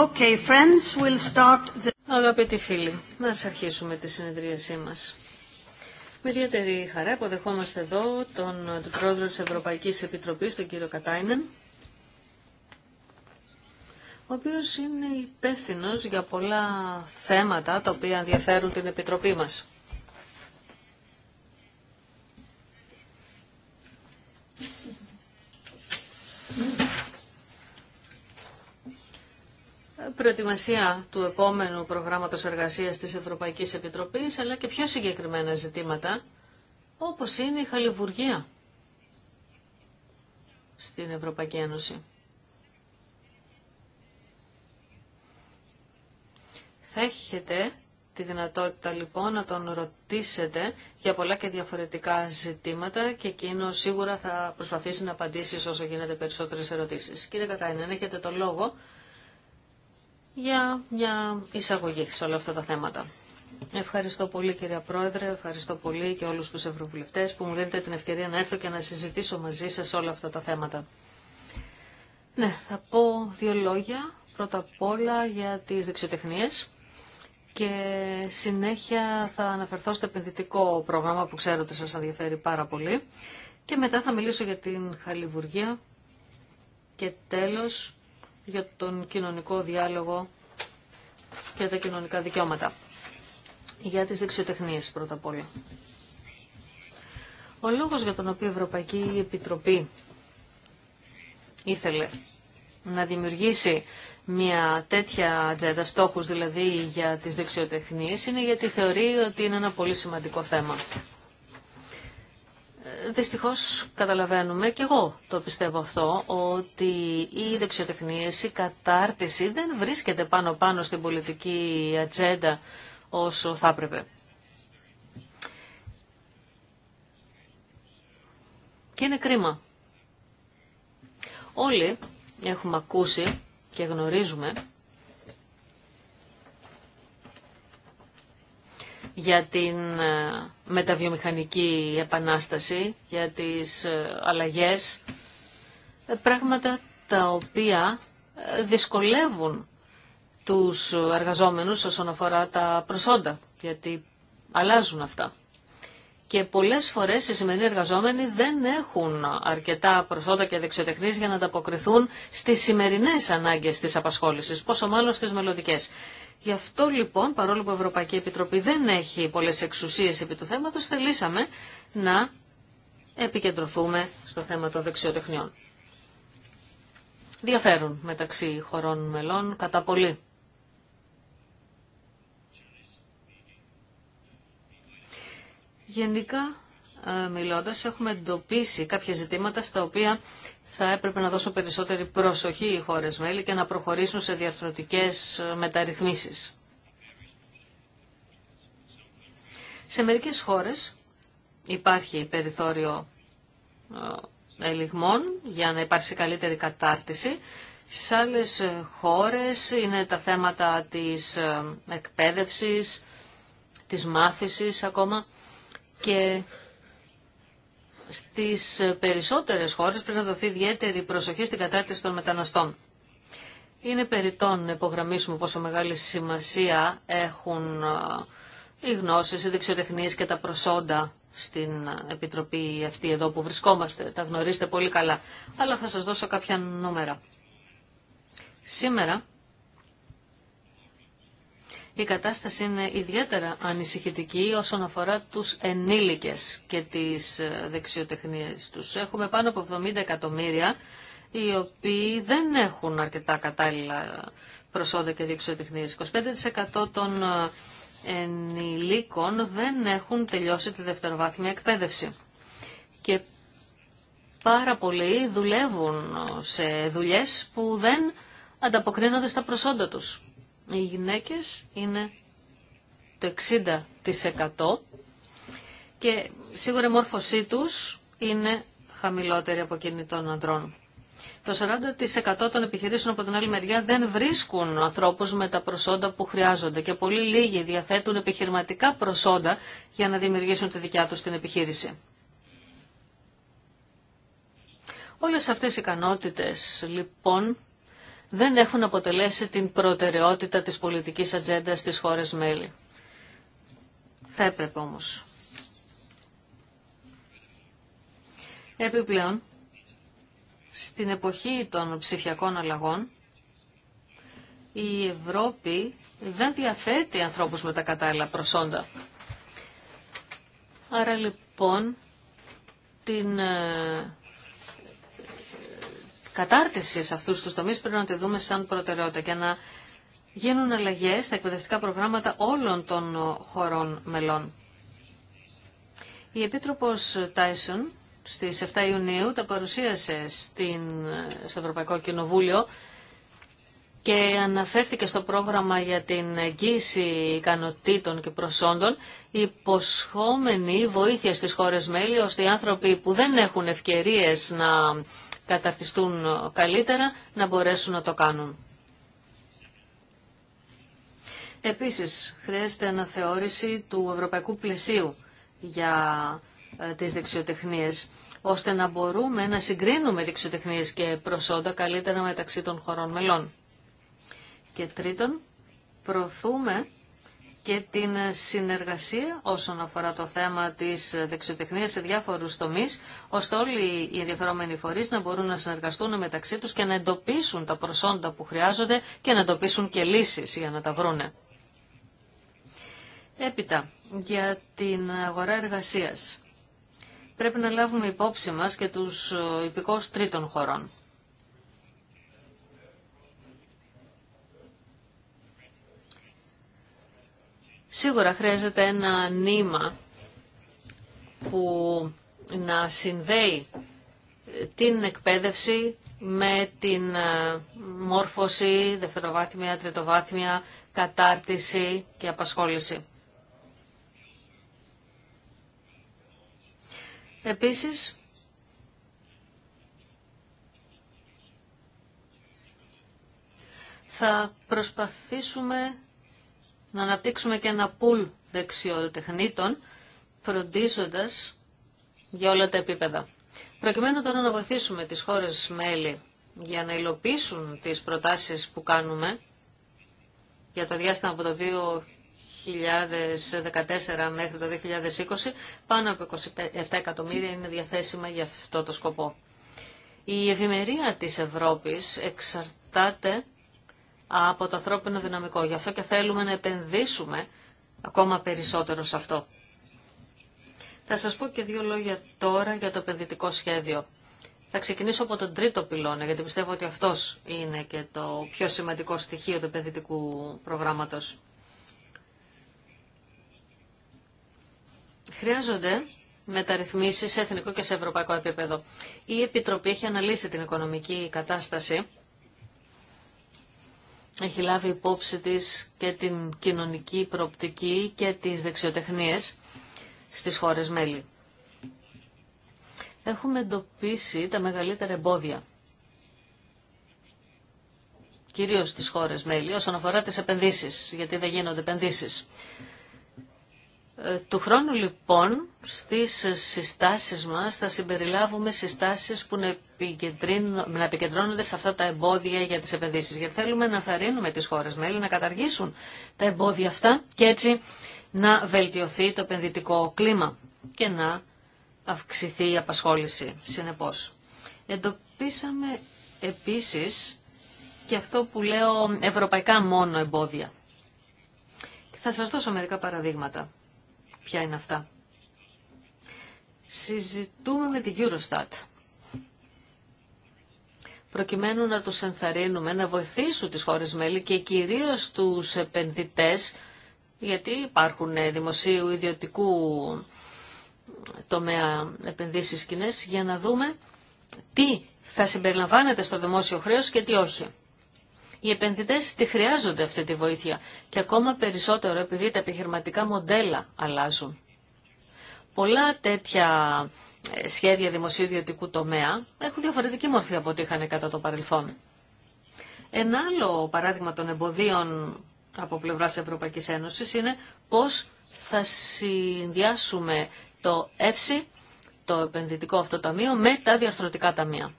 Okay, friends, we'll start the... Αγαπητοί φίλοι, να αρχίσουμε τη συνεδρίασή μας. Με ιδιαίτερη χαρά δεχόμαστε εδώ τον, τον πρόεδρο της Ευρωπαϊκής Επιτροπής, τον κύριο Κατάινεν, ο οποίος είναι υπεύθυνο για πολλά θέματα τα οποία ενδιαφέρουν την Επιτροπή μας. προετοιμασία του επόμενου προγράμματος εργασίας της Ευρωπαϊκής Επιτροπής, αλλά και πιο συγκεκριμένα ζητήματα, όπως είναι η χαλιβουργία στην Ευρωπαϊκή Ένωση. Θα έχετε τη δυνατότητα λοιπόν να τον ρωτήσετε για πολλά και διαφορετικά ζητήματα και εκείνο σίγουρα θα προσπαθήσει να απαντήσει όσο γίνεται περισσότερες ερωτήσεις. Κύριε Κατάινεν, έχετε το λόγο για μια εισαγωγή σε όλα αυτά τα θέματα. Ευχαριστώ πολύ κυρία Πρόεδρε, ευχαριστώ πολύ και όλους τους ευρωβουλευτές που μου δίνετε την ευκαιρία να έρθω και να συζητήσω μαζί σας όλα αυτά τα θέματα. Ναι, θα πω δύο λόγια, πρώτα απ' όλα για τις δεξιοτεχνίες και συνέχεια θα αναφερθώ στο επενδυτικό πρόγραμμα που ξέρω ότι σας ενδιαφέρει πάρα πολύ και μετά θα μιλήσω για την χαλιβουργία και τέλος για τον κοινωνικό διάλογο και τα κοινωνικά δικαιώματα. Για τις δεξιοτεχνίες πρώτα απ' όλα. Ο λόγος για τον οποίο η Ευρωπαϊκή Επιτροπή ήθελε να δημιουργήσει μια τέτοια ατζέντα στόχους δηλαδή για τις δεξιοτεχνίες είναι γιατί θεωρεί ότι είναι ένα πολύ σημαντικό θέμα δυστυχώς καταλαβαίνουμε και εγώ το πιστεύω αυτό ότι η δεξιοτεχνία η κατάρτιση δεν βρίσκεται πάνω πάνω στην πολιτική ατζέντα όσο θα έπρεπε. Και είναι κρίμα. Όλοι έχουμε ακούσει και γνωρίζουμε για την ε, μεταβιομηχανική επανάσταση, για τις ε, αλλαγές, ε, πράγματα τα οποία δυσκολεύουν τους εργαζόμενους όσον αφορά τα προσόντα, γιατί αλλάζουν αυτά. Και πολλές φορές οι σημερινοί εργαζόμενοι δεν έχουν αρκετά προσόντα και δεξιοτεχνίες για να ανταποκριθούν στις σημερινές ανάγκες της απασχόλησης, πόσο μάλλον στις μελλοντικέ. Γι' αυτό λοιπόν, παρόλο που η Ευρωπαϊκή Επιτροπή δεν έχει πολλές εξουσίες επί του θέματος, θελήσαμε να επικεντρωθούμε στο θέμα των δεξιοτεχνιών. Διαφέρουν μεταξύ χωρών μελών κατά πολύ. Γενικά ε, μιλώντας έχουμε εντοπίσει κάποια ζητήματα στα οποία θα έπρεπε να δώσουν περισσότερη προσοχή οι χώρες μέλη και να προχωρήσουν σε διαρθρωτικές ε, μεταρρυθμίσεις. Σε μερικές χώρες υπάρχει περιθώριο ε, ελιγμών για να υπάρξει καλύτερη κατάρτιση. Σε άλλες χώρες είναι τα θέματα της ε, εκπαίδευσης, της μάθησης ακόμα και στις περισσότερες χώρες πρέπει να δοθεί ιδιαίτερη προσοχή στην κατάρτιση των μεταναστών. Είναι περιττόν να υπογραμμίσουμε πόσο μεγάλη σημασία έχουν ε, οι γνώσεις, οι δεξιοτεχνίες και τα προσόντα στην Επιτροπή αυτή εδώ που βρισκόμαστε. Τα γνωρίζετε πολύ καλά. Αλλά θα σας δώσω κάποια νούμερα. Σήμερα η κατάσταση είναι ιδιαίτερα ανησυχητική όσον αφορά τους ενήλικες και τις ε, δεξιοτεχνίες τους. Έχουμε πάνω από 70 εκατομμύρια οι οποίοι δεν έχουν αρκετά κατάλληλα προσόδια και δεξιοτεχνίες. 25% των ε, ενηλίκων δεν έχουν τελειώσει τη δευτεροβάθμια εκπαίδευση. Και πάρα πολλοί δουλεύουν ε, σε δουλειές που δεν ανταποκρίνονται στα προσόντα τους οι γυναίκες είναι το 60% και σίγουρα η μόρφωσή τους είναι χαμηλότερη από εκείνη των ανδρών. Το 40% των επιχειρήσεων από την άλλη μεριά δεν βρίσκουν ανθρώπους με τα προσόντα που χρειάζονται και πολύ λίγοι διαθέτουν επιχειρηματικά προσόντα για να δημιουργήσουν τη δικιά τους την επιχείρηση. Όλες αυτές οι ικανότητες λοιπόν δεν έχουν αποτελέσει την προτεραιότητα της πολιτικής ατζέντα στις χώρες μέλη. Θα έπρεπε όμως. Επιπλέον, στην εποχή των ψηφιακών αλλαγών, η Ευρώπη δεν διαθέτει ανθρώπους με τα κατάλληλα προσόντα. Άρα λοιπόν την ε, κατάρτιση σε αυτούς του τομείς πρέπει να τη δούμε σαν προτεραιότητα και να γίνουν αλλαγές στα εκπαιδευτικά προγράμματα όλων των χωρών μελών. Η Επίτροπος Τάισον στις 7 Ιουνίου τα παρουσίασε στην, στο Ευρωπαϊκό Κοινοβούλιο και αναφέρθηκε στο πρόγραμμα για την εγγύηση ικανοτήτων και προσόντων υποσχόμενη βοήθεια στις χώρες μέλη ώστε οι άνθρωποι που δεν έχουν ευκαιρίες να καταρτιστούν καλύτερα να μπορέσουν να το κάνουν. Επίσης, χρειάζεται αναθεώρηση του ευρωπαϊκού πλαισίου για ε, τις δεξιοτεχνίες, ώστε να μπορούμε να συγκρίνουμε δεξιοτεχνίες και προσόντα καλύτερα μεταξύ των χωρών μελών. Και τρίτον, προωθούμε και την συνεργασία όσον αφορά το θέμα της δεξιοτεχνίας σε διάφορους τομείς, ώστε όλοι οι ενδιαφερόμενοι φορείς να μπορούν να συνεργαστούν μεταξύ τους και να εντοπίσουν τα προσόντα που χρειάζονται και να εντοπίσουν και λύσεις για να τα βρούνε. Έπειτα, για την αγορά εργασίας. Πρέπει να λάβουμε υπόψη μας και τους υπηκόους τρίτων χωρών. Σίγουρα χρειάζεται ένα νήμα που να συνδέει την εκπαίδευση με την ε, μόρφωση, δευτεροβάθμια, τριτοβάθμια, κατάρτιση και απασχόληση. Επίσης, θα προσπαθήσουμε να αναπτύξουμε και ένα πουλ δεξιοτεχνήτων, φροντίζοντας για όλα τα επίπεδα. Προκειμένου τώρα να βοηθήσουμε τις χώρες μέλη για να υλοποιήσουν τις προτάσεις που κάνουμε για το διάστημα από το 2014 μέχρι το 2020, πάνω από 27 εκατομμύρια είναι διαθέσιμα για αυτό το σκοπό. Η ευημερία της Ευρώπης εξαρτάται από το ανθρώπινο δυναμικό. Γι' αυτό και θέλουμε να επενδύσουμε ακόμα περισσότερο σε αυτό. Θα σας πω και δύο λόγια τώρα για το επενδυτικό σχέδιο. Θα ξεκινήσω από τον τρίτο πυλώνα, γιατί πιστεύω ότι αυτός είναι και το πιο σημαντικό στοιχείο του επενδυτικού προγράμματος. Χρειάζονται μεταρρυθμίσεις σε εθνικό και σε ευρωπαϊκό επίπεδο. Η Επιτροπή έχει αναλύσει την οικονομική κατάσταση έχει λάβει υπόψη της και την κοινωνική προοπτική και τις δεξιοτεχνίες στις χώρες μέλη. Έχουμε εντοπίσει τα μεγαλύτερα εμπόδια, κυρίως στις χώρες μέλη, όσον αφορά τις επενδύσεις, γιατί δεν γίνονται επενδύσεις. Ε, του χρόνου λοιπόν στις συστάσεις μας θα συμπεριλάβουμε συστάσεις που να, επικεντρώνονται σε αυτά τα εμπόδια για τις επενδύσεις. Γιατί θέλουμε να θαρρύνουμε τις χώρες μέλη να καταργήσουν τα εμπόδια αυτά και έτσι να βελτιωθεί το επενδυτικό κλίμα και να αυξηθεί η απασχόληση συνεπώς. Εντοπίσαμε επίσης και αυτό που λέω ευρωπαϊκά μόνο εμπόδια. Θα σας δώσω μερικά παραδείγματα ποια είναι αυτά. Συζητούμε με την Eurostat προκειμένου να τους ενθαρρύνουμε, να βοηθήσουν τις χώρες μέλη και κυρίως τους επενδυτές, γιατί υπάρχουν ε, δημοσίου ιδιωτικού τομέα επενδύσεις κοινές, για να δούμε τι θα συμπεριλαμβάνεται στο δημόσιο χρέος και τι όχι. Οι επενδυτέ τη χρειάζονται αυτή τη βοήθεια και ακόμα περισσότερο επειδή τα επιχειρηματικά μοντέλα αλλάζουν. Πολλά τέτοια ε, σχέδια δημοσίου τομέα έχουν διαφορετική μορφή από ό,τι είχαν κατά το παρελθόν. Ένα άλλο παράδειγμα των εμποδίων από πλευράς Ευρωπαϊκή Ένωση είναι πώς θα συνδυάσουμε το ΕΦΣΥ, το επενδυτικό αυτό ταμείο, με τα διαρθρωτικά ταμεία.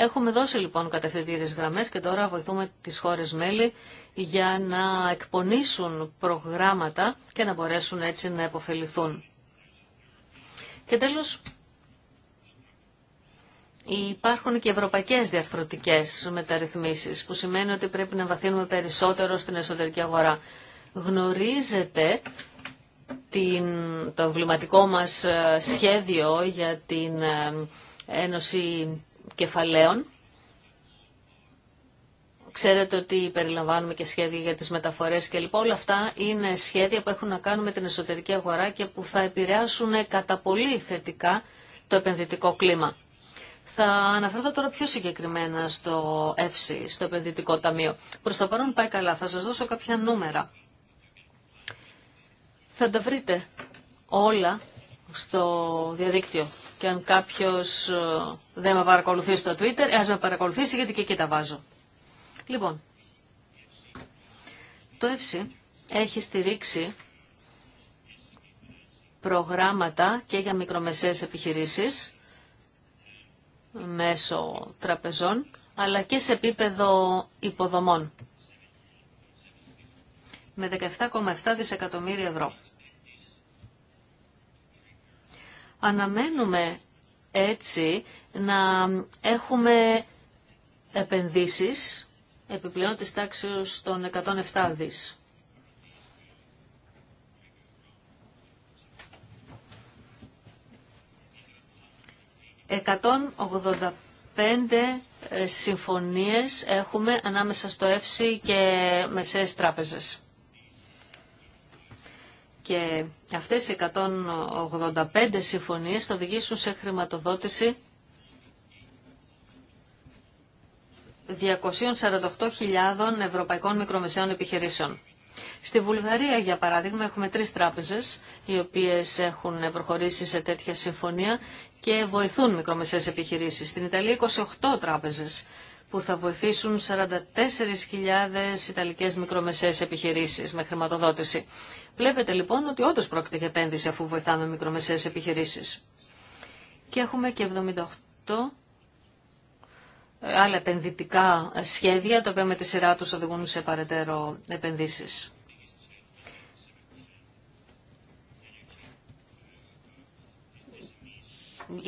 Έχουμε δώσει λοιπόν κατευθυντήριες γραμμές και τώρα βοηθούμε τις χώρες μέλη για να εκπονήσουν προγράμματα και να μπορέσουν έτσι να επωφεληθούν. Και τέλος, υπάρχουν και ευρωπαϊκές διαρθρωτικές μεταρρυθμίσεις, που σημαίνει ότι πρέπει να βαθύνουμε περισσότερο στην εσωτερική αγορά. Γνωρίζετε την, το εμβληματικό μας ε, σχέδιο για την ε, Ένωση κεφαλαίων. Ξέρετε ότι περιλαμβάνουμε και σχέδια για τις μεταφορές και λοιπόν όλα αυτά είναι σχέδια που έχουν να κάνουν με την εσωτερική αγορά και που θα επηρεάσουν κατά πολύ θετικά το επενδυτικό κλίμα. Θα αναφερθώ τώρα πιο συγκεκριμένα στο ΕΦΣΙ, στο επενδυτικό ταμείο. Προς το παρόν πάει καλά. Θα σας δώσω κάποια νούμερα. Θα τα βρείτε όλα στο διαδίκτυο. Και αν κάποιος ε, δεν με παρακολουθεί στο Twitter, ε, ας με παρακολουθήσει γιατί και εκεί τα βάζω. Λοιπόν, το ΕΦΣΥ έχει στηρίξει προγράμματα και για μικρομεσαίες επιχειρήσεις μέσω τραπεζών, αλλά και σε επίπεδο υποδομών με 17,7 δισεκατομμύρια ευρώ. Αναμένουμε έτσι να έχουμε επενδύσεις επιπλέον της τάξης των 107 δις. ...185 ε, συμφωνίες έχουμε ανάμεσα στο ΕΦΣΙ και μεσαίες τράπεζες και αυτές οι 185 συμφωνίες θα οδηγήσουν σε χρηματοδότηση 248.000 ευρωπαϊκών μικρομεσαίων επιχειρήσεων. Στη Βουλγαρία, για παράδειγμα, έχουμε τρεις τράπεζες οι οποίες έχουν προχωρήσει σε τέτοια συμφωνία και βοηθούν μικρομεσαίες επιχειρήσεις. Στην Ιταλία 28 τράπεζες που θα βοηθήσουν 44.000 Ιταλικές μικρομεσαίες επιχειρήσεις με χρηματοδότηση. Βλέπετε λοιπόν ότι όντω πρόκειται για επένδυση αφού βοηθάμε μικρομεσαίες επιχειρήσεις. Και έχουμε και 78 ε, άλλα επενδυτικά σχέδια, τα οποία με τη σειρά τους οδηγούν σε παρετέρω επενδύσεις.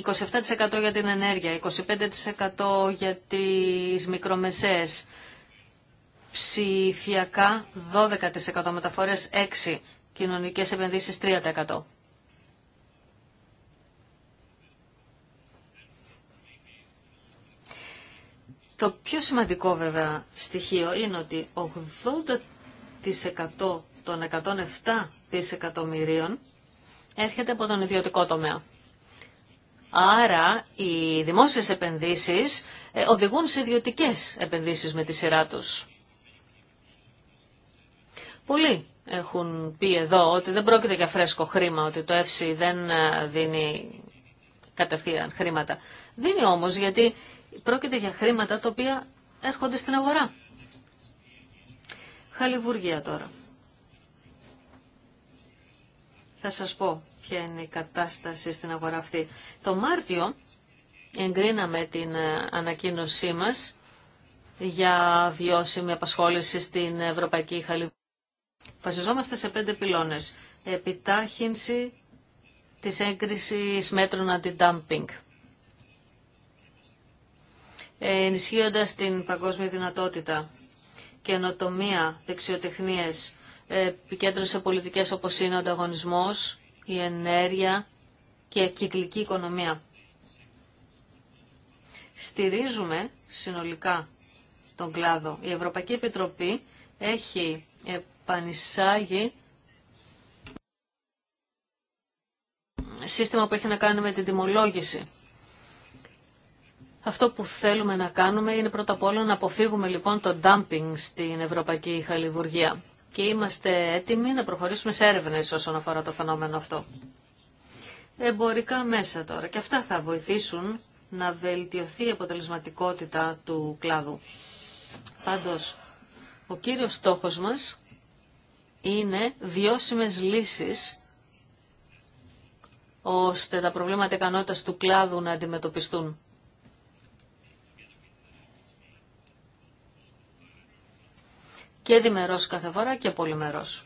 ...27% για την ενέργεια, 25% για τις μικρομεσαίες, ψηφιακά 12% μεταφορές 6%, κοινωνικές επενδύσεις 3%. Το πιο σημαντικό βέβαια στοιχείο είναι ότι 80% των 107 δισεκατομμυρίων έρχεται από τον ιδιωτικό τομέα. Άρα οι δημόσιες επενδύσεις ε, οδηγούν σε ιδιωτικές επενδύσεις με τη σειρά τους. Πολύ έχουν πει εδώ ότι δεν πρόκειται για φρέσκο χρήμα, ότι το ΕΦΣΙ δεν ε, δίνει κατευθείαν χρήματα. Δίνει όμως γιατί πρόκειται για χρήματα τα οποία έρχονται στην αγορά. Χαλιβουργία τώρα. Θα σας πω ποια είναι η κατάσταση στην αγορά αυτή. Το Μάρτιο εγκρίναμε την ε, ανακοίνωσή μας για βιώσιμη απασχόληση στην Ευρωπαϊκή Χαλιβουργία. Βασιζόμαστε σε πέντε πυλώνες. Επιτάχυνση της έγκρισης μέτρων αντι-dumping. Ε, ενισχύοντας την παγκόσμια δυνατότητα, καινοτομία, δεξιοτεχνίες, ε, επικέντρωση σε πολιτικές όπως είναι ο ανταγωνισμός, η ενέργεια και η κυκλική οικονομία. Στηρίζουμε συνολικά τον κλάδο. Η Ευρωπαϊκή Επιτροπή έχει ε, επανεισάγει σύστημα που έχει να κάνει με την τιμολόγηση. Αυτό που θέλουμε να κάνουμε είναι πρώτα απ' όλα να αποφύγουμε λοιπόν το dumping στην Ευρωπαϊκή Χαλιβουργία και είμαστε έτοιμοι να προχωρήσουμε σε έρευνες όσον αφορά το φαινόμενο αυτό. Εμπορικά μέσα τώρα και αυτά θα βοηθήσουν να βελτιωθεί η αποτελεσματικότητα του κλάδου. Πάντως, ο κύριος στόχος μας είναι βιώσιμες λύσεις ώστε τα προβλήματα ικανότητας του κλάδου να αντιμετωπιστούν. Και διμερός κάθε φορά και πολυμερός.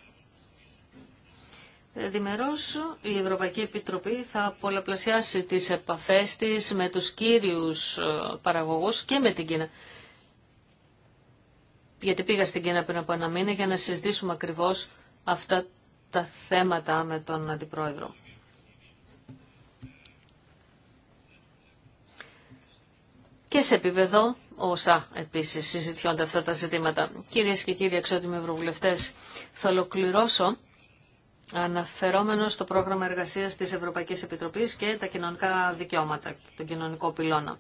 Διμερός η Ευρωπαϊκή Επιτροπή θα πολλαπλασιάσει τις επαφές της με τους κύριους ε, παραγωγούς και με την Κίνα γιατί πήγα στην Κίνα πριν από ένα μήνα για να συζητήσουμε ακριβώς αυτά τα θέματα με τον Αντιπρόεδρο. Και σε επίπεδο όσα επίσης συζητιώνται αυτά τα ζητήματα. Κυρίες και κύριοι εξότιμοι ευρωβουλευτές, θα ολοκληρώσω αναφερόμενο στο πρόγραμμα εργασίας της Ευρωπαϊκής Επιτροπής και τα κοινωνικά δικαιώματα, τον κοινωνικό πυλώνα.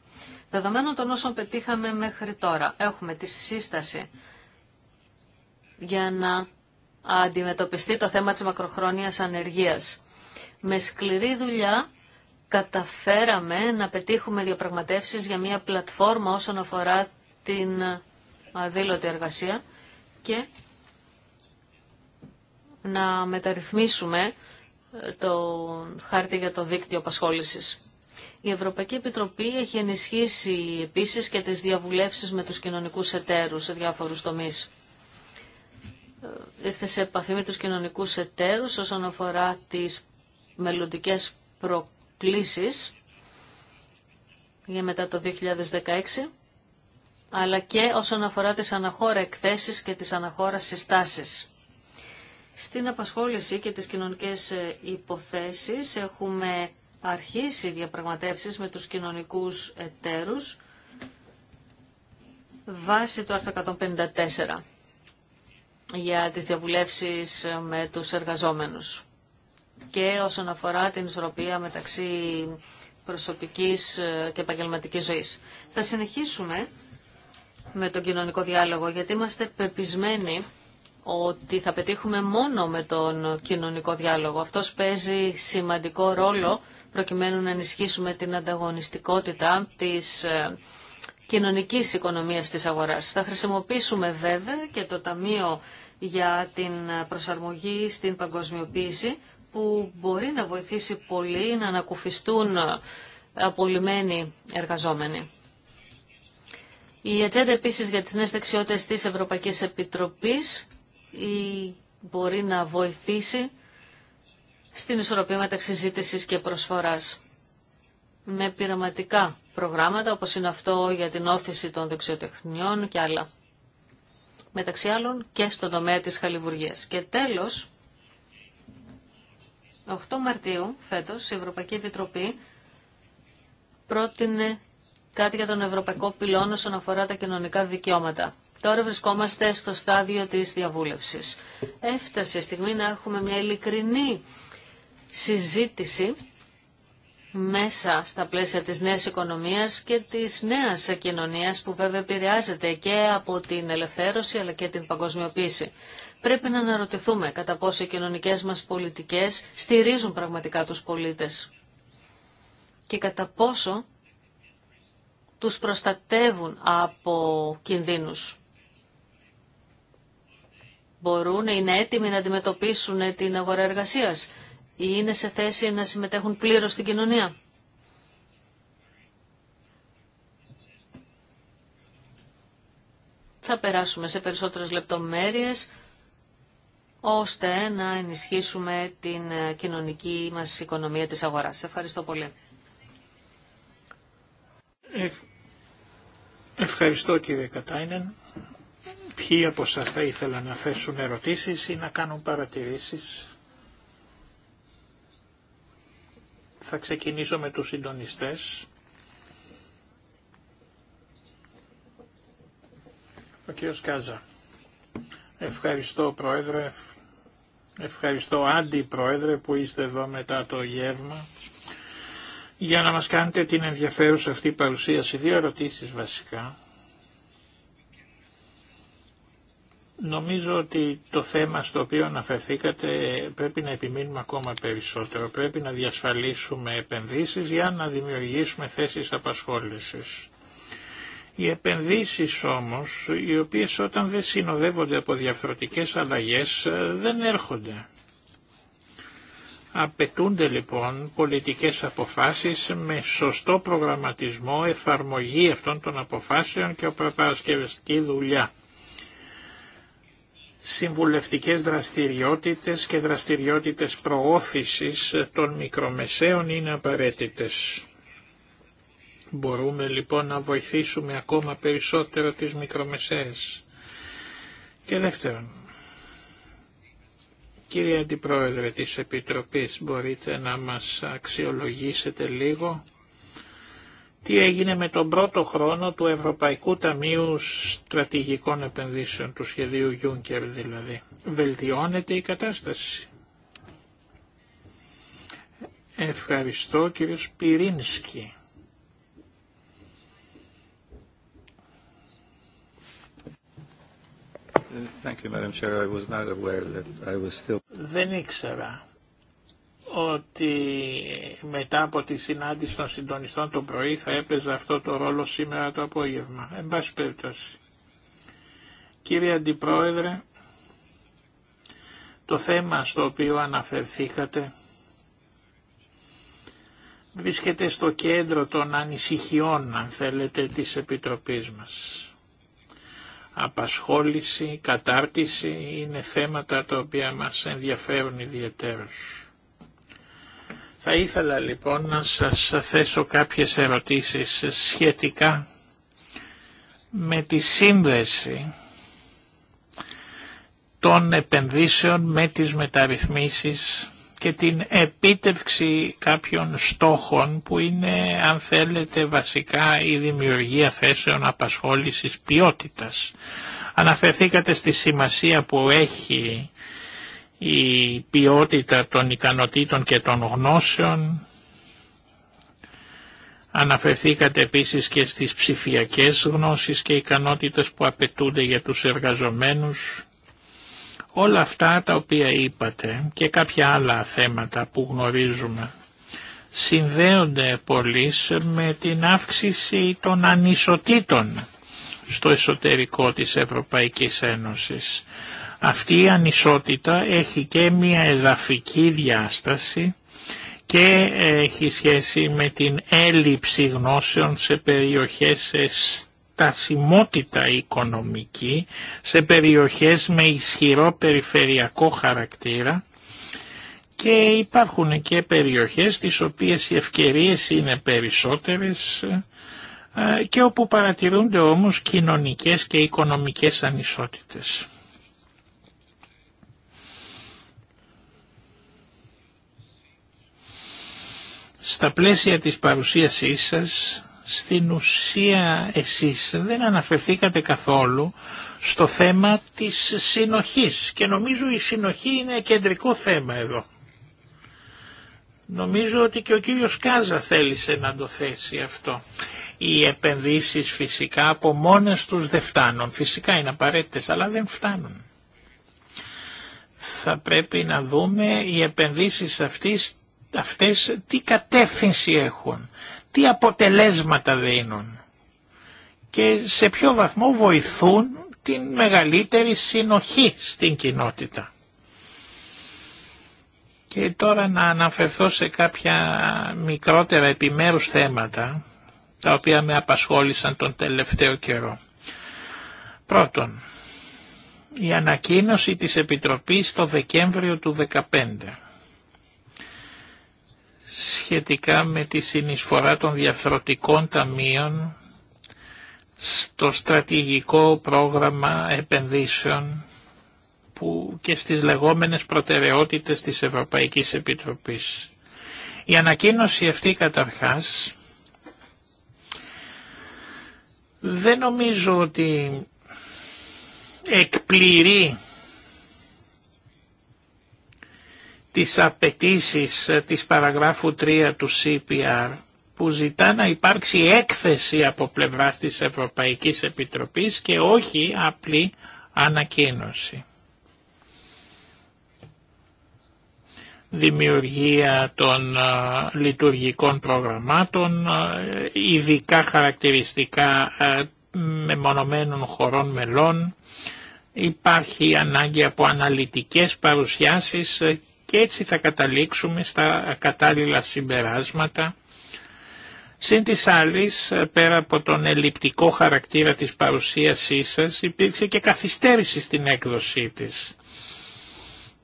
Δεδομένων των όσων πετύχαμε μέχρι τώρα, έχουμε τη σύσταση για να αντιμετωπιστεί το θέμα της μακροχρόνιας ανεργίας. Με σκληρή δουλειά καταφέραμε να πετύχουμε διαπραγματεύσεις για μια πλατφόρμα όσον αφορά την αδήλωτη εργασία και να μεταρρυθμίσουμε το χάρτη για το δίκτυο απασχόλησης. Η Ευρωπαϊκή Επιτροπή έχει ενισχύσει επίσης και τις διαβουλεύσεις με τους κοινωνικούς εταίρους σε διάφορους τομείς ήρθε σε επαφή με τους κοινωνικούς εταίρους όσον αφορά τις μελλοντικέ προκλήσεις για μετά το 2016 αλλά και όσον αφορά τις αναχώρα εκθέσεις και τις αναχώρα συστάσεις. Στην απασχόληση και τις κοινωνικές ε, υποθέσεις έχουμε αρχίσει διαπραγματεύσεις με τους κοινωνικούς εταίρους βάσει του άρθρου 154 για τις διαβουλεύσεις με τους εργαζόμενους και όσον αφορά την ισορροπία μεταξύ προσωπικής και επαγγελματική ζωής. Θα συνεχίσουμε με τον κοινωνικό διάλογο γιατί είμαστε πεπισμένοι ότι θα πετύχουμε μόνο με τον κοινωνικό διάλογο. Αυτός παίζει σημαντικό ρόλο προκειμένου να ενισχύσουμε την ανταγωνιστικότητα της ε, κοινωνικής οικονομίας της αγοράς. Θα χρησιμοποιήσουμε βέβαια και το Ταμείο για την προσαρμογή στην παγκοσμιοποίηση που μπορεί να βοηθήσει πολύ να ανακουφιστούν απολυμένοι εργαζόμενοι. Η ατζέντα επίσης για τις νέες δεξιότητες της Ευρωπαϊκής Επιτροπής ή μπορεί να βοηθήσει στην ισορροπία μεταξύ και προσφοράς με πειραματικά προγράμματα όπως είναι αυτό για την όθηση των δεξιοτεχνιών και άλλα μεταξύ άλλων και στον τομέα της χαλιβουργίας. Και τέλος, 8 Μαρτίου φέτος η Ευρωπαϊκή Επιτροπή πρότεινε κάτι για τον Ευρωπαϊκό Πυλόν όσον αφορά τα κοινωνικά δικαιώματα. Τώρα βρισκόμαστε στο στάδιο της διαβούλευσης. Έφτασε η στιγμή να έχουμε μια ειλικρινή συζήτηση μέσα στα πλαίσια της νέας οικονομίας και της νέας κοινωνίας που βέβαια επηρεάζεται και από την ελευθέρωση αλλά και την παγκοσμιοποίηση. Πρέπει να αναρωτηθούμε κατά πόσο οι κοινωνικές μας πολιτικές στηρίζουν πραγματικά τους πολίτες και κατά πόσο τους προστατεύουν από κινδύνους. Μπορούν, είναι έτοιμοι να αντιμετωπίσουν την αγορά εργασίας ή είναι σε θέση να συμμετέχουν πλήρως στην κοινωνία. Θα περάσουμε σε περισσότερες λεπτομέρειες ώστε να ενισχύσουμε την κοινωνική μας οικονομία της αγοράς. Ευχαριστώ πολύ. ευχαριστώ κύριε Κατάινεν. Ποιοι από σας θα ήθελα να θέσουν ερωτήσεις ή να κάνουν παρατηρήσεις. Θα ξεκινήσω με τους συντονιστές. Ο κ. Κάζα. Ευχαριστώ Πρόεδρε, ευχαριστώ Άντι Πρόεδρε που είστε εδώ μετά το γεύμα για να μας κάνετε την ενδιαφέρουσα αυτή παρουσίαση. Δύο ερωτήσεις βασικά. Νομίζω ότι το θέμα στο οποίο αναφερθήκατε πρέπει να επιμείνουμε ακόμα περισσότερο. Πρέπει να διασφαλίσουμε επενδύσεις για να δημιουργήσουμε θέσεις απασχόλησης. Οι επενδύσεις όμως, οι οποίες όταν δεν συνοδεύονται από διαφορετικές αλλαγές, δεν έρχονται. Απαιτούνται λοιπόν πολιτικές αποφάσεις με σωστό προγραμματισμό, εφαρμογή αυτών των αποφάσεων και προπαρασκευαστική δουλειά συμβουλευτικές δραστηριότητες και δραστηριότητες προώθησης των μικρομεσαίων είναι απαραίτητες. Μπορούμε λοιπόν να βοηθήσουμε ακόμα περισσότερο τις μικρομεσαίες. Και δεύτερον, κύριε Αντιπρόεδρε της Επιτροπής, μπορείτε να μας αξιολογήσετε λίγο τι έγινε με τον πρώτο χρόνο του Ευρωπαϊκού Ταμείου Στρατηγικών Επενδύσεων, του σχεδίου Juncker δηλαδή. Βελτιώνεται η κατάσταση. Ευχαριστώ κύριο Σπυρίνσκι. Thank you, Madam was not aware that I was still... Δεν ήξερα ότι μετά από τη συνάντηση των συντονιστών το πρωί θα έπαιζε αυτό το ρόλο σήμερα το απόγευμα. Εν πάση περιπτώσει. Κύριε Αντιπρόεδρε, το θέμα στο οποίο αναφερθήκατε βρίσκεται στο κέντρο των ανησυχιών, αν θέλετε, της Επιτροπής μας. Απασχόληση, κατάρτιση είναι θέματα τα οποία μας ενδιαφέρουν ιδιαίτερως. Θα ήθελα λοιπόν να σας θέσω κάποιες ερωτήσεις σχετικά με τη σύνδεση των επενδύσεων με τις μεταρρυθμίσεις και την επίτευξη κάποιων στόχων που είναι αν θέλετε βασικά η δημιουργία θέσεων απασχόλησης ποιότητας. Αναφερθήκατε στη σημασία που έχει η ποιότητα των ικανοτήτων και των γνώσεων. Αναφερθήκατε επίσης και στις ψηφιακές γνώσεις και ικανότητες που απαιτούνται για τους εργαζομένους. Όλα αυτά τα οποία είπατε και κάποια άλλα θέματα που γνωρίζουμε συνδέονται πολύ με την αύξηση των ανισοτήτων στο εσωτερικό της Ευρωπαϊκής Ένωσης. Αυτή η ανισότητα έχει και μια εδαφική διάσταση και έχει σχέση με την έλλειψη γνώσεων σε περιοχές σε στασιμότητα οικονομική, σε περιοχές με ισχυρό περιφερειακό χαρακτήρα και υπάρχουν και περιοχές τις οποίες οι ευκαιρίες είναι περισσότερες ε, και όπου παρατηρούνται όμως κοινωνικές και οικονομικές ανισότητες. Στα πλαίσια της παρουσίασής σας, στην ουσία εσείς δεν αναφερθήκατε καθόλου στο θέμα της συνοχής και νομίζω η συνοχή είναι κεντρικό θέμα εδώ. Νομίζω ότι και ο κύριος Κάζα θέλησε να το θέσει αυτό. Οι επενδύσεις φυσικά από μόνες τους δεν φτάνουν. Φυσικά είναι απαραίτητες αλλά δεν φτάνουν. Θα πρέπει να δούμε οι επενδύσεις αυτής αυτές τι κατεύθυνση έχουν, τι αποτελέσματα δίνουν και σε ποιο βαθμό βοηθούν την μεγαλύτερη συνοχή στην κοινότητα. Και τώρα να αναφερθώ σε κάποια μικρότερα επιμέρους θέματα, τα οποία με απασχόλησαν τον τελευταίο καιρό. Πρώτον, η ανακοίνωση της Επιτροπής το Δεκέμβριο του 2015 σχετικά με τη συνεισφορά των διαφθρωτικών ταμείων στο στρατηγικό πρόγραμμα επενδύσεων που και στις λεγόμενες προτεραιότητες της Ευρωπαϊκής Επιτροπής. Η ανακοίνωση αυτή καταρχάς δεν νομίζω ότι εκπληρεί τις απαιτήσει ε, της παραγράφου 3 του CPR που ζητά να υπάρξει έκθεση από πλευρά της Ευρωπαϊκής Επιτροπής και όχι απλή ανακοίνωση. Δημιουργία των ε, λειτουργικών προγραμμάτων, ε, ειδικά χαρακτηριστικά μεμονωμένων χωρών μελών, υπάρχει ανάγκη από αναλυτικές παρουσιάσεις και έτσι θα καταλήξουμε στα κατάλληλα συμπεράσματα. Συν της άλλης, πέρα από τον ελλειπτικό χαρακτήρα της παρουσίασής σας, υπήρξε και καθυστέρηση στην έκδοσή της.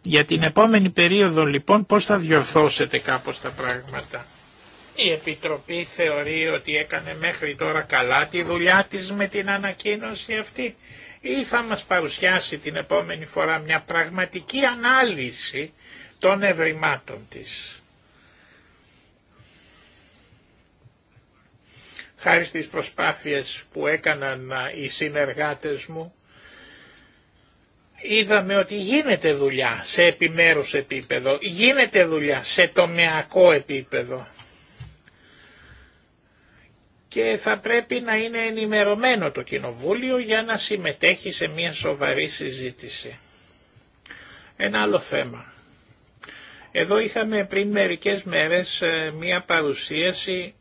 Για την επόμενη περίοδο λοιπόν πώς θα διορθώσετε κάπως τα πράγματα. Η Επιτροπή θεωρεί ότι έκανε μέχρι τώρα καλά τη δουλειά της με την ανακοίνωση αυτή ή θα μας παρουσιάσει την επόμενη φορά μια πραγματική ανάλυση των ευρημάτων της. Χάρη στις προσπάθειες που έκαναν οι συνεργάτες μου, είδαμε ότι γίνεται δουλειά σε επιμέρους επίπεδο, γίνεται δουλειά σε τομεακό επίπεδο και θα πρέπει να είναι ενημερωμένο το Κοινοβούλιο για να συμμετέχει σε μια σοβαρή συζήτηση. Ένα άλλο θέμα. Εδώ είχαμε πριν μερικές μέρες ε, μία παρουσίαση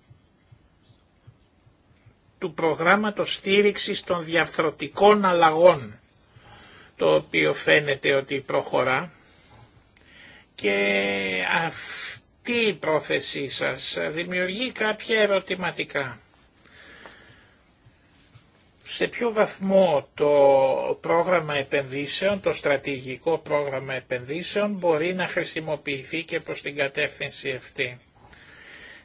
του προγράμματος στήριξης των διαφθρωτικών αλλαγών, το οποίο φαίνεται ότι προχωρά και αυτή η πρόθεσή σας δημιουργεί κάποια ερωτηματικά σε ποιο βαθμό το πρόγραμμα επενδύσεων, το στρατηγικό πρόγραμμα επενδύσεων μπορεί να χρησιμοποιηθεί και προς την κατεύθυνση αυτή.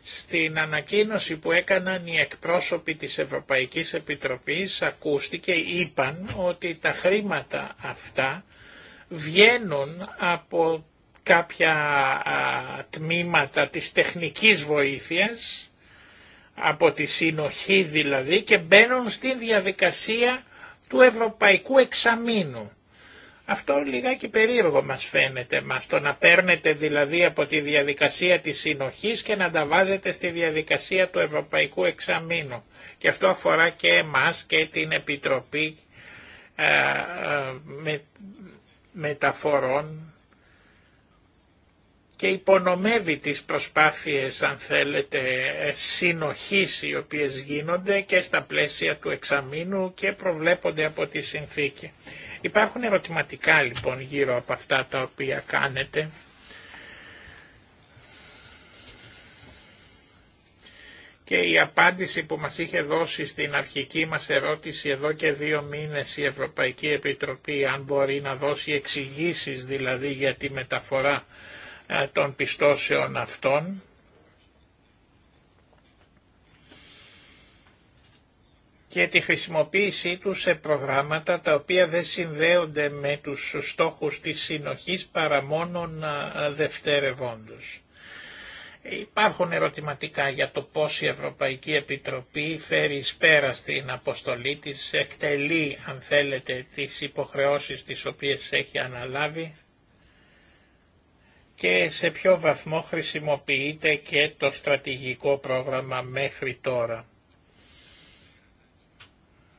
Στην ανακοίνωση που έκαναν οι εκπρόσωποι της Ευρωπαϊκής Επιτροπής ακούστηκε, είπαν ότι τα χρήματα αυτά βγαίνουν από κάποια τμήματα της τεχνικής βοήθειας από τη συνοχή δηλαδή και μπαίνουν στη διαδικασία του ευρωπαϊκού εξαμήνου. Αυτό λιγάκι περίεργο μας φαίνεται, μας το να παίρνετε δηλαδή από τη διαδικασία της συνοχής και να τα βάζετε στη διαδικασία του Ευρωπαϊκού Εξαμήνου. Και αυτό αφορά και εμάς και την Επιτροπή ε, ε Μεταφορών και υπονομεύει τις προσπάθειες, αν θέλετε, συνοχής οι οποίες γίνονται και στα πλαίσια του εξαμήνου και προβλέπονται από τη συνθήκη. Υπάρχουν ερωτηματικά λοιπόν γύρω από αυτά τα οποία κάνετε. Και η απάντηση που μας είχε δώσει στην αρχική μας ερώτηση εδώ και δύο μήνες η Ευρωπαϊκή Επιτροπή, αν μπορεί να δώσει εξηγήσεις δηλαδή για τη μεταφορά των πιστώσεων αυτών και τη χρησιμοποίησή τους σε προγράμματα τα οποία δεν συνδέονται με τους στόχους της συνοχής παρά μόνον δευτέρευόντους. Υπάρχουν ερωτηματικά για το πώς η Ευρωπαϊκή Επιτροπή φέρει εις πέρα στην αποστολή της, εκτελεί αν θέλετε τις υποχρεώσεις τις οποίες έχει αναλάβει και σε ποιο βαθμό χρησιμοποιείται και το στρατηγικό πρόγραμμα μέχρι τώρα.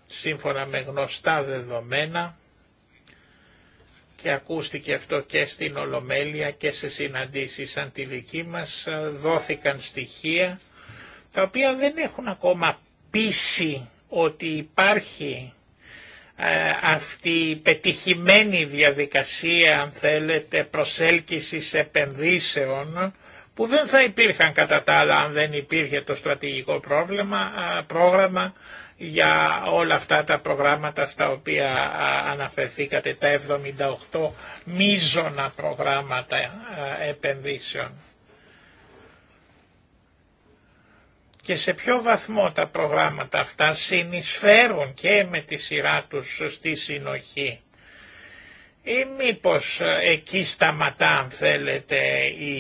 Σύμφωνα με γνωστά δεδομένα και ακούστηκε αυτό και στην Ολομέλεια και σε συναντήσεις σαν τη δική μας δόθηκαν στοιχεία τα οποία δεν έχουν ακόμα πείσει ότι υπάρχει ε, αυτή η πετυχημένη διαδικασία αν θέλετε προσέλκυσης επενδύσεων που δεν θα υπήρχαν κατά τα άλλα αν δεν υπήρχε το στρατηγικό πρόβλημα, πρόγραμμα για όλα αυτά τα προγράμματα στα οποία αναφερθήκατε, τα 78 μίζωνα προγράμματα επενδύσεων. και σε ποιο βαθμό τα προγράμματα αυτά συνεισφέρουν και με τη σειρά τους στη συνοχή ή μήπως ε, εκεί σταματά αν θέλετε η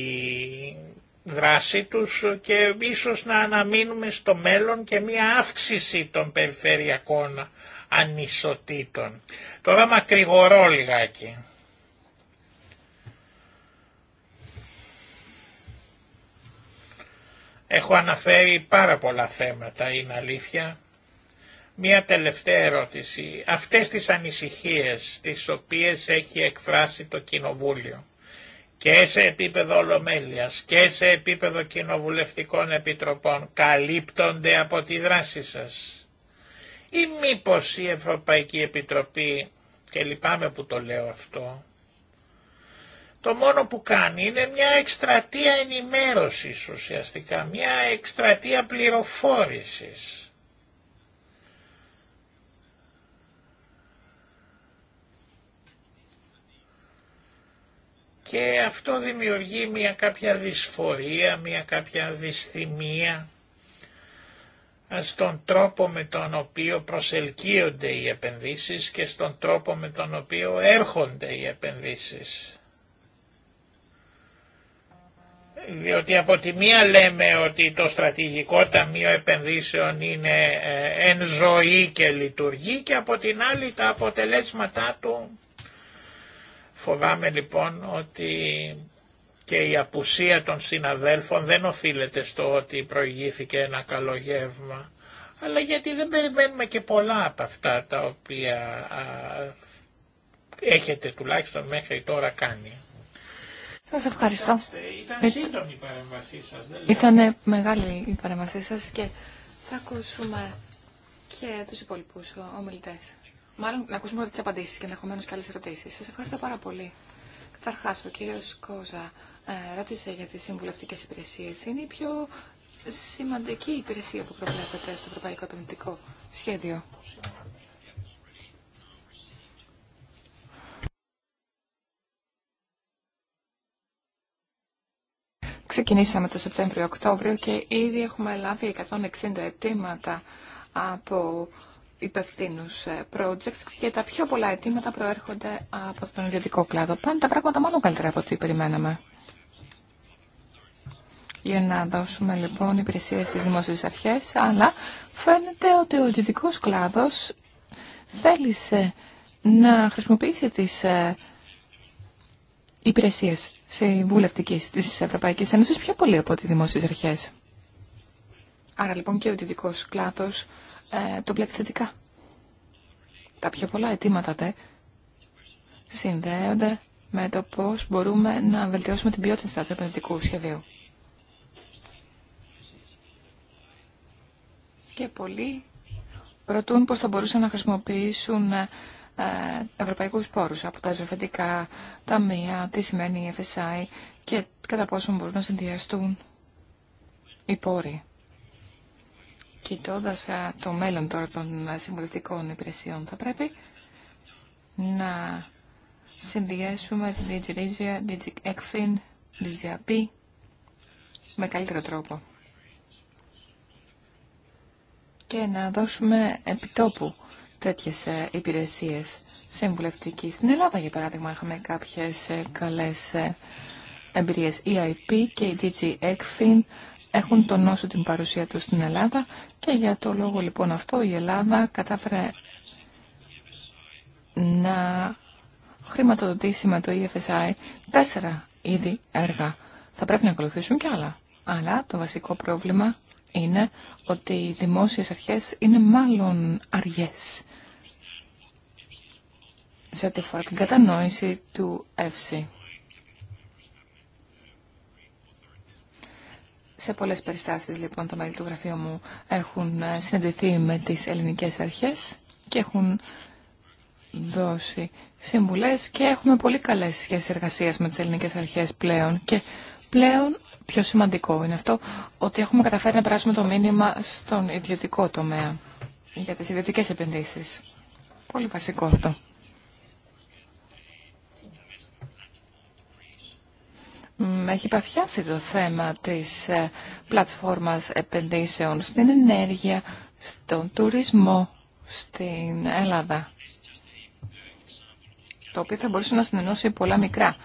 δράση τους και ίσως να αναμείνουμε στο μέλλον και μια αύξηση των περιφερειακών ανισοτήτων. Τώρα μακρηγορώ λιγάκι. Έχω αναφέρει πάρα πολλά θέματα, είναι αλήθεια. Μία τελευταία ερώτηση. Αυτές τις ανησυχίες τις οποίες έχει εκφράσει το Κοινοβούλιο και σε επίπεδο ολομέλειας και σε επίπεδο κοινοβουλευτικών επιτροπών καλύπτονται από τη δράση σας. Ή μήπως η Ευρωπαϊκή Επιτροπή, και λυπάμαι που το λέω αυτό, το μόνο που κάνει είναι μια εκστρατεία ενημέρωσης ουσιαστικά, μια εκστρατεία πληροφόρησης. Και αυτό δημιουργεί μια κάποια δυσφορία, μια κάποια δυσθυμία στον τρόπο με τον οποίο προσελκύονται οι επενδύσεις και στον τρόπο με τον οποίο έρχονται οι επενδύσεις διότι από τη μία λέμε ότι το στρατηγικό ταμείο επενδύσεων είναι ε, εν ζωή και λειτουργεί και από την άλλη τα αποτελέσματά του φοβάμαι λοιπόν ότι και η απουσία των συναδέλφων δεν οφείλεται στο ότι προηγήθηκε ένα καλό γεύμα αλλά γιατί δεν περιμένουμε και πολλά από αυτά τα οποία έχετε τουλάχιστον μέχρι τώρα κάνει. Σας ευχαριστώ. Ήταν ε, σύντομη η παρέμβασή Ήταν μεγάλη η παρέμβασή σας και θα ακούσουμε και τους υπόλοιπους ομιλητές. Μάλλον να ακούσουμε τις απαντήσεις και ενδεχομένω και άλλες ερωτήσεις. Σας ευχαριστώ πάρα πολύ. Καταρχά, ο κύριο Κόζα ε, ρώτησε για τι συμβουλευτικέ υπηρεσίε. Είναι η πιο σημαντική υπηρεσία που προβλέπεται στο Ευρωπαϊκό Επενδυτικό Σχέδιο. Ξεκινήσαμε το Σεπτέμβριο-Οκτώβριο και ήδη έχουμε λάβει 160 αιτήματα από υπευθύνου ε, project και τα πιο πολλά αιτήματα προέρχονται από τον ιδιωτικό κλάδο. Πάνε τα πράγματα μόνο καλύτερα από ό,τι περιμέναμε. Για να δώσουμε λοιπόν υπηρεσίε στις δημόσιες αρχές, αλλά φαίνεται ότι ο ιδιωτικό κλάδος θέλησε να χρησιμοποιήσει τις ε, υπηρεσίες βουλευτική τη Ευρωπαϊκή Ένωση πιο πολύ από τις δημόσιες αρχέ. Άρα λοιπόν και ο δυτικό κλάδο ε, το βλέπει θετικά. Τα πιο πολλά αιτήματα δε συνδέονται με το πώς μπορούμε να βελτιώσουμε την ποιότητα του επενδυτικού σχεδίου. Και πολλοί ρωτούν πώς θα μπορούσαν να χρησιμοποιήσουν ε, ε, ευρωπαϊκούς πόρους από τα ζωφεντικά ταμεία, τι σημαίνει η FSI και κατά πόσο μπορούν να συνδυαστούν οι πόροι. Κοιτώντα ε, το μέλλον τώρα των ε, συμβουλευτικών υπηρεσιών θα πρέπει να συνδυάσουμε την DigiRegia, DigiEcfin, DigiAP με καλύτερο τρόπο και να δώσουμε επιτόπου Τέτοιε υπηρεσίε συμβουλευτική. Στην Ελλάδα, για παράδειγμα, είχαμε κάποιες ε, καλές ε, εμπειρίες. Η e IP και η DG ECFIN έχουν τονώσει την παρουσία τους στην Ελλάδα και για το λόγο λοιπόν αυτό η Ελλάδα κατάφερε να χρηματοδοτήσει με το EFSI τέσσερα ήδη έργα. Θα πρέπει να ακολουθήσουν και άλλα. Αλλά το βασικό πρόβλημα είναι ότι οι δημόσιες αρχές είναι μάλλον αργές σε ό,τι αφορά την κατανόηση του ΕΦΣΥ. Σε πολλές περιστάσεις, λοιπόν, τα μέλη του γραφείου μου έχουν ε, συναντηθεί με τις ελληνικές αρχές και έχουν δώσει συμβουλές και έχουμε πολύ καλές σχέσεις εργασίας με τις ελληνικές αρχές πλέον και πλέον πιο σημαντικό είναι αυτό ότι έχουμε καταφέρει να περάσουμε το μήνυμα στον ιδιωτικό τομέα για τις ιδιωτικές επενδύσεις. Πολύ βασικό αυτό. έχει παθιάσει το θέμα της ε, πλατφόρμας επενδύσεων στην ενέργεια, στον τουρισμό στην Ελλάδα, το οποίο θα μπορούσε να συνενώσει πολλά μικρά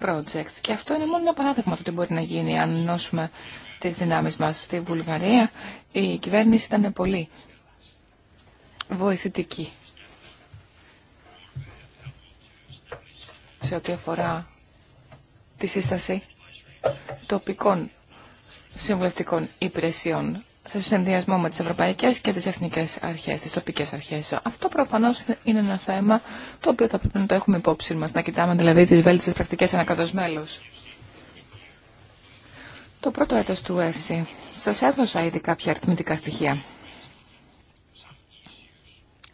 project. Και αυτό είναι μόνο ένα παράδειγμα του τι μπορεί να γίνει αν ενώσουμε τις δυνάμεις μας στη Βουλγαρία. Η κυβέρνηση ήταν πολύ βοηθητική σε ό,τι αφορά τη σύσταση τοπικών συμβουλευτικών υπηρεσιών σε συνδυασμό με τις ευρωπαϊκές και τις εθνικές αρχές, τις τοπικές αρχές. Αυτό προφανώς είναι ένα θέμα το οποίο θα πρέπει να το έχουμε υπόψη μας, να κοιτάμε δηλαδή τις βέλτιστες πρακτικές ανακατός μέλους. Το πρώτο έτος του ΕΦΣΗ Σας έδωσα ήδη κάποια αριθμητικά στοιχεία.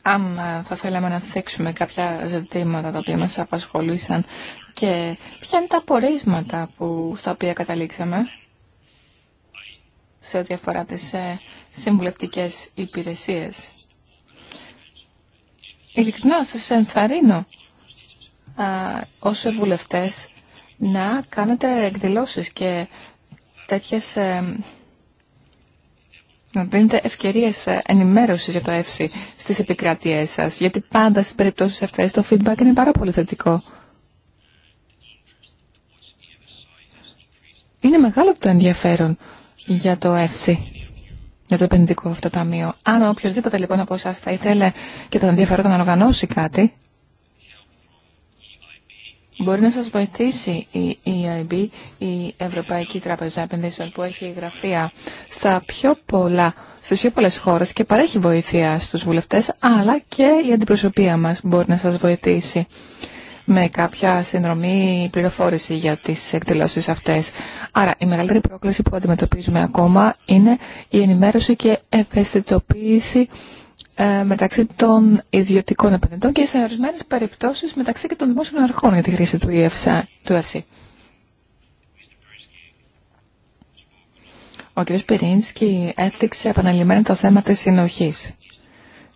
Αν θα θέλαμε να θέξουμε κάποια ζητήματα τα οποία μας απασχολήσαν και ποια είναι τα απορίσματα που, στα οποία καταλήξαμε σε ό,τι αφορά τις ε, συμβουλευτικές υπηρεσίες. Ειλικρινά σας ενθαρρύνω α, ως βουλευτές να κάνετε εκδηλώσεις και τέτοιες... Ε, να δίνετε ευκαιρίες ε, ενημέρωσης για το ΕΦΣΥ στις επικρατείες σας, γιατί πάντα στις περιπτώσεις αυτές το feedback είναι πάρα πολύ θετικό. είναι μεγάλο το ενδιαφέρον για το ΕΦΣΥ, για το επενδυτικό αυτό ταμείο. Αν οποιοδήποτε λοιπόν από εσά θα ήθελε και θα ενδιαφέρονταν να οργανώσει κάτι, Μπορεί να σας βοηθήσει η EIB, η Ευρωπαϊκή Τράπεζα Επενδύσεων, που έχει γραφεία στα πιο πολλά, στις πιο πολλές χώρες και παρέχει βοήθεια στους βουλευτές, αλλά και η αντιπροσωπεία μας μπορεί να σας βοηθήσει με κάποια συνδρομή πληροφόρηση για τις εκδηλώσεις αυτές. Άρα η μεγαλύτερη πρόκληση που αντιμετωπίζουμε ακόμα είναι η ενημέρωση και ευαισθητοποίηση ε, μεταξύ των ιδιωτικών επενδυτών και σε ορισμένε περιπτώσει μεταξύ και των δημόσιων αρχών για τη χρήση του ΕΦΣΑ. Του Ο κ. Πυρίνσκι έθιξε επαναλημμένα το θέμα της συνοχής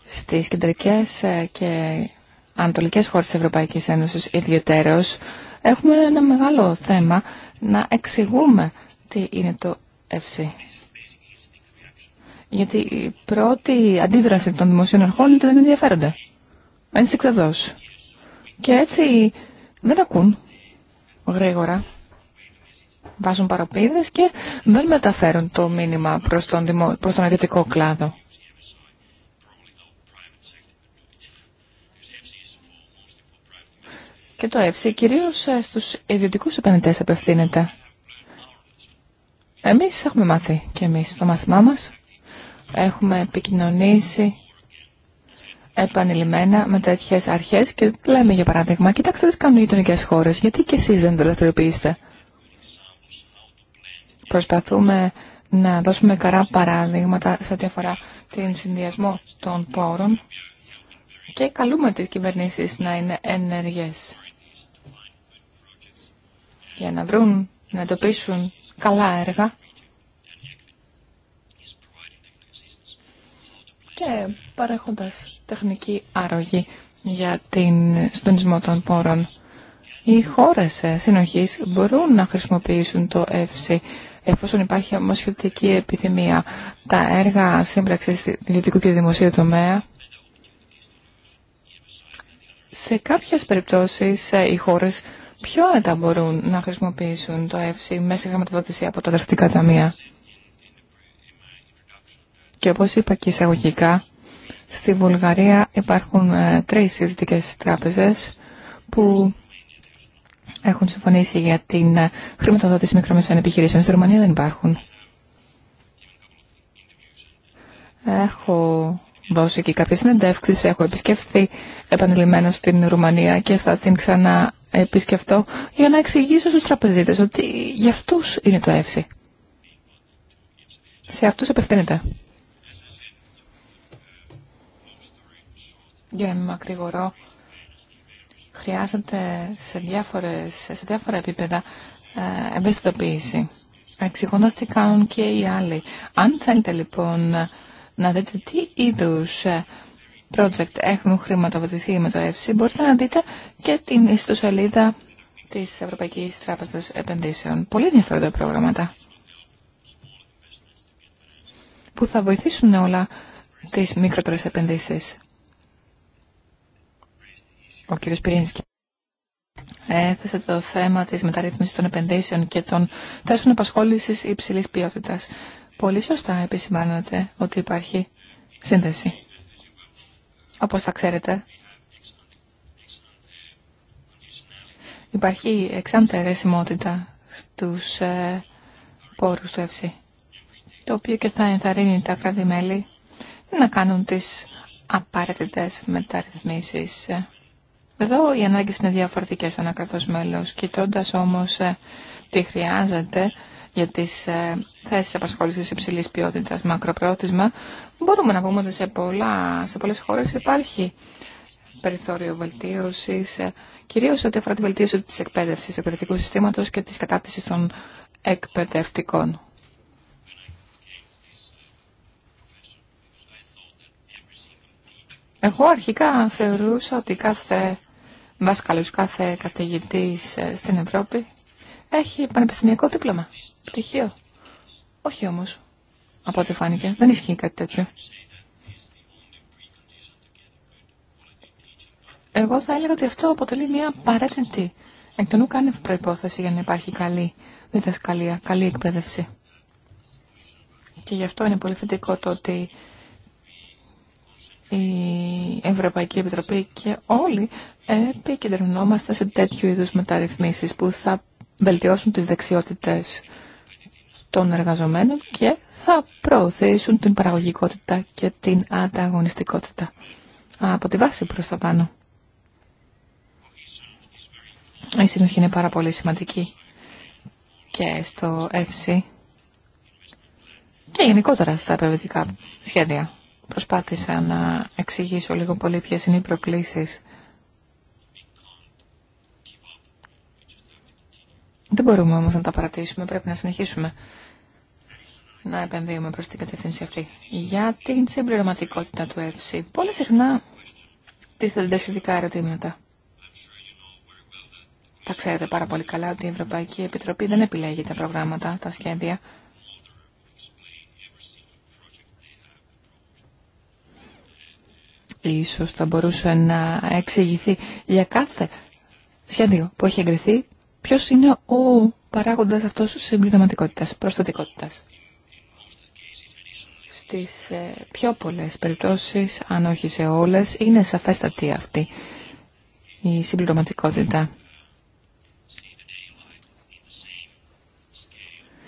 στις κεντρικές ε, και ανατολικές χώρες της Ευρωπαϊκής Ένωσης ιδιαιτέρως, έχουμε ένα μεγάλο θέμα να εξηγούμε τι είναι το ΕΦΣΥ. Γιατί η πρώτη αντίδραση των δημοσίων αρχών είναι ότι δεν ενδιαφέρονται. Ενστικτοδός. Και έτσι δεν ακούν γρήγορα. Βάζουν παροπίδες και δεν μεταφέρουν το μήνυμα προς τον, δημο... προς τον ιδιωτικό κλάδο. και το ΕΦΣΙ κυρίως ε, στους ιδιωτικούς επενδυτές απευθύνεται. Εμείς έχουμε μάθει και εμείς το μάθημά μας. Έχουμε επικοινωνήσει επανειλημμένα με τέτοιες αρχές και λέμε για παράδειγμα, κοιτάξτε τι κάνουν οι γειτονικές χώρες, γιατί και εσείς δεν δραστηριοποιήσετε. Προσπαθούμε να δώσουμε καρά παράδειγματα σε ό,τι αφορά την συνδυασμό των πόρων και καλούμε τις κυβερνήσεις να είναι ενεργές για να βρουν, να εντοπίσουν καλά έργα και παρέχοντας τεχνική άρρωγη για την συντονισμό των πόρων. Οι χώρες ε, συνοχής μπορούν να χρησιμοποιήσουν το ΕΦΣΥ εφόσον υπάρχει ομοσχετική επιθυμία. Τα έργα σύμπραξης ιδιωτικού και δημοσίου τομέα σε κάποιες περιπτώσεις ε, οι χώρες ποιο ανετα μπορούν να χρησιμοποιήσουν το ΕΦΣΥ μέσα στη χρηματοδότηση από τα δραστικά ταμεία. Και όπως είπα και εισαγωγικά, στη Βουλγαρία υπάρχουν ε, τρεις ειδικές τράπεζες που έχουν συμφωνήσει για την ε, χρηματοδότηση μικρομεσαίων επιχειρήσεων. Στη Ρουμανία δεν υπάρχουν. Έχω δώσει και κάποιες συνεντεύξεις, έχω επισκεφθεί επανειλημμένως στην Ρουμανία και θα την ξανά επισκεφτώ για να εξηγήσω στους τραπεζίτες ότι για αυτούς είναι το εύση. Σε αυτούς απευθύνεται. Για να μην μακρηγορώ, χρειάζεται σε, διάφορες, σε διάφορα επίπεδα ε, ευαισθητοποίηση. Εξηγώντας τι κάνουν και οι άλλοι. Αν θέλετε λοιπόν να δείτε τι είδους ε, project έχουν χρηματοδοτηθεί με το ΕΦΣΥ, μπορείτε να δείτε και την ιστοσελίδα της Ευρωπαϊκής Τράπεζας Επενδύσεων. Πολύ ενδιαφέροντα πρόγραμματα που θα βοηθήσουν όλα τις μικρότερες επενδύσεις. Ο κύριος Πυρίνσκι έθεσε το θέμα της μεταρρύθμισης των επενδύσεων και των θέσεων απασχόλησης υψηλής ποιότητας. Πολύ σωστά επισημάνατε ότι υπάρχει σύνδεση όπως θα ξέρετε. Υπάρχει εξάντα αιρεσιμότητα στους ε, πόρους του ΕΦΣΥ, το οποίο και θα ενθαρρύνει τα κρατη να κάνουν τις απαραίτητες μεταρρυθμίσεις. Εδώ οι ανάγκες είναι διαφορετικές ανακρατός μέλος. Κοιτώντας όμως ε, τι χρειάζεται, για τι ε, θέσεις απασχόλησης ποιότητα ποιότητας μακροπρόθεσμα, μπορούμε να πούμε ότι σε, πολλά, σε πολλές χώρες υπάρχει περιθώριο βελτίωσης, ε, κυρίως ό,τι αφορά τη βελτίωση τη εκπαίδευση του εκπαιδευτικού συστήματο και της κατάρτιση των εκπαιδευτικών. Εγώ αρχικά θεωρούσα ότι κάθε δάσκαλος, κάθε καθηγητής ε, στην Ευρώπη έχει πανεπιστημιακό δίπλωμα, πτυχίο. Όχι όμως, από ό,τι φάνηκε. Δεν ισχύει κάτι τέτοιο. Εγώ θα έλεγα ότι αυτό αποτελεί μια απαραίτητη εκ των ουκάνευ προϋπόθεση για να υπάρχει καλή διδασκαλία, καλή εκπαίδευση. Και γι' αυτό είναι πολύ θετικό το ότι η Ευρωπαϊκή Επιτροπή και όλοι επικεντρωνόμαστε σε τέτοιου είδους μεταρρυθμίσεις που θα βελτιώσουν τις δεξιότητες των εργαζομένων και θα προωθήσουν την παραγωγικότητα και την ανταγωνιστικότητα. Από τη βάση προς τα πάνω. Η συνοχή είναι πάρα πολύ σημαντική και στο ΕΦΣΥ και γενικότερα στα επευετικά σχέδια. Προσπάθησα να εξηγήσω λίγο πολύ ποιες είναι οι προκλήσεις Δεν μπορούμε όμως να τα παρατήσουμε, πρέπει να συνεχίσουμε να επενδύουμε προς την κατεύθυνση αυτή. Για την συμπληρωματικότητα του ΕΦΣΥ, πολύ συχνά τίθενται σχετικά ερωτήματα. Τα ξέρετε πάρα πολύ καλά ότι η Ευρωπαϊκή Επιτροπή δεν επιλέγει τα προγράμματα, τα σχέδια. Ίσως θα μπορούσε να εξηγηθεί για κάθε σχέδιο που έχει εγκριθεί Ποιος είναι ο παράγοντας αυτός της συμπληρωματικότητας, προστατικότητας. Στις ε, πιο πολλές περιπτώσεις, αν όχι σε όλες, είναι σαφέστατη αυτή η συμπληρωματικότητα.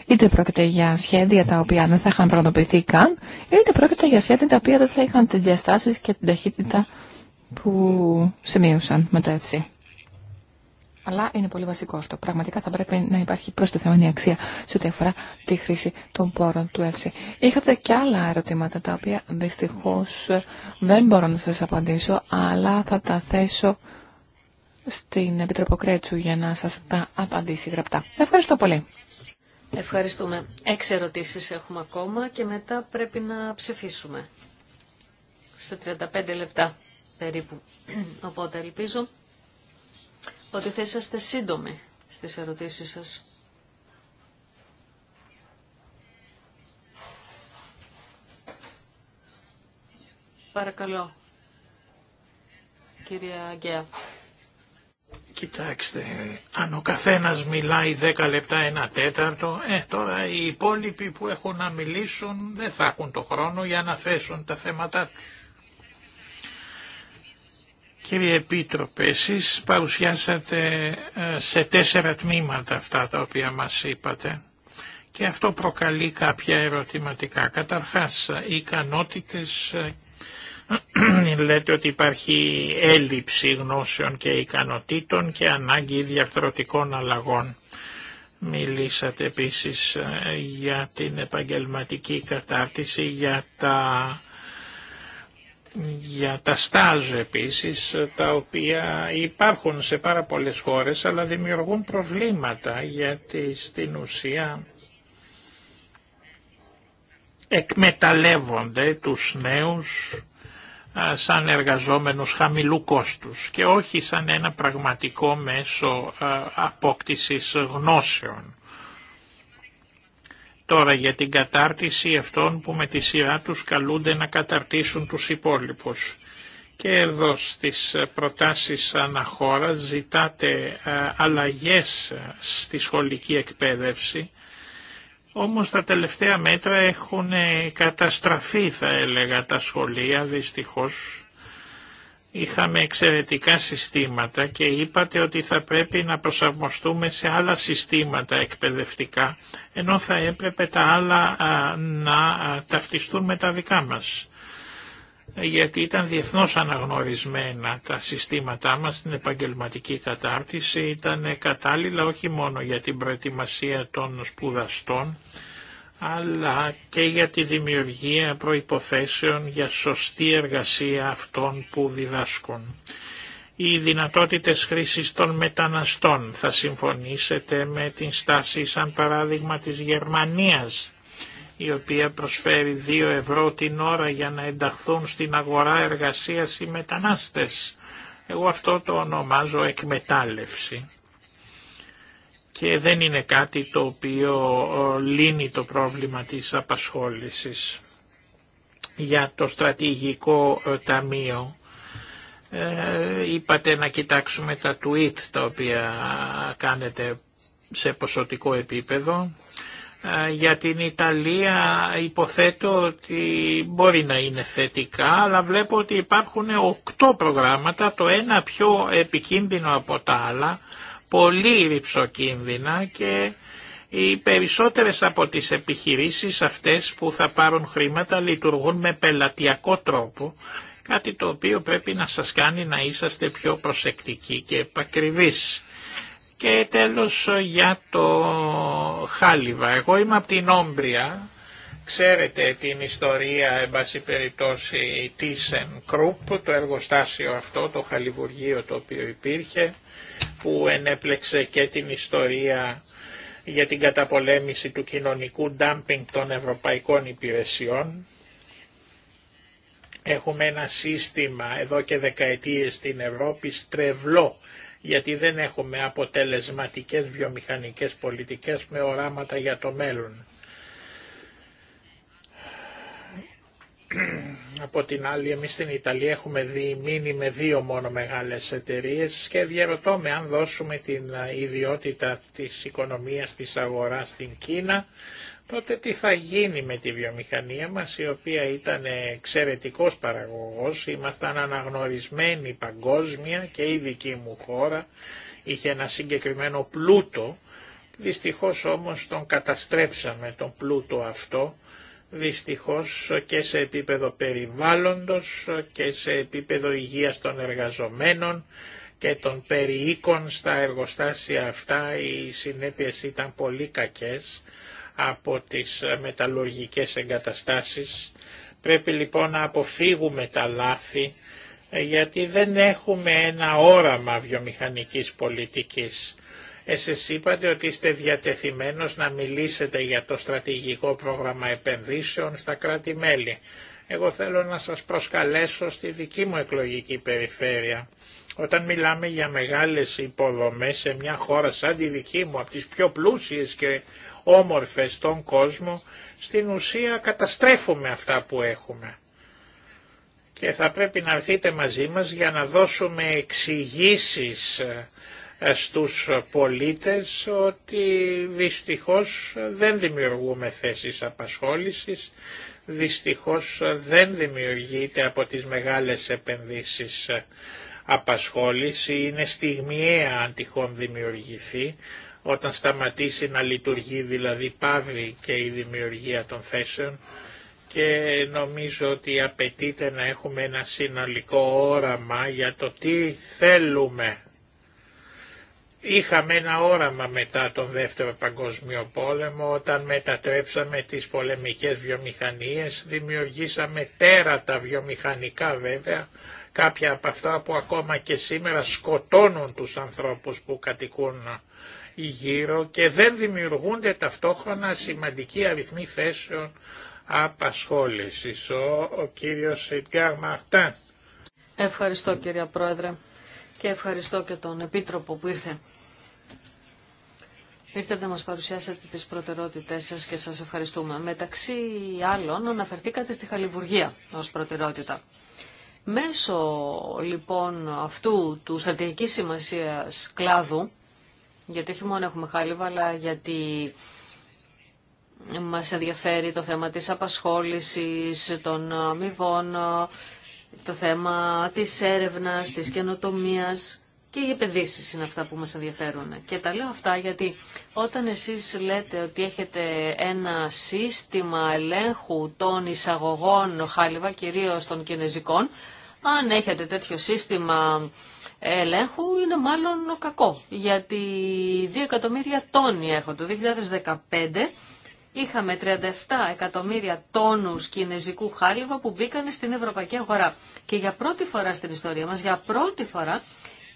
Είτε πρόκειται για σχέδια τα οποία δεν θα είχαν πραγματοποιηθεί καν, είτε πρόκειται για σχέδια τα οποία δεν θα είχαν τις διαστάσεις και την ταχύτητα που σημείωσαν με το ΕΦΣΥ. Αλλά είναι πολύ βασικό αυτό. Πραγματικά θα πρέπει να υπάρχει προστιθέμενη αξία σε ό,τι αφορά τη χρήση των πόρων του ΕΦΣΥ. Είχατε και άλλα ερωτήματα τα οποία δυστυχώ δεν μπορώ να σα απαντήσω, αλλά θα τα θέσω στην Επιτροπο Κρέτσου για να σα τα απαντήσει γραπτά. Ευχαριστώ πολύ. Ευχαριστούμε. Έξι ερωτήσει έχουμε ακόμα και μετά πρέπει να ψηφίσουμε. Σε 35 λεπτά περίπου. Οπότε ελπίζω ότι θα είσαστε σύντομοι στις ερωτήσεις σας. Παρακαλώ, κυρία Αγγέα. Κοιτάξτε, αν ο καθένας μιλάει 10 λεπτά ένα τέταρτο, ε, τώρα οι υπόλοιποι που έχουν να μιλήσουν δεν θα έχουν το χρόνο για να θέσουν τα θέματά τους. Κύριε Επίτροπε, εσείς παρουσιάσατε ε, σε τέσσερα τμήματα αυτά τα οποία μας είπατε και αυτό προκαλεί κάποια ερωτηματικά. Καταρχάς, οι ικανότητες, ε, λέτε ότι υπάρχει έλλειψη γνώσεων και ικανοτήτων και ανάγκη διαφθρωτικών αλλαγών. Μιλήσατε επίσης ε, για την επαγγελματική κατάρτιση, για τα για τα στάζ επίσης, τα οποία υπάρχουν σε πάρα πολλές χώρες, αλλά δημιουργούν προβλήματα, γιατί στην ουσία εκμεταλλεύονται τους νέους σαν εργαζόμενους χαμηλού κόστους και όχι σαν ένα πραγματικό μέσο απόκτησης γνώσεων. Τώρα για την κατάρτιση αυτών που με τη σειρά τους καλούνται να καταρτήσουν τους υπόλοιπους. Και εδώ στις προτάσεις αναχώρα ζητάτε ε, αλλαγές στη σχολική εκπαίδευση, όμως τα τελευταία μέτρα έχουν καταστραφεί θα έλεγα τα σχολεία δυστυχώς είχαμε εξαιρετικά συστήματα και είπατε ότι θα πρέπει να προσαρμοστούμε σε άλλα συστήματα εκπαιδευτικά, ενώ θα έπρεπε τα άλλα να ταυτιστούν με τα δικά μας. Γιατί ήταν διεθνώς αναγνωρισμένα τα συστήματά μας στην επαγγελματική κατάρτιση, ήταν κατάλληλα όχι μόνο για την προετοιμασία των σπουδαστών, αλλά και για τη δημιουργία προϋποθέσεων για σωστή εργασία αυτών που διδάσκουν. Οι δυνατότητες χρήσης των μεταναστών θα συμφωνήσετε με την στάση σαν παράδειγμα της Γερμανίας η οποία προσφέρει 2 ευρώ την ώρα για να ενταχθούν στην αγορά εργασίας οι μετανάστες. Εγώ αυτό το ονομάζω εκμετάλλευση και δεν είναι κάτι το οποίο ε, λύνει το πρόβλημα της απασχόλησης για το στρατηγικό ε, ταμείο. Ε, είπατε να κοιτάξουμε τα tweet τα οποία κάνετε σε ποσοτικό επίπεδο. Ε, για την Ιταλία υποθέτω ότι μπορεί να είναι θετικά, αλλά βλέπω ότι υπάρχουν οκτώ προγράμματα, το ένα πιο επικίνδυνο από τα άλλα, πολύ ρηψοκίνδυνα και οι περισσότερες από τις επιχειρήσεις αυτές που θα πάρουν χρήματα λειτουργούν με πελατειακό τρόπο, κάτι το οποίο πρέπει να σας κάνει να είσαστε πιο προσεκτικοί και επακριβείς. Και τέλος για το χάλιβα. Εγώ είμαι από την Όμπρια, Ξέρετε την ιστορία, εν πάση περιπτώσει, Thyssen Group, το εργοστάσιο αυτό, το χαλιβουργείο το οποίο υπήρχε, που ενέπλεξε και την ιστορία για την καταπολέμηση του κοινωνικού ντάμπινγκ των ευρωπαϊκών υπηρεσιών. Έχουμε ένα σύστημα εδώ και δεκαετίες στην Ευρώπη στρεβλό, γιατί δεν έχουμε αποτελεσματικές βιομηχανικές πολιτικές με οράματα για το μέλλον. Από την άλλη, εμείς στην Ιταλία έχουμε δει, μείνει με δύο μόνο μεγάλες εταιρείες και διαρωτώ με αν δώσουμε την ε, ιδιότητα της οικονομίας της αγοράς στην Κίνα, τότε τι θα γίνει με τη βιομηχανία μας, η οποία ήταν εξαιρετικός παραγωγός, ήμασταν αναγνωρισμένοι παγκόσμια και η δική μου χώρα είχε ένα συγκεκριμένο πλούτο, δυστυχώς όμως τον καταστρέψαμε τον πλούτο αυτό, δυστυχώς και σε επίπεδο περιβάλλοντος και σε επίπεδο υγείας των εργαζομένων και των περιοίκων στα εργοστάσια αυτά οι συνέπειες ήταν πολύ κακές από τις μεταλλουργικές εγκαταστάσεις. Πρέπει λοιπόν να αποφύγουμε τα λάθη γιατί δεν έχουμε ένα όραμα βιομηχανικής πολιτικής. Εσείς είπατε ότι είστε διατεθειμένος να μιλήσετε για το στρατηγικό πρόγραμμα επενδύσεων στα κράτη-μέλη. Εγώ θέλω να σας προσκαλέσω στη δική μου εκλογική περιφέρεια. Όταν μιλάμε για μεγάλες υποδομές σε μια χώρα σαν τη δική μου, από τις πιο πλούσιες και όμορφες στον κόσμο, στην ουσία καταστρέφουμε αυτά που έχουμε. Και θα πρέπει να έρθετε μαζί μας για να δώσουμε εξηγήσει ε, ε, στους πολίτες ότι δυστυχώς δεν δημιουργούμε θέσεις απασχόλησης, δυστυχώς δεν δημιουργείται από τις μεγάλες επενδύσεις απασχόληση, είναι στιγμιαία αν τυχόν δημιουργηθεί, όταν σταματήσει να λειτουργεί δηλαδή πάβει και η δημιουργία των θέσεων και νομίζω ότι απαιτείται να έχουμε ένα συνολικό όραμα για το τι θέλουμε Είχαμε ένα όραμα μετά τον Δεύτερο Παγκόσμιο Πόλεμο, όταν μετατρέψαμε τις πολεμικές βιομηχανίες, δημιουργήσαμε τέρατα βιομηχανικά βέβαια, κάποια από αυτά που ακόμα και σήμερα σκοτώνουν τους ανθρώπους που κατοικούν γύρω και δεν δημιουργούνται ταυτόχρονα σημαντικοί αριθμοί θέσεων απασχόλησης. Ο, ο κύριος Μαρτάν. Ευχαριστώ κύριε Πρόεδρε και ευχαριστώ και τον Επίτροπο που ήρθε. Ήρθατε να μας παρουσιάσετε τις προτεραιότητές σας και σας ευχαριστούμε. Μεταξύ άλλων αναφερθήκατε στη Χαλιβουργία ως προτεραιότητα. Μέσω λοιπόν αυτού του στρατηγικής σημασίας κλάδου, γιατί όχι μόνο έχουμε χάλιβα, αλλά γιατί μας ενδιαφέρει το θέμα της απασχόλησης, των αμοιβών, το θέμα της έρευνας, της καινοτομίας και οι επενδύσει είναι αυτά που μα ενδιαφέρουν. Και τα λέω αυτά γιατί όταν εσεί λέτε ότι έχετε ένα σύστημα ελέγχου των εισαγωγών χάλιβα, κυρίω των κινέζικων, αν έχετε τέτοιο σύστημα ελέγχου είναι μάλλον κακό, γιατί 2 εκατομμύρια τόνοι έρχονται. Το 2015 είχαμε 37 εκατομμύρια τόνους κινέζικου χάλιβα που μπήκαν στην ευρωπαϊκή αγορά. Και για πρώτη φορά στην ιστορία μας, για πρώτη φορά,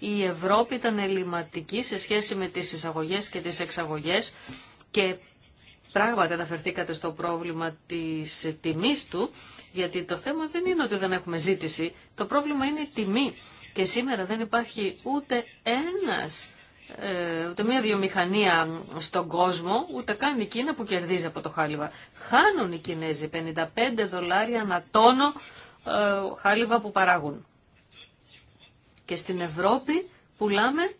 η Ευρώπη ήταν ελληματική σε σχέση με τις εισαγωγές και τις εξαγωγές και πράγματι αναφερθήκατε στο πρόβλημα της τιμής του, γιατί το θέμα δεν είναι ότι δεν έχουμε ζήτηση, το πρόβλημα είναι η τιμή. Και σήμερα δεν υπάρχει ούτε ένας, ε, ούτε μία βιομηχανία στον κόσμο, ούτε καν η Κίνα που κερδίζει από το χάλιβα. Χάνουν οι Κινέζοι 55 δολάρια ανά τόνο ε, χάλιβα που παράγουν. Και στην Ευρώπη πουλάμε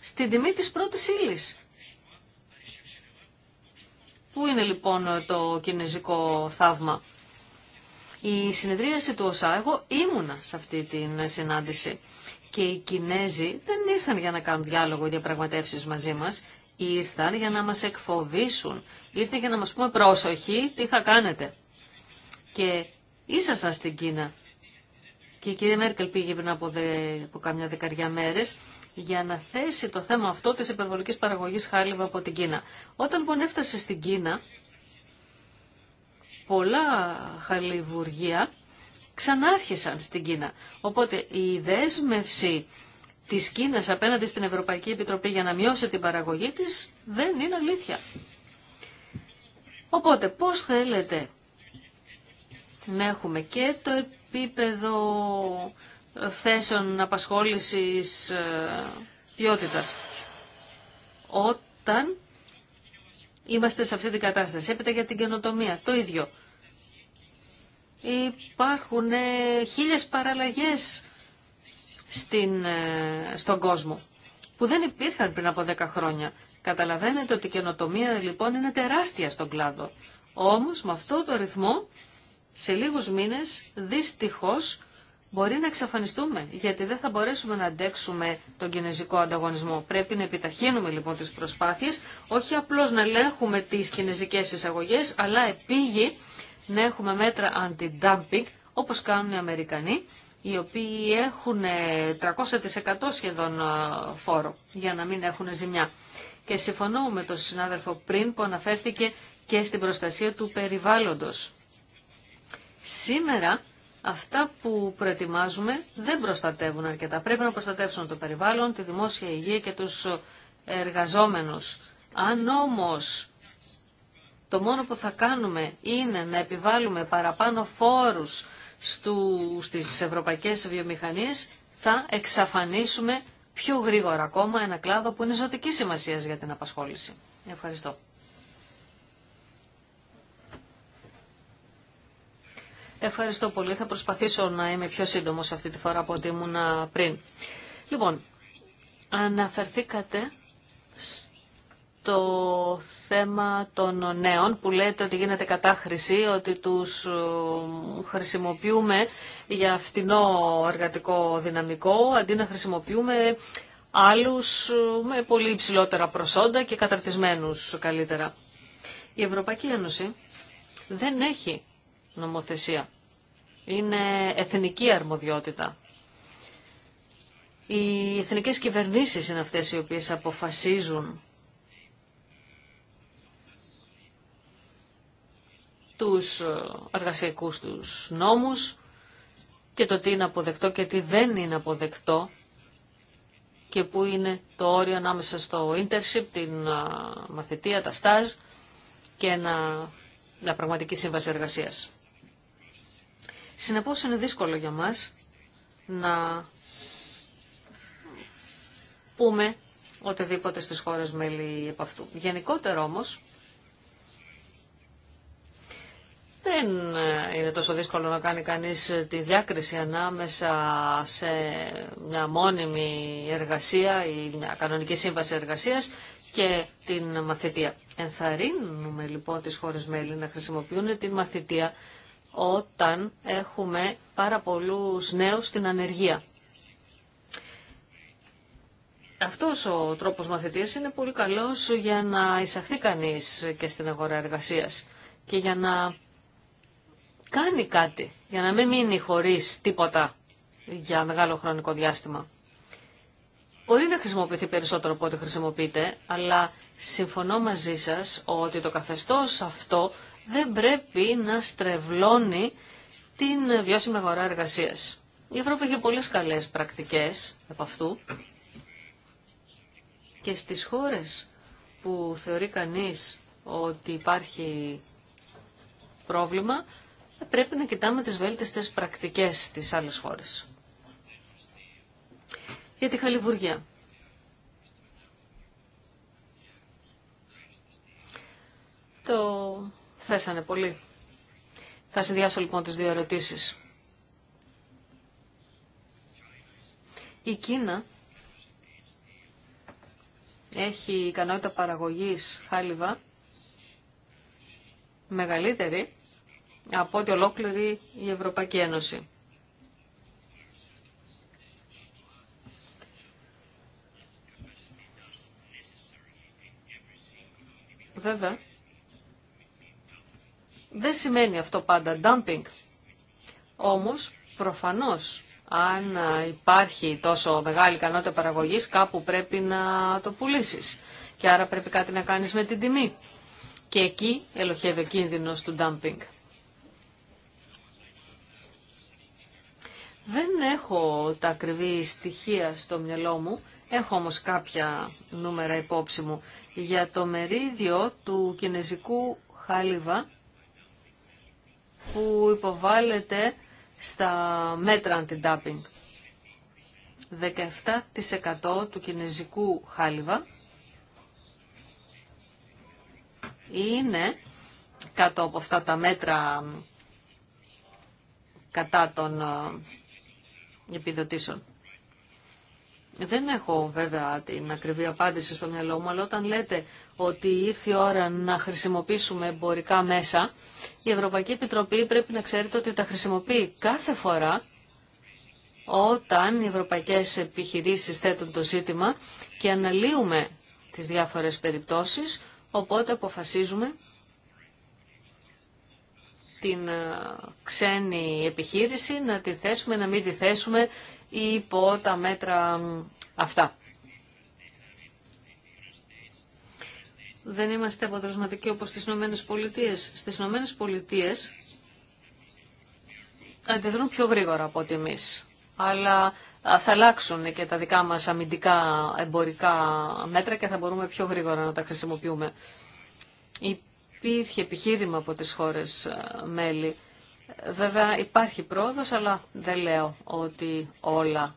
στην τιμή της πρώτης ύλη. Πού είναι λοιπόν το κινέζικο θαύμα. Η συνεδρίαση του ωσά εγώ ήμουνα σε αυτή την συνάντηση και οι Κινέζοι δεν ήρθαν για να κάνουν διάλογο ή διαπραγματεύσεις μαζί μας, ήρθαν για να μας εκφοβήσουν, ήρθαν για να μας πούμε πρόσοχη τι θα κάνετε. Και ήσασταν στην Κίνα και η κυρία Μέρκελ πήγε πριν από, δε, από κάμια δεκαριά μέρες για να θέσει το θέμα αυτό της υπερβολική παραγωγής χάλιβα από την Κίνα. Όταν λοιπόν έφτασε στην Κίνα, πολλά χαλιβουργία ξανάρχισαν στην Κίνα. Οπότε η δέσμευση της Κίνα απέναντι στην Ευρωπαϊκή Επιτροπή για να μειώσει την παραγωγή τη δεν είναι αλήθεια. Οπότε πώς θέλετε να έχουμε και το επίπεδο ε, θέσεων απασχόλησης ε, ποιότητας. Όταν είμαστε σε αυτή την κατάσταση, έπειτα για την καινοτομία, το ίδιο. Υπάρχουν ε, χίλιες παραλλαγές στην, στον κόσμο που δεν υπήρχαν πριν από 10 χρόνια. Καταλαβαίνετε ότι η καινοτομία λοιπόν είναι τεράστια στον κλάδο. Όμως με αυτό το ρυθμό σε λίγους μήνες δυστυχώς μπορεί να εξαφανιστούμε, γιατί δεν θα μπορέσουμε να αντέξουμε τον κινέζικο ανταγωνισμό. Πρέπει να επιταχύνουμε λοιπόν τις προσπάθειες, όχι απλώς να ελέγχουμε τις κινέζικες εισαγωγές, αλλά επίγει να έχουμε μέτρα αντι-dumping, όπως κάνουν οι Αμερικανοί, οι οποίοι έχουν 300% ε, σχεδόν ε, φόρο, για να μην έχουν ζημιά. Και συμφωνώ με τον συνάδελφο πριν που αναφέρθηκε και στην προστασία του περιβάλλοντος. Σήμερα αυτά που προετοιμάζουμε δεν προστατεύουν αρκετά. Πρέπει να προστατεύσουν το περιβάλλον, τη δημόσια υγεία και τους εργαζόμενους. Αν όμως το μόνο που θα κάνουμε είναι να επιβάλλουμε παραπάνω φόρους στου, στις ευρωπαϊκές βιομηχανίες, θα εξαφανίσουμε πιο γρήγορα ακόμα ένα κλάδο που είναι ζωτική σημασία για την απασχόληση. Ευχαριστώ. Ευχαριστώ πολύ. Θα προσπαθήσω να είμαι πιο σύντομος αυτή τη φορά από ό,τι ήμουν πριν. Λοιπόν, αναφερθήκατε στο θέμα των νέων που λέτε ότι γίνεται κατάχρηση, ότι τους χρησιμοποιούμε για φτηνό εργατικό δυναμικό, αντί να χρησιμοποιούμε άλλους με πολύ υψηλότερα προσόντα και καταρτισμένους καλύτερα. Η Ευρωπαϊκή Ένωση δεν έχει νομοθεσία. Είναι εθνική αρμοδιότητα. Οι εθνικές κυβερνήσεις είναι αυτές οι οποίες αποφασίζουν τους ε, εργασιακούς τους νόμους και το τι είναι αποδεκτό και τι δεν είναι αποδεκτό και που είναι το όριο ανάμεσα στο internship, την ε, μαθητεία, τα στάζ και ένα, μια πραγματική σύμβαση εργασίας. Συνεπώς είναι δύσκολο για μας να πούμε οτιδήποτε στις χώρες μέλη από αυτού. Γενικότερα όμως, δεν είναι τόσο δύσκολο να κάνει κανείς τη διάκριση ανάμεσα σε μια μόνιμη εργασία ή μια κανονική σύμβαση εργασίας και την μαθητεία. Ενθαρρύνουμε λοιπόν τις χώρες μέλη να χρησιμοποιούν την μαθητεία όταν έχουμε πάρα πολλούς νέους στην ανεργία. Αυτός ο τρόπος μαθητής είναι πολύ καλός για να εισαχθεί κανείς και στην αγορά εργασίας και για να κάνει κάτι, για να μην μείνει χωρίς τίποτα για μεγάλο χρονικό διάστημα. Μπορεί να χρησιμοποιηθεί περισσότερο από ό,τι χρησιμοποιείται, αλλά συμφωνώ μαζί σας ότι το καθεστώς αυτό δεν πρέπει να στρεβλώνει την βιώσιμη αγορά εργασία. Η Ευρώπη έχει πολλές καλές πρακτικές από αυτού και στις χώρες που θεωρεί κανείς ότι υπάρχει πρόβλημα, πρέπει να κοιτάμε τις βέλτιστες πρακτικές στις άλλες χώρες. Για τη Χαλιβουργία. Το θέσανε πολύ. Θα συνδυάσω λοιπόν τις δύο ερωτήσεις. Η Κίνα έχει ικανότητα παραγωγής χάλιβα μεγαλύτερη από ό,τι ολόκληρη η Ευρωπαϊκή Ένωση. Βέβαια, δεν σημαίνει αυτό πάντα dumping. Όμως, προφανώς, αν υπάρχει τόσο μεγάλη ικανότητα παραγωγής, κάπου πρέπει να το πουλήσεις. Και άρα πρέπει κάτι να κάνεις με την τιμή. Και εκεί ελοχεύει ο κίνδυνος του dumping. Δεν έχω τα ακριβή στοιχεία στο μυαλό μου, έχω όμως κάποια νούμερα υπόψη μου για το μερίδιο του κινέζικου χάλιβα που υποβάλλεται στα μέτρα αντιντάπινγκ. 17% του κινέζικου χάλιβα είναι κάτω από αυτά τα μέτρα κατά των ε, επιδοτήσεων. Δεν έχω βέβαια την ακριβή απάντηση στο μυαλό μου, αλλά όταν λέτε ότι ήρθε η ώρα να χρησιμοποιήσουμε εμπορικά μέσα, η Ευρωπαϊκή Επιτροπή πρέπει να ξέρετε ότι τα χρησιμοποιεί κάθε φορά όταν οι ευρωπαϊκές επιχειρήσεις θέτουν το ζήτημα και αναλύουμε τις διάφορες περιπτώσεις, οπότε αποφασίζουμε την ε, ξένη επιχείρηση, να τη θέσουμε, να μην τη θέσουμε υπό τα μέτρα αυτά. Δεν είμαστε αποτελεσματικοί όπως στις Ηνωμένες Πολιτείες. Στις Ηνωμένες Πολιτείες αντιδρούν πιο γρήγορα από ότι εμείς. Αλλά θα αλλάξουν και τα δικά μας αμυντικά εμπορικά μέτρα και θα μπορούμε πιο γρήγορα να τα χρησιμοποιούμε. Υπήρχε επιχείρημα από τις χώρες ε, μέλη Βέβαια υπάρχει πρόοδος, αλλά δεν λέω ότι όλα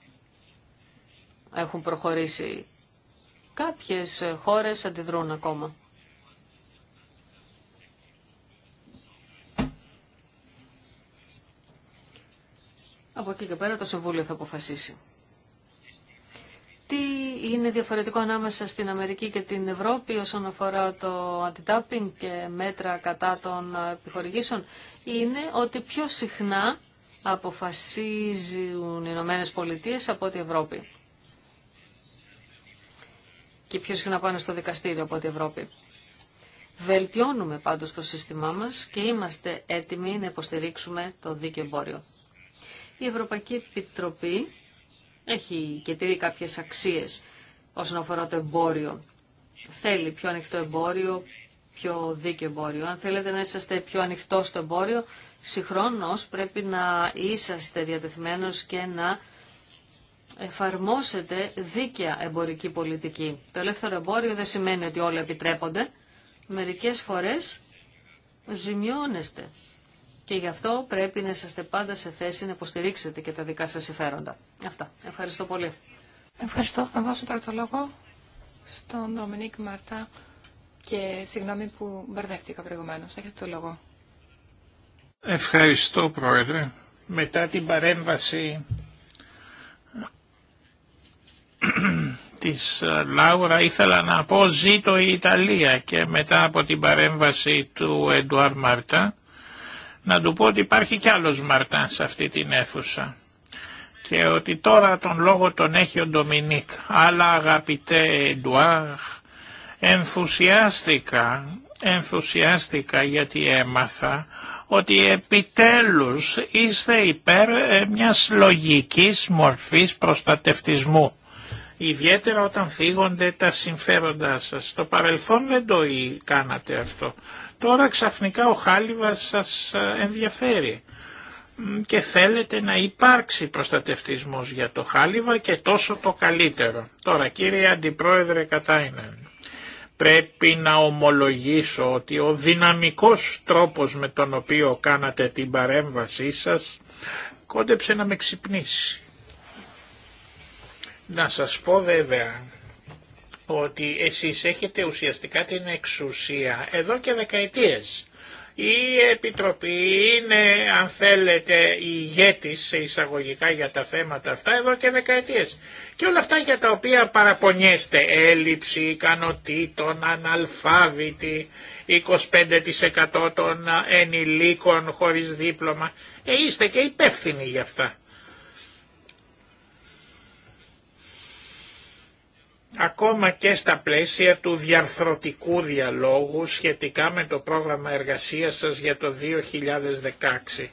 έχουν προχωρήσει. Κάποιες χώρες αντιδρούν ακόμα. Από εκεί και πέρα το Συμβούλιο θα αποφασίσει τι είναι διαφορετικό ανάμεσα στην Αμερική και την Ευρώπη όσον αφορά το αντιτάπινγκ και μέτρα κατά των επιχορηγήσεων είναι ότι πιο συχνά αποφασίζουν οι Ηνωμένε Πολιτείε από την Ευρώπη. Και πιο συχνά πάνε στο δικαστήριο από την Ευρώπη. Βελτιώνουμε πάντως το σύστημά μας και είμαστε έτοιμοι να υποστηρίξουμε το δίκαιο εμπόριο. Η Ευρωπαϊκή Επιτροπή έχει και τηρεί κάποιες αξίες όσον αφορά το εμπόριο. Θέλει πιο ανοιχτό εμπόριο, πιο δίκαιο εμπόριο. Αν θέλετε να είσαστε πιο ανοιχτό στο εμπόριο, συγχρόνως πρέπει να είσαστε διατεθειμένος και να εφαρμόσετε δίκαια εμπορική πολιτική. Το ελεύθερο εμπόριο δεν σημαίνει ότι όλα επιτρέπονται. Μερικές φορές ζημιώνεστε και γι' αυτό πρέπει να είσαστε πάντα σε θέση να υποστηρίξετε και τα δικά σας συμφέροντα. Αυτά. Ευχαριστώ πολύ. Ευχαριστώ. Θα δώσω τώρα το λόγο στον Ντομινίκ Μαρτά και συγγνώμη που μπερδεύτηκα προηγουμένω. Έχετε το λόγο. Ευχαριστώ Πρόεδρε. Μετά την παρέμβαση της Λάουρα ήθελα να πω ζήτω η Ιταλία και μετά από την παρέμβαση του Εντουάρ Μαρτά να του πω ότι υπάρχει κι άλλος Μαρτάν σε αυτή την αίθουσα και ότι τώρα τον λόγο τον έχει ο Ντομινίκ. Αλλά αγαπητέ Εντουάρ, ενθουσιάστηκα, ενθουσιάστηκα γιατί έμαθα ότι επιτέλους είστε υπέρ ε, μιας λογικής μορφής προστατευτισμού. Ιδιαίτερα όταν φύγονται τα συμφέροντά σας. Στο παρελθόν δεν το κάνατε αυτό τώρα ξαφνικά ο χάλιβας σας ε, ενδιαφέρει και θέλετε να υπάρξει προστατευτισμός για το χάλιβα και τόσο το καλύτερο. Τώρα κύριε Αντιπρόεδρε Κατάιναν πρέπει να ομολογήσω ότι ο δυναμικός τρόπος με τον οποίο κάνατε την παρέμβασή σας κόντεψε να με ξυπνήσει. Να σας πω βέβαια ότι εσείς έχετε ουσιαστικά την εξουσία εδώ και δεκαετίες. Η Επιτροπή είναι, αν θέλετε, η ηγέτης εισαγωγικά για τα θέματα αυτά εδώ και δεκαετίες. Και όλα αυτά για τα οποία παραπονιέστε, έλλειψη ικανοτήτων, αναλφάβητη, 25% των ενηλίκων χωρίς δίπλωμα, ε, είστε και υπεύθυνοι γι' αυτά. ακόμα και στα πλαίσια του διαρθρωτικού διαλόγου σχετικά με το πρόγραμμα εργασίας σας για το 2016.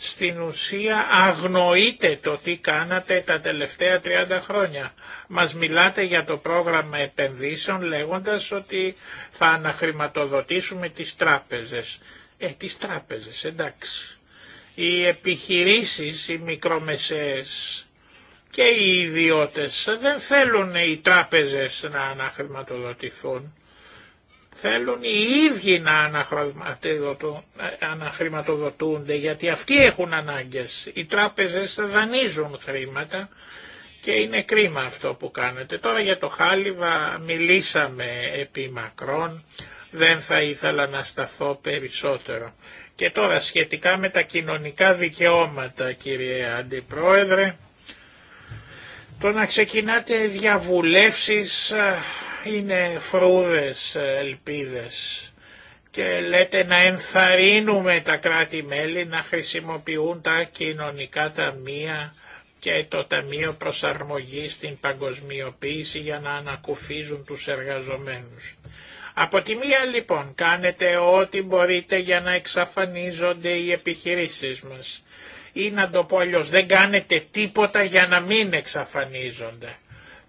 Στην ουσία αγνοείτε το τι κάνατε τα τελευταία 30 χρόνια. Μας μιλάτε για το πρόγραμμα επενδύσεων λέγοντας ότι θα αναχρηματοδοτήσουμε τις τράπεζες. Ε, τις τράπεζες, εντάξει. Οι επιχειρήσεις, οι μικρομεσαίες, και οι ιδιώτες δεν θέλουν οι τράπεζες να αναχρηματοδοτηθούν. Θέλουν οι ίδιοι να αναχρηματοδοτούνται γιατί αυτοί έχουν ανάγκες. Οι τράπεζες δανείζουν χρήματα και είναι κρίμα αυτό που κάνετε. Τώρα για το χάλιβα μιλήσαμε επί μακρόν, δεν θα ήθελα να σταθώ περισσότερο. Και τώρα σχετικά με τα κοινωνικά δικαιώματα κύριε Αντιπρόεδρε, το να ξεκινάτε διαβουλεύσεις είναι φρούδες ελπίδες και λέτε να ενθαρρύνουμε τα κράτη-μέλη να χρησιμοποιούν τα κοινωνικά ταμεία και το Ταμείο Προσαρμογής στην Παγκοσμιοποίηση για να ανακουφίζουν τους εργαζομένους. Από τη μία λοιπόν κάνετε ό,τι μπορείτε για να εξαφανίζονται οι επιχειρήσεις μας ή να το πω αλλιώ, δεν κάνετε τίποτα για να μην εξαφανίζονται.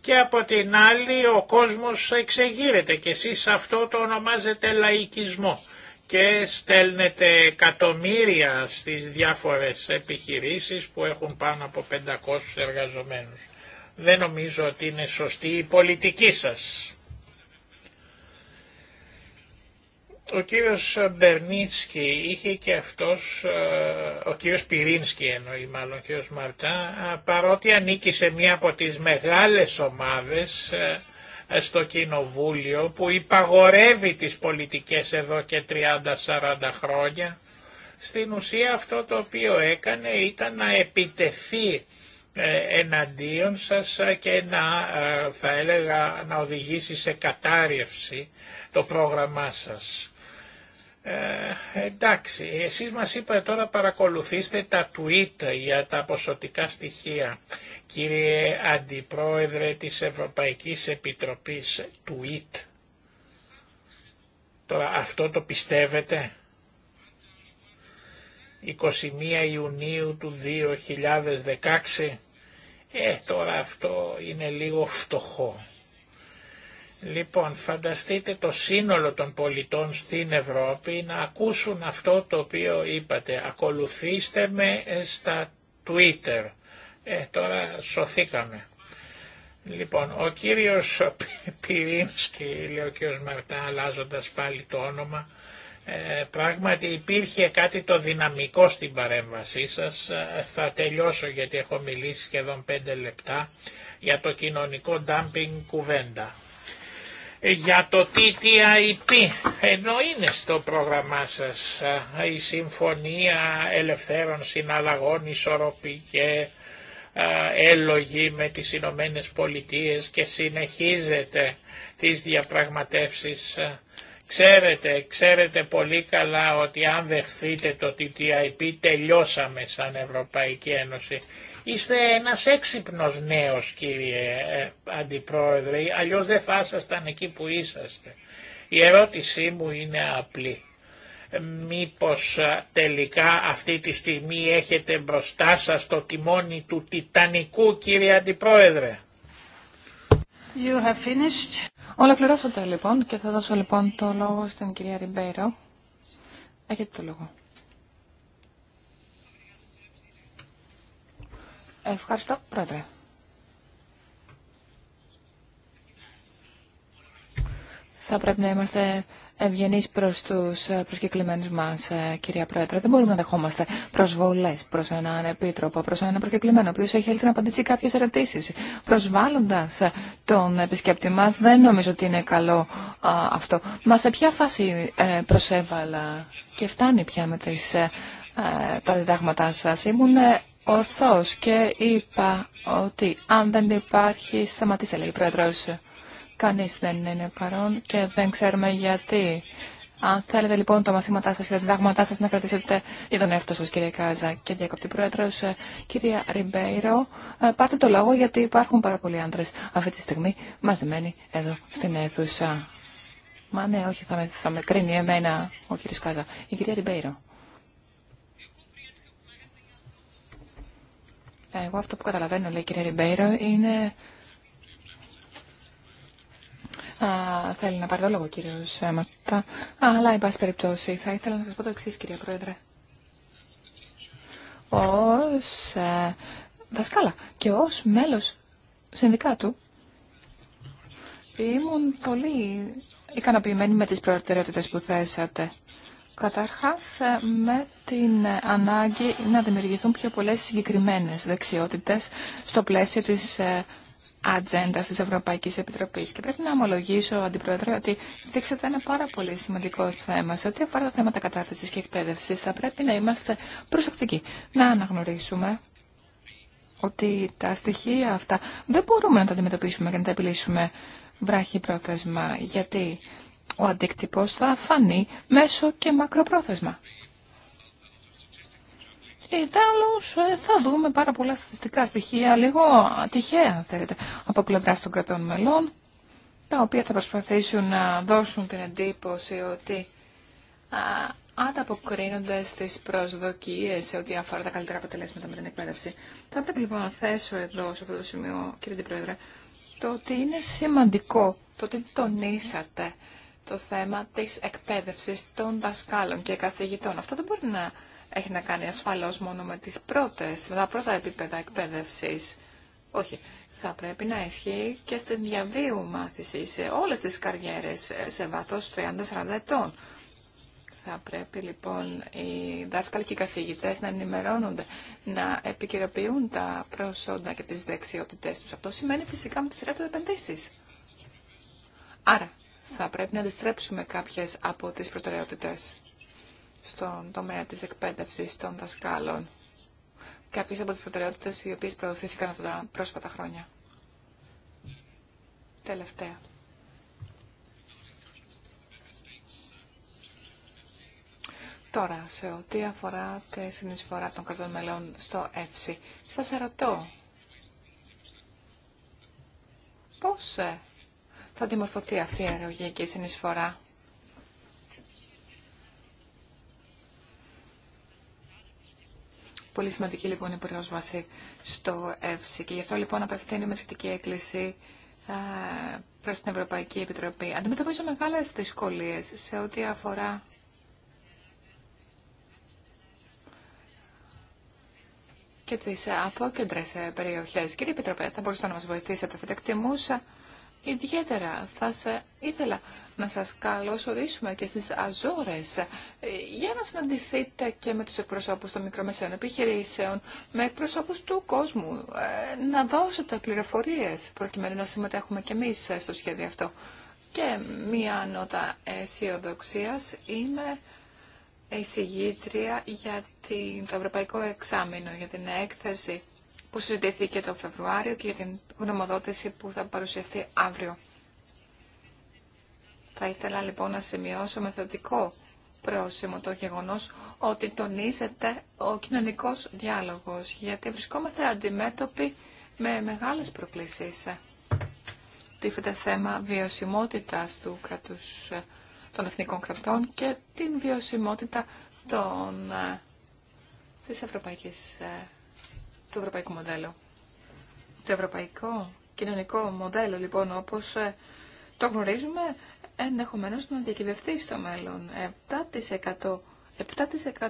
Και από την άλλη ο κόσμος εξεγείρεται και εσείς αυτό το ονομάζετε λαϊκισμό και στέλνετε εκατομμύρια στις διάφορες επιχειρήσεις που έχουν πάνω από 500 εργαζομένους. Δεν νομίζω ότι είναι σωστή η πολιτική σας. Ο κύριος Μπερνίτσκι είχε και αυτός, ε, ο κύριος Πυρίνσκι εννοεί μάλλον ο κύριος Μαρτά, ε, παρότι ανήκει σε μία από τις μεγάλες ομάδες ε, στο Κοινοβούλιο που υπαγορεύει τις πολιτικές εδώ και 30-40 χρόνια, στην ουσία αυτό το οποίο έκανε ήταν να επιτεθεί εναντίον σας και να, θα έλεγα, να οδηγήσει σε κατάρρευση το πρόγραμμά σας. Ε, εντάξει, εσείς μας είπατε τώρα παρακολουθήστε τα tweet για τα ποσοτικά στοιχεία. Κύριε Αντιπρόεδρε της Ευρωπαϊκής Επιτροπής, tweet. Τώρα αυτό το πιστεύετε. 21 Ιουνίου του 2016. Ε, τώρα αυτό είναι λίγο φτωχό. Λοιπόν, φανταστείτε το σύνολο των πολιτών στην Ευρώπη να ακούσουν αυτό το οποίο είπατε. Ακολουθήστε με ε, στα Twitter. Ε, τώρα σωθήκαμε. Λοιπόν, ο κύριος Πυρίνσκι, λέει ο κύριος Μαρτά, αλλάζοντας πάλι το όνομα, ε, πράγματι υπήρχε κάτι το δυναμικό στην παρέμβασή σας. Θα τελειώσω γιατί έχω μιλήσει σχεδόν πέντε λεπτά για το κοινωνικό ντάμπινγκ κουβέντα. Ε, για το TTIP, ενώ είναι στο πρόγραμμά σας ε, η Συμφωνία Ελευθέρων Συναλλαγών, Ισορροπή και ε, έλογη με τις Ηνωμένε Πολιτείες και συνεχίζεται τις διαπραγματεύσεις. Ξέρετε, ξέρετε πολύ καλά ότι αν δεχθείτε το TTIP τελειώσαμε σαν Ευρωπαϊκή Ένωση. Είστε ένας έξυπνος νέος κύριε ε, Αντιπρόεδρε, αλλιώς δεν θα ήσασταν εκεί που είσαστε. Η ερώτησή μου είναι απλή. Μήπως τελικά αυτή τη στιγμή έχετε μπροστά σας το τιμόνι του Τιτανικού κύριε Αντιπρόεδρε. You have finished. Ολοκληρώσατε λοιπόν και θα δώσω λοιπόν το λόγο στην κυρία Ριμπέρο. Έχετε το λόγο. Ευχαριστώ, Πρόεδρε. Θα πρέπει να είμαστε ευγενείς προς τους προσκεκλημένους μας, ε, κυρία Πρόεδρε. Δεν μπορούμε να δεχόμαστε προσβολές προς έναν επίτροπο, προς έναν προσκεκλημένο, ο οποίος έχει έλθει να απαντήσει κάποιες ερωτήσεις. Προσβάλλοντας τον επισκέπτη μας, δεν νομίζω ότι είναι καλό αυτό. Μα σε ποια φάση ε, προσέβαλα και φτάνει πια με ε, ε, τα διδάγματά σας. Ήμουν ορθώς και είπα ότι αν δεν υπάρχει, σταματήστε λέει η Πρόεδρος. Κανείς δεν είναι παρόν και δεν ξέρουμε γιατί. Αν θέλετε λοιπόν τα μαθήματά σας και τα διδάγματά σας να κρατήσετε για τον εαυτό σας κύριε Κάζα και διακοπτή πρόεδρος ε, κυρία Ριμπέιρο, ε, πάρτε το λόγο γιατί υπάρχουν πάρα πολλοί άντρες αυτή τη στιγμή μαζεμένοι εδώ στην αίθουσα. Μα ναι, όχι, θα με, θα με κρίνει εμένα ο κύριος Κάζα. Η κυρία Ριμπέιρο. Εγώ αυτό που καταλαβαίνω, λέει κυρία Ριμπέιρο, είναι... Α, θέλει να πάρει το λόγο κύριο Μαρτά, αλλά εν πάση περιπτώσει θα ήθελα να σας πω το εξής κυρία Πρόεδρε. Ως ε, δασκάλα και ως μέλος συνδικάτου ήμουν πολύ ικανοποιημένη με τις προτεραιότητες που θέσατε. Καταρχάς, ε, με την ανάγκη να δημιουργηθούν πιο πολλές συγκεκριμένες δεξιότητες στο πλαίσιο της ε, ατζέντα της Ευρωπαϊκής Επιτροπής. Και πρέπει να ομολογήσω, Αντιπρόεδρε, ότι δείξατε ένα πάρα πολύ σημαντικό θέμα. Σε ό,τι αφορά τα θέματα κατάρτιση και εκπαίδευση θα πρέπει να είμαστε προσεκτικοί. Να αναγνωρίσουμε ότι τα στοιχεία αυτά δεν μπορούμε να τα αντιμετωπίσουμε και να τα επιλύσουμε βράχη πρόθεσμα. Γιατί ο αντίκτυπος θα φανεί μέσω και μακροπρόθεσμα. Ιδάλλως ε, θα δούμε πάρα πολλά στατιστικά στοιχεία, λίγο τυχαία αν θέλετε, από πλευρά των κρατών μελών, τα οποία θα προσπαθήσουν να δώσουν την εντύπωση ότι ανταποκρίνονται στις προσδοκίες σε ό,τι αφορά τα καλύτερα αποτελέσματα με την εκπαίδευση. Θα πρέπει λοιπόν να θέσω εδώ, σε αυτό το σημείο, κύριε Πρόεδρε, το ότι είναι σημαντικό το ότι τονίσατε το θέμα της εκπαίδευσης των δασκάλων και καθηγητών. Αυτό δεν μπορεί να έχει να κάνει ασφαλώς μόνο με, τις πρώτες, με τα πρώτα επίπεδα εκπαίδευσης. Όχι, θα πρέπει να ισχύει και στην διαβίου μάθηση σε όλες τις καριέρες ε, σε βάθος 30-40 ετών. Θα πρέπει λοιπόν οι δάσκαλοι και οι καθηγητές να ενημερώνονται, να επικαιροποιούν τα προσόντα και τις δεξιότητές τους. Αυτό σημαίνει φυσικά με τη σειρά του επενδύσεις. Άρα, θα πρέπει να αντιστρέψουμε κάποιες από τις προτεραιότητες στον τομέα της εκπαίδευσης των δασκάλων. Κάποιες από τις προτεραιότητες οι οποίες προωθήθηκαν από τα πρόσφατα χρόνια. Τελευταία. Τώρα, σε ό,τι αφορά τη συνεισφορά των κρατών μελών στο ΕΦΣΥ, σας ερωτώ, πώς ε, θα δημορφωθεί αυτή η αερογενική συνεισφορά. Πολύ σημαντική λοιπόν η πρόσβαση στο ΕΦΣΙ και γι' αυτό λοιπόν η σχετική έκκληση ε, προ την Ευρωπαϊκή Επιτροπή. Αντιμετωπίζω μεγάλε δυσκολίε σε ό,τι αφορά και τι απόκεντρε ε, περιοχέ. Κύριε Επιτροπέ, θα μπορούσατε να μα βοηθήσετε. Θα εκτιμούσα Ιδιαίτερα θα σε, ήθελα να σας καλωσορίσουμε και στις Αζόρες ε, για να συναντηθείτε και με τους εκπροσώπους των μικρομεσαίων επιχειρήσεων, με εκπροσώπους του κόσμου, ε, να δώσετε πληροφορίες προκειμένου να συμμετέχουμε και εμείς στο σχέδιο αυτό. Και μία νότα αισιοδοξία είμαι εισηγήτρια για το Ευρωπαϊκό Εξάμεινο, για την έκθεση που συζητήθηκε το Φεβρουάριο και για την γνωμοδότηση που θα παρουσιαστεί αύριο. Θα ήθελα λοιπόν να σημειώσω με θετικό πρόσημο το γεγονός ότι τονίζεται ο κοινωνικός διάλογος, γιατί βρισκόμαστε αντιμέτωποι με μεγάλες προκλήσεις. Τίθεται θέμα βιωσιμότητας του κρατούς, των εθνικών κρατών και την βιωσιμότητα των, ε, της ε, το ευρωπαϊκό μοντέλο, Το ευρωπαϊκό κοινωνικό μοντέλο, λοιπόν, όπως ε, το γνωρίζουμε, ενδεχομένως να διακυβευτεί στο μέλλον. 7%,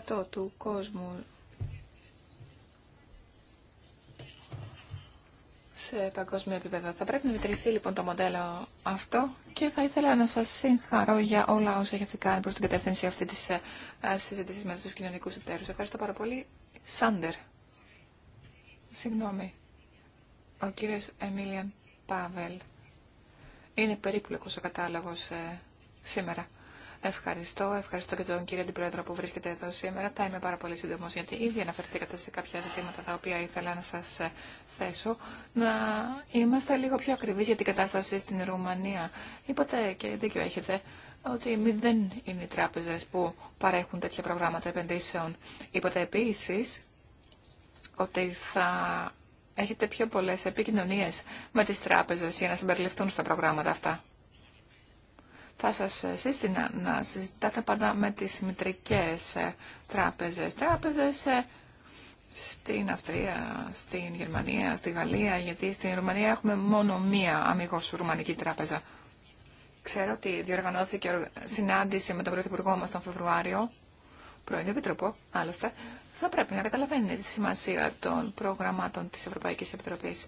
7 του κόσμου σε παγκόσμιο επίπεδο. Θα πρέπει να μετρηθεί, λοιπόν το μοντέλο αυτό και θα ήθελα να σας συγχαρώ για όλα όσα έχετε κάνει προς την κατεύθυνση αυτή της ε, συζήτηση με τους κοινωνικούς εταίρους. Ευχαριστώ πάρα πολύ. Σάντερ. Συγγνώμη. Ο κύριος Εμίλιαν Πάβελ. Είναι περίπλοκος ο κατάλογος ε, σήμερα. Ευχαριστώ. Ευχαριστώ και τον κύριο Αντιπρόεδρο που βρίσκεται εδώ σήμερα. Θα είμαι πάρα πολύ σύντομο γιατί ήδη αναφερθήκατε σε κάποια ζητήματα τα οποία ήθελα να σα ε, θέσω. Να είμαστε λίγο πιο ακριβείς για την κατάσταση στην Ρουμανία. Είπατε και δίκιο έχετε ότι δεν είναι οι τράπεζε που παρέχουν τέτοια προγράμματα επενδύσεων. Είπατε επίση ότι θα έχετε πιο πολλές επικοινωνίες με τις τράπεζες για να συμπεριληφθούν στα προγράμματα αυτά. Θα σας σύστηνα να συζητάτε πάντα με τις μητρικές τράπεζες. Τράπεζες ε, στην Αυστρία, στην Γερμανία, στη Γαλλία, γιατί στην Ρουμανία έχουμε μόνο μία αμυγός ρουμανική τράπεζα. Ξέρω ότι διοργανώθηκε συνάντηση με τον Πρωθυπουργό μας τον Φεβρουάριο πρώην Επίτροπο, άλλωστε, θα πρέπει να καταλαβαίνει τη σημασία των προγραμμάτων της Ευρωπαϊκής Επιτροπής.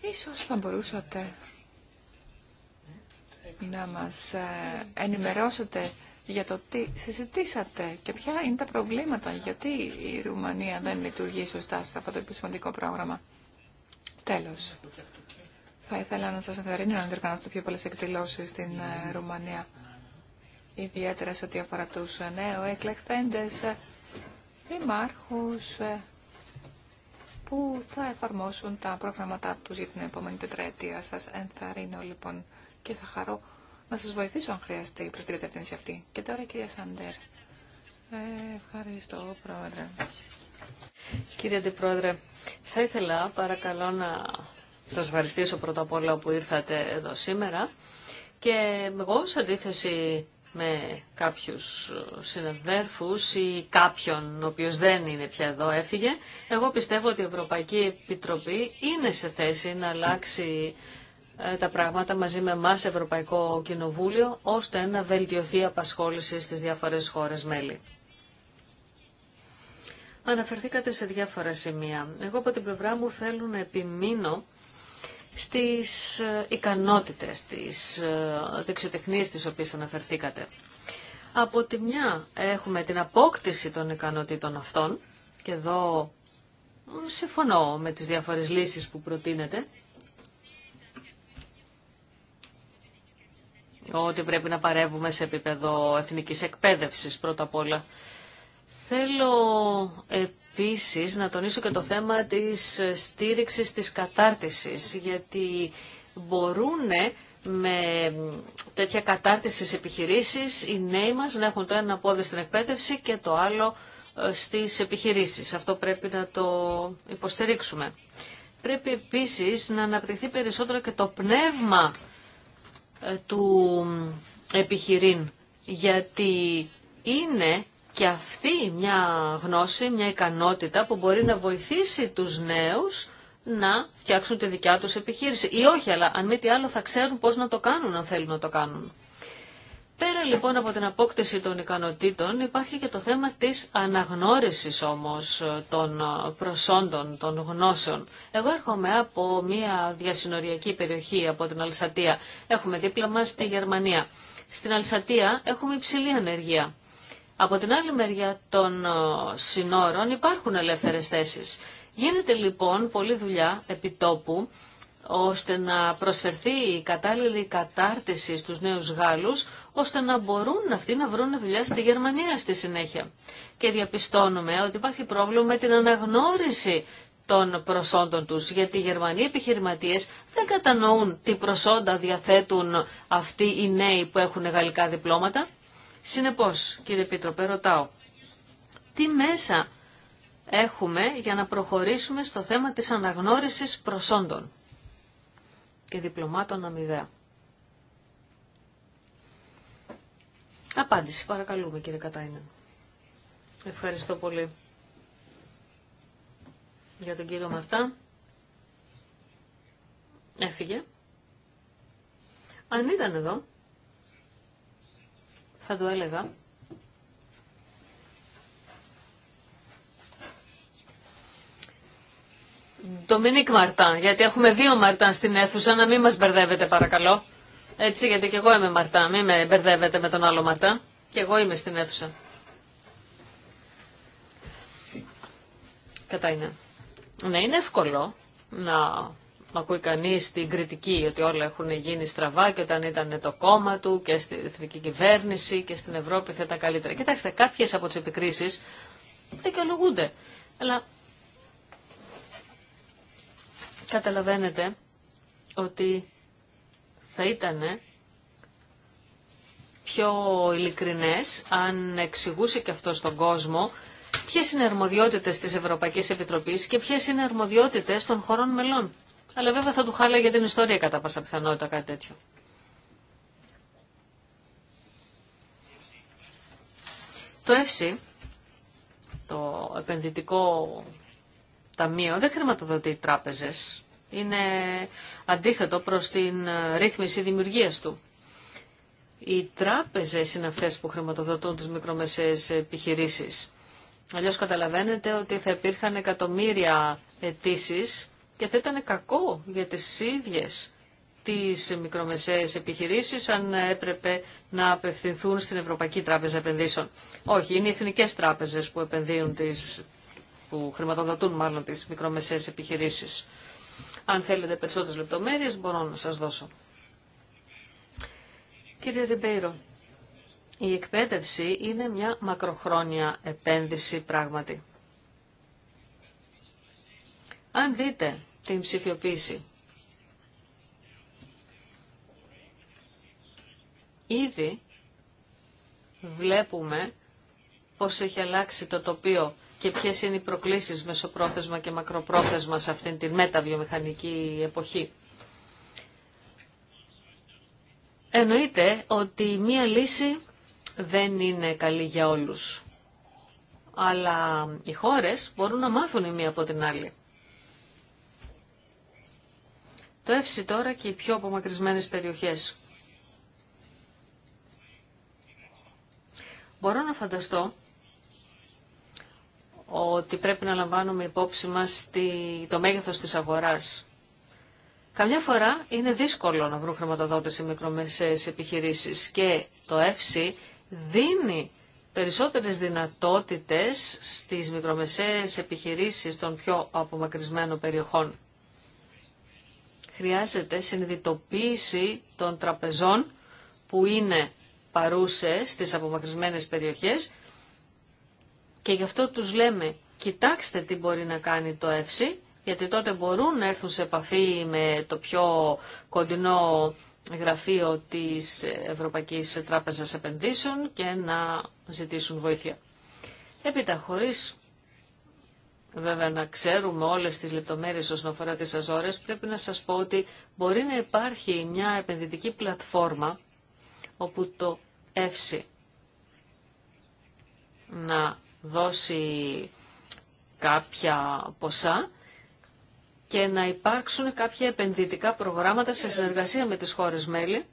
Ίσως θα μπορούσατε να μας ε, ενημερώσετε για το τι συζητήσατε και ποια είναι τα προβλήματα, γιατί η Ρουμανία δεν λειτουργεί σωστά σε αυτό το επισημαντικό πρόγραμμα. Τέλος. Θα ήθελα να σας ενθαρρύνω να διοργανώσετε πιο πολλές εκδηλώσεις στην ε, Ρουμανία ιδιαίτερα σε ό,τι αφορά τους ε, νέους εκλεκθέντες ε, δημάρχους ε, που θα εφαρμόσουν τα προγράμματά τους για την επόμενη τετραετία. Σας ενθαρρύνω λοιπόν και θα χαρώ να σας βοηθήσω αν χρειαστεί η την κατεύθυνση αυτή. Και τώρα η κυρία Σαντέρ. ευχαριστώ, Πρόεδρε. Κύριε Αντιπρόεδρε, θα ήθελα παρακαλώ να σας ευχαριστήσω πρώτα απ' όλα που ήρθατε εδώ σήμερα και εγώ σε αντίθεση με κάποιους συναδέρφους ή κάποιον ο οποίος δεν είναι πια εδώ έφυγε, εγώ πιστεύω ότι η Ευρωπαϊκή Επιτροπή είναι σε θέση να αλλάξει ε, τα πράγματα μαζί με εμάς Ευρωπαϊκό Κοινοβούλιο, ώστε να βελτιωθεί η απασχόληση στις διάφορες χώρες μέλη. Αναφερθήκατε σε διάφορα σημεία. Εγώ από την πλευρά μου θέλω να επιμείνω στις ε, ικανότητες, τις ε, δεξιοτεχνίες τις οποίες αναφερθήκατε. Από τη μια έχουμε την απόκτηση των ικανότητων αυτών και εδώ συμφωνώ με τις διάφορες λύσεις που προτείνεται ότι πρέπει να παρεύουμε σε επίπεδο εθνικής εκπαίδευσης πρώτα απ' όλα. Θέλω Επίση να τονίσω και το θέμα της στήριξη της κατάρτιση, γιατί μπορούν με τέτοια κατάρτιση επιχειρήσεις οι νέοι μας να έχουν το ένα πόδι στην εκπαίδευση και το άλλο ε, στι επιχειρήσει. Αυτό πρέπει να το υποστηρίξουμε. Πρέπει επίση να αναπτυχθεί περισσότερο και το πνεύμα ε, του επιχειρήν, γιατί είναι και αυτή μια γνώση, μια ικανότητα που μπορεί να βοηθήσει τους νέους να φτιάξουν τη δικιά τους επιχείρηση. Ή όχι, αλλά αν μη τι άλλο θα ξέρουν πώς να το κάνουν, αν θέλουν να το κάνουν. Πέρα λοιπόν από την απόκτηση των ικανοτήτων υπάρχει και το θέμα της αναγνώρισης όμως των προσόντων, των γνώσεων. Εγώ έρχομαι από μια διασυνοριακή περιοχή από την Αλσατία. Έχουμε δίπλα μας τη Γερμανία. Στην Αλσατία έχουμε υψηλή ανεργία. Από την άλλη μεριά των ε, συνόρων υπάρχουν ελεύθερες θέσεις. Γίνεται λοιπόν πολλή δουλειά επιτόπου ώστε να προσφερθεί η κατάλληλη κατάρτιση στους νέους Γάλλους, ώστε να μπορούν αυτοί να βρουν δουλειά στη Γερμανία στη συνέχεια. Και διαπιστώνουμε ότι υπάρχει πρόβλημα με την αναγνώριση των προσόντων τους, γιατί οι Γερμανοί επιχειρηματίες δεν κατανοούν τι προσόντα διαθέτουν αυτοί οι νέοι που έχουν γαλλικά διπλώματα. Συνεπώς, κύριε Επίτροπε, ρωτάω, τι μέσα έχουμε για να προχωρήσουμε στο θέμα της αναγνώρισης προσόντων και διπλωμάτων αμοιβαία. Απάντηση, παρακαλούμε κύριε Κατάινεν. Ευχαριστώ πολύ για τον κύριο Μαρτά. Έφυγε. Αν ήταν εδώ, θα το έλεγα. Ντομινίκ Μαρτάν, γιατί έχουμε δύο Μαρτάν στην αίθουσα, να μην μας μπερδεύετε παρακαλώ. Έτσι, γιατί και εγώ είμαι Μαρτάν, μην με μπερδεύετε με τον άλλο Μαρτάν. Και εγώ είμαι στην αίθουσα. Κατά είναι. Ναι, είναι εύκολο να ακούει κανεί την κριτική ότι όλα έχουν γίνει στραβά και όταν ήταν το κόμμα του και στην εθνική κυβέρνηση και στην Ευρώπη θα ήταν καλύτερα. Κοιτάξτε, κάποιε από τι επικρίσει δικαιολογούνται. Αλλά καταλαβαίνετε ότι θα ήταν πιο ειλικρινές αν εξηγούσε και αυτό στον κόσμο ποιες είναι αρμοδιότητες της Ευρωπαϊκής Επιτροπής και ποιες είναι αρμοδιότητες των χωρών μελών. Αλλά βέβαια θα του χάλαγε την ιστορία κατά πάσα πιθανότητα κάτι τέτοιο. Το ΕΦΣΙ, το επενδυτικό ταμείο, δεν χρηματοδοτεί τράπεζες. Είναι αντίθετο προς την ε, ρύθμιση δημιουργίας του. Οι τράπεζες είναι αυτές που χρηματοδοτούν τις μικρομεσαίες επιχειρήσεις. Αλλιώς καταλαβαίνετε ότι θα υπήρχαν εκατομμύρια αιτήσει και θα ήταν κακό για τις ίδιες τις μικρομεσαίες επιχειρήσεις αν έπρεπε να απευθυνθούν στην Ευρωπαϊκή Τράπεζα Επενδύσεων. Όχι, είναι οι εθνικές τράπεζες που επενδύουν τις, που χρηματοδοτούν μάλλον τις μικρομεσαίες επιχειρήσεις. Αν θέλετε περισσότερες λεπτομέρειες μπορώ να σας δώσω. Κύριε Ριμπέιρο, η εκπαίδευση είναι μια μακροχρόνια επένδυση πράγματι. Αν δείτε την ψηφιοποίηση, ήδη βλέπουμε πώς έχει αλλάξει το τοπίο και ποιες είναι οι προκλήσεις μεσοπρόθεσμα και μακροπρόθεσμα σε αυτήν την μεταβιομηχανική εποχή. Εννοείται ότι μία λύση δεν είναι καλή για όλους. Αλλά οι χώρες μπορούν να μάθουν η μία από την άλλη. Το ΕΦΣΙ τώρα και οι πιο απομακρυσμένες περιοχές. Μπορώ να φανταστώ ότι πρέπει να λαμβάνουμε υπόψη μας το μέγεθος της αγοράς. Καμιά φορά είναι δύσκολο να βρουν χρηματοδότηση μικρομεσαίες επιχειρήσεις και το ΕΦΣΙ δίνει περισσότερες δυνατότητες στις μικρομεσαίες επιχειρήσεις των πιο απομακρυσμένων περιοχών χρειάζεται συνειδητοποίηση των τραπεζών που είναι παρούσες στις απομακρυσμένες περιοχές και γι' αυτό τους λέμε κοιτάξτε τι μπορεί να κάνει το ΕΦΣΥ γιατί τότε μπορούν να έρθουν σε επαφή με το πιο κοντινό γραφείο της Ευρωπαϊκής Τράπεζας Επενδύσεων και να ζητήσουν βοήθεια. Έπειτα, χωρίς βέβαια να ξέρουμε όλες τις λεπτομέρειες όσον αφορά τις αζόρες, πρέπει να σας πω ότι μπορεί να υπάρχει μια επενδυτική πλατφόρμα όπου το εύση να δώσει κάποια ποσά και να υπάρξουν κάποια επενδυτικά προγράμματα σε συνεργασία με τις χώρες μέλη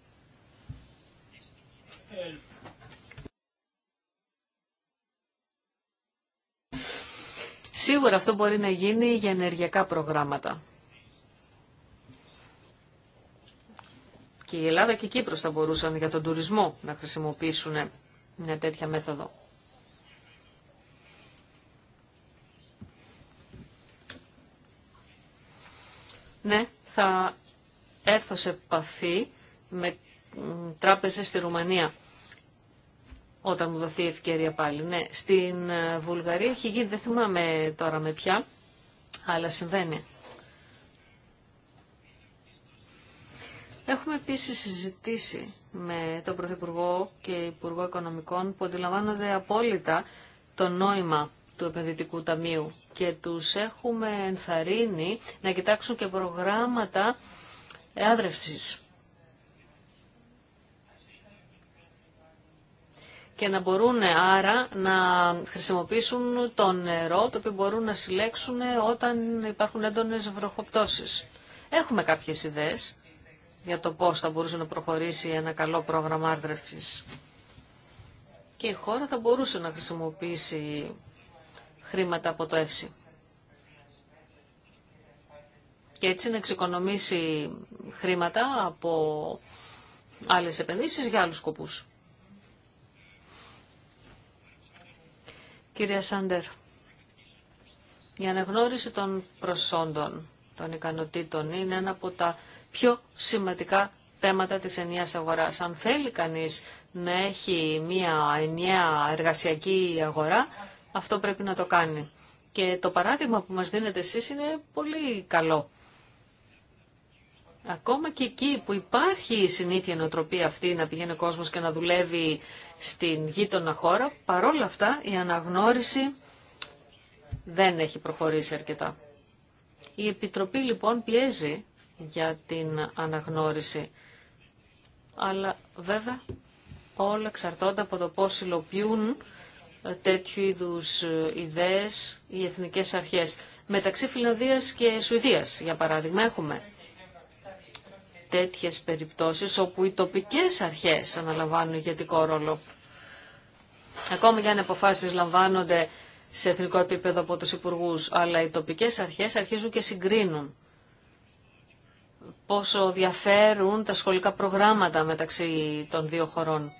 Σίγουρα αυτό μπορεί να γίνει για ενεργειακά προγράμματα. Και η Ελλάδα και η Κύπρος θα μπορούσαν για τον τουρισμό να χρησιμοποιήσουν μια τέτοια μέθοδο. Ναι, θα έρθω σε επαφή με τράπεζες στη Ρουμανία όταν μου δοθεί η ευκαιρία πάλι. Ναι, στην ε, Βουλγαρία έχει γίνει, δεν θυμάμαι τώρα με ποια, αλλά συμβαίνει. Έχουμε επίσης συζητήσει με τον Πρωθυπουργό και Υπουργό Οικονομικών που αντιλαμβάνονται απόλυτα το νόημα του επενδυτικού ταμείου και τους έχουμε ενθαρρύνει να κοιτάξουν και προγράμματα άδρευσης και να μπορούν άρα να χρησιμοποιήσουν το νερό το οποίο μπορούν να συλλέξουν όταν υπάρχουν έντονες βροχοπτώσεις. Έχουμε κάποιες ιδέες για το πώς θα μπορούσε να προχωρήσει ένα καλό πρόγραμμα άρδρευσης. Και η χώρα θα μπορούσε να χρησιμοποιήσει χρήματα από το ΕΦΣΥ. Και έτσι να εξοικονομήσει χρήματα από άλλες επενδύσεις για άλλους σκοπούς. Κυρία Σάντερ, η αναγνώριση των προσόντων, των ικανοτήτων είναι ένα από τα πιο σημαντικά θέματα της ενιαίας αγοράς. Αν θέλει κανείς να έχει μια ενιαία εργασιακή αγορά, αυτό πρέπει να το κάνει. Και το παράδειγμα που μας δίνετε εσείς είναι πολύ καλό. Ακόμα και εκεί που υπάρχει η συνήθεια νοοτροπία αυτή να πηγαίνει ο κόσμος και να δουλεύει στην γείτονα χώρα, παρόλα αυτά η αναγνώριση δεν έχει προχωρήσει αρκετά. Η Επιτροπή λοιπόν πιέζει για την αναγνώριση, αλλά βέβαια όλα εξαρτώνται από το πώς υλοποιούν ε, τέτοιου είδους ε, ιδέες οι εθνικές αρχές. Μεταξύ Φιλανδίας και Σουηδίας, για παράδειγμα, έχουμε τέτοιες περιπτώσεις όπου οι τοπικές αρχές αναλαμβάνουν ηγετικό ρόλο. Ακόμη και αν αποφάσεις λαμβάνονται σε εθνικό επίπεδο από τους υπουργούς, αλλά οι τοπικές αρχές αρχίζουν και συγκρίνουν πόσο διαφέρουν τα σχολικά προγράμματα μεταξύ των δύο χωρών.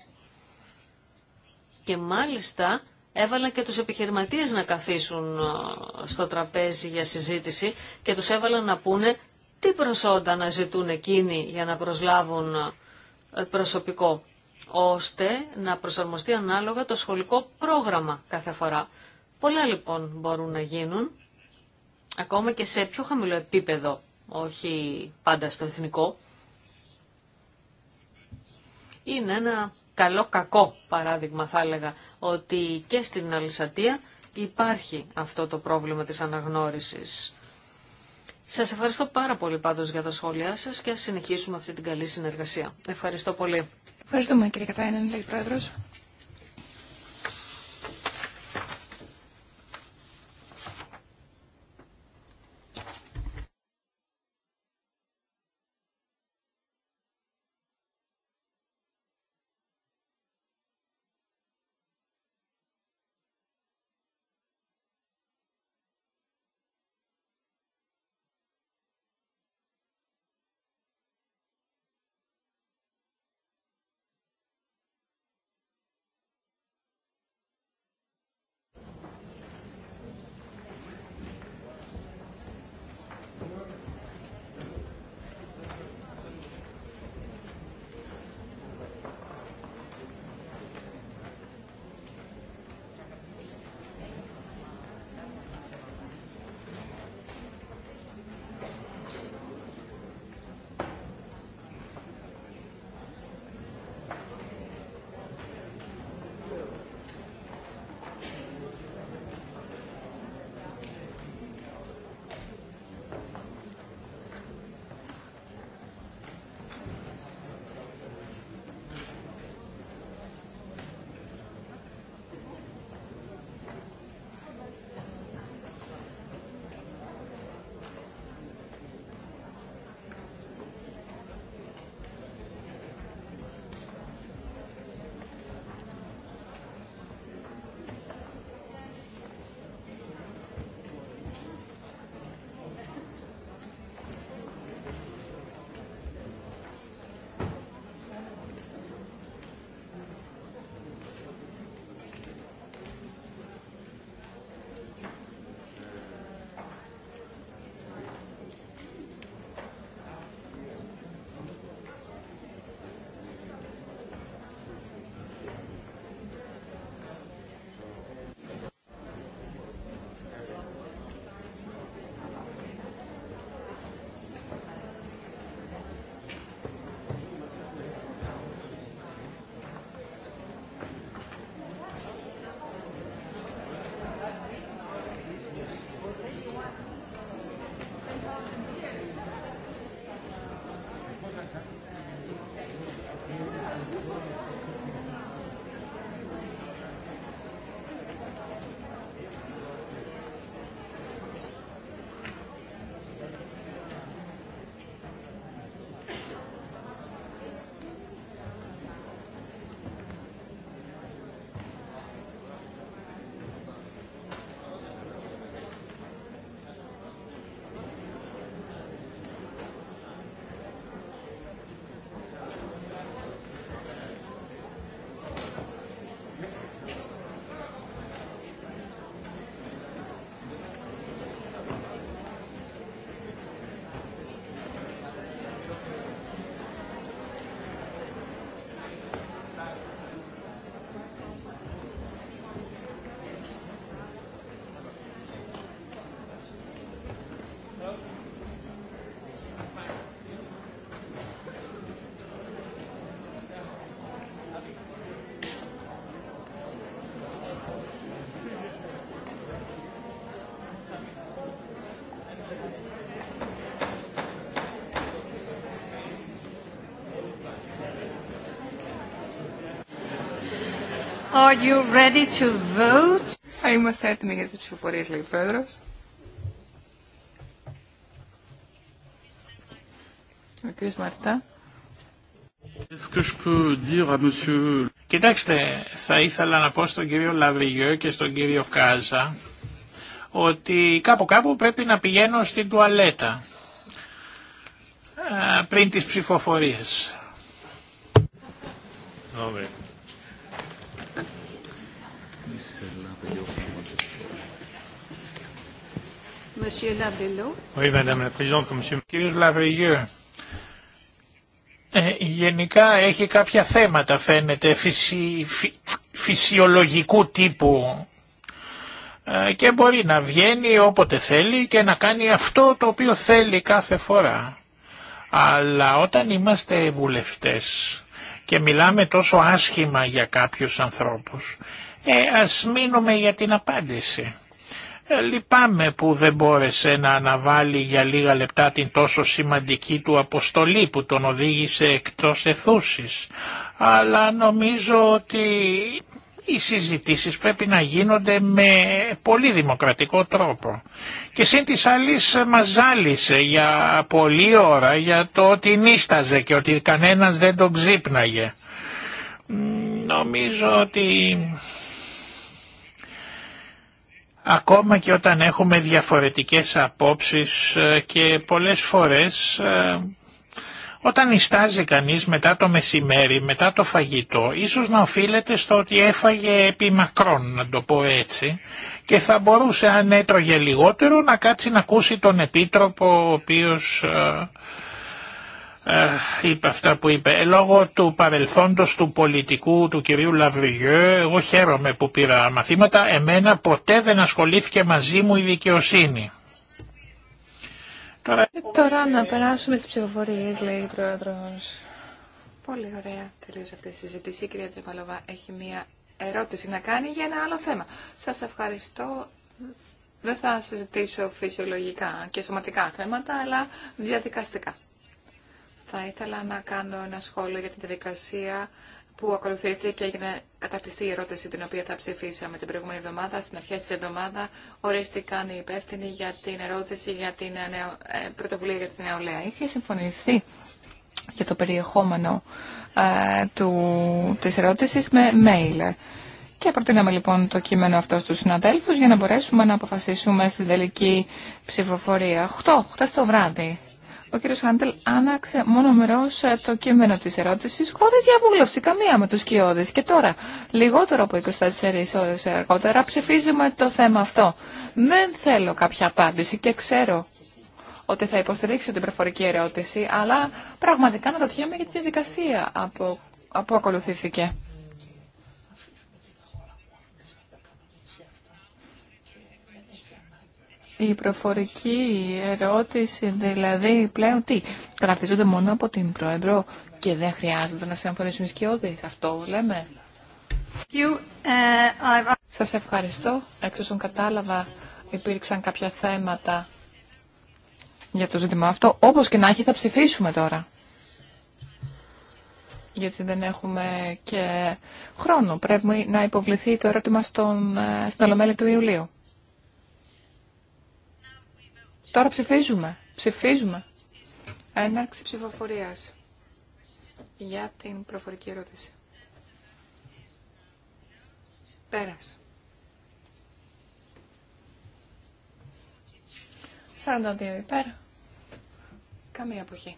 Και μάλιστα έβαλαν και τους επιχειρηματίες να καθίσουν ε, στο τραπέζι για συζήτηση και τους έβαλαν να πούνε τι προσόντα να ζητούν εκείνοι για να προσλάβουν ε, προσωπικό, ώστε να προσαρμοστεί ανάλογα το σχολικό πρόγραμμα κάθε φορά. Πολλά λοιπόν μπορούν να γίνουν, ακόμα και σε πιο χαμηλό επίπεδο, όχι πάντα στο εθνικό. Είναι ένα καλό κακό παράδειγμα θα έλεγα, ότι και στην Αλυσατία υπάρχει αυτό το πρόβλημα της αναγνώρισης σας ευχαριστώ πάρα πολύ πάντως για τα σχόλιά σας και ας συνεχίσουμε αυτή την καλή συνεργασία. Ευχαριστώ πολύ. Ευχαριστούμε κύριε λέει πρόεδρος. Are you ready to vote? Είμαστε έτοιμοι για τις ψηφοφορίες, λέει ο Πρόεδρος. Κοιτάξτε, θα ήθελα να πω στον κύριο Λαβριγιό και στον κύριο Κάζα ότι κάπου κάπου πρέπει να πηγαίνω στην τουαλέτα ε, πριν τις ψηφοφορίες. Oui, ε, γενικά έχει κάποια θέματα φαίνεται φυσιολογικού τύπου ε, και μπορεί να βγαίνει όποτε θέλει και να κάνει αυτό το οποίο θέλει κάθε φορά. Αλλά όταν είμαστε βουλευτές και μιλάμε τόσο άσχημα για κάποιους ανθρώπους, ε, ας μείνουμε για την απάντηση. Ε, λυπάμαι που δεν μπόρεσε να αναβάλει για λίγα λεπτά την τόσο σημαντική του αποστολή που τον οδήγησε εκτός εθούσης. Αλλά νομίζω ότι οι συζητήσεις πρέπει να γίνονται με πολύ δημοκρατικό τρόπο. Και σύν της άλλης μας ζάλισε για πολλή ώρα για το ότι νίσταζε και ότι κανένας δεν τον ξύπναγε. Νομίζω ότι ακόμα και όταν έχουμε διαφορετικές απόψεις ε, και πολλές φορές ε, όταν ιστάζει κανείς μετά το μεσημέρι, μετά το φαγητό, ίσως να οφείλεται στο ότι έφαγε επί μακρόν, να το πω έτσι, και θα μπορούσε αν έτρωγε λιγότερο να κάτσει να ακούσει τον Επίτροπο ο οποίος ε, ε, είπε αυτά που είπε. Ε, λόγω του παρελθόντος του πολιτικού του κυρίου Λαβριγιώ εγώ χαίρομαι που πήρα μαθήματα, εμένα ποτέ δεν ασχολήθηκε μαζί μου η δικαιοσύνη. Τώρα, ε, Τώρα να περάσουμε στις ψηφοφορίες, λέει η Πρόεδρος. Πολύ ωραία. Τελείωσε αυτή η συζήτηση. Η κυρία Τζεπαλοβά έχει μία ερώτηση να κάνει για ένα άλλο θέμα. Σας ευχαριστώ. Δεν θα συζητήσω φυσιολογικά και σωματικά θέματα, αλλά διαδικαστικά. Θα ήθελα να κάνω ένα σχόλιο για την διαδικασία που ακολουθείται και έγινε καταρτιστή η ερώτηση την οποία θα ψηφίσαμε την προηγούμενη εβδομάδα. Στην αρχή τη εβδομάδα ορίστηκαν οι υπεύθυνοι για την ερώτηση για την ε, πρωτοβουλία για την νεολαία. Είχε συμφωνηθεί για το περιεχόμενο ε, του, της ερώτησης με mail. Και προτείναμε λοιπόν το κείμενο αυτό στους συναδέλφους για να μπορέσουμε να αποφασίσουμε στην τελική ψηφοφορία. 8, 8 το βράδυ ο κύριος Χάντελ άναξε μόνο μερός ε, το κείμενο της ερώτησης χωρίς διαβούλευση καμία με τους κοιόδες. Και τώρα, λιγότερο από 24 ώρες αργότερα, ψηφίζουμε το θέμα αυτό. Δεν θέλω κάποια απάντηση και ξέρω ότι θα υποστηρίξω την προφορική ερώτηση, αλλά πραγματικά να πιέμαι για τη διαδικασία από που ακολουθήθηκε. Η προφορική ερώτηση, δηλαδή, πλέον τι, καταρτίζονται μόνο από την Πρόεδρο και δεν χρειάζεται να συμφωνήσουν οι σκιώδεις. Αυτό λέμε. Ε, Σας ευχαριστώ. Εξ όσων κατάλαβα υπήρξαν κάποια θέματα για το ζήτημα αυτό. Όπως και να έχει θα ψηφίσουμε τώρα. Γιατί δεν έχουμε και χρόνο. Πρέπει να υποβληθεί το ερώτημα στον, ε, στην του Ιουλίου. Τώρα ψηφίζουμε. Ψηφίζουμε. Έναρξη ψηφοφορία για την προφορική ερώτηση. Πέρας. 42 υπέρ. Καμία αποχή.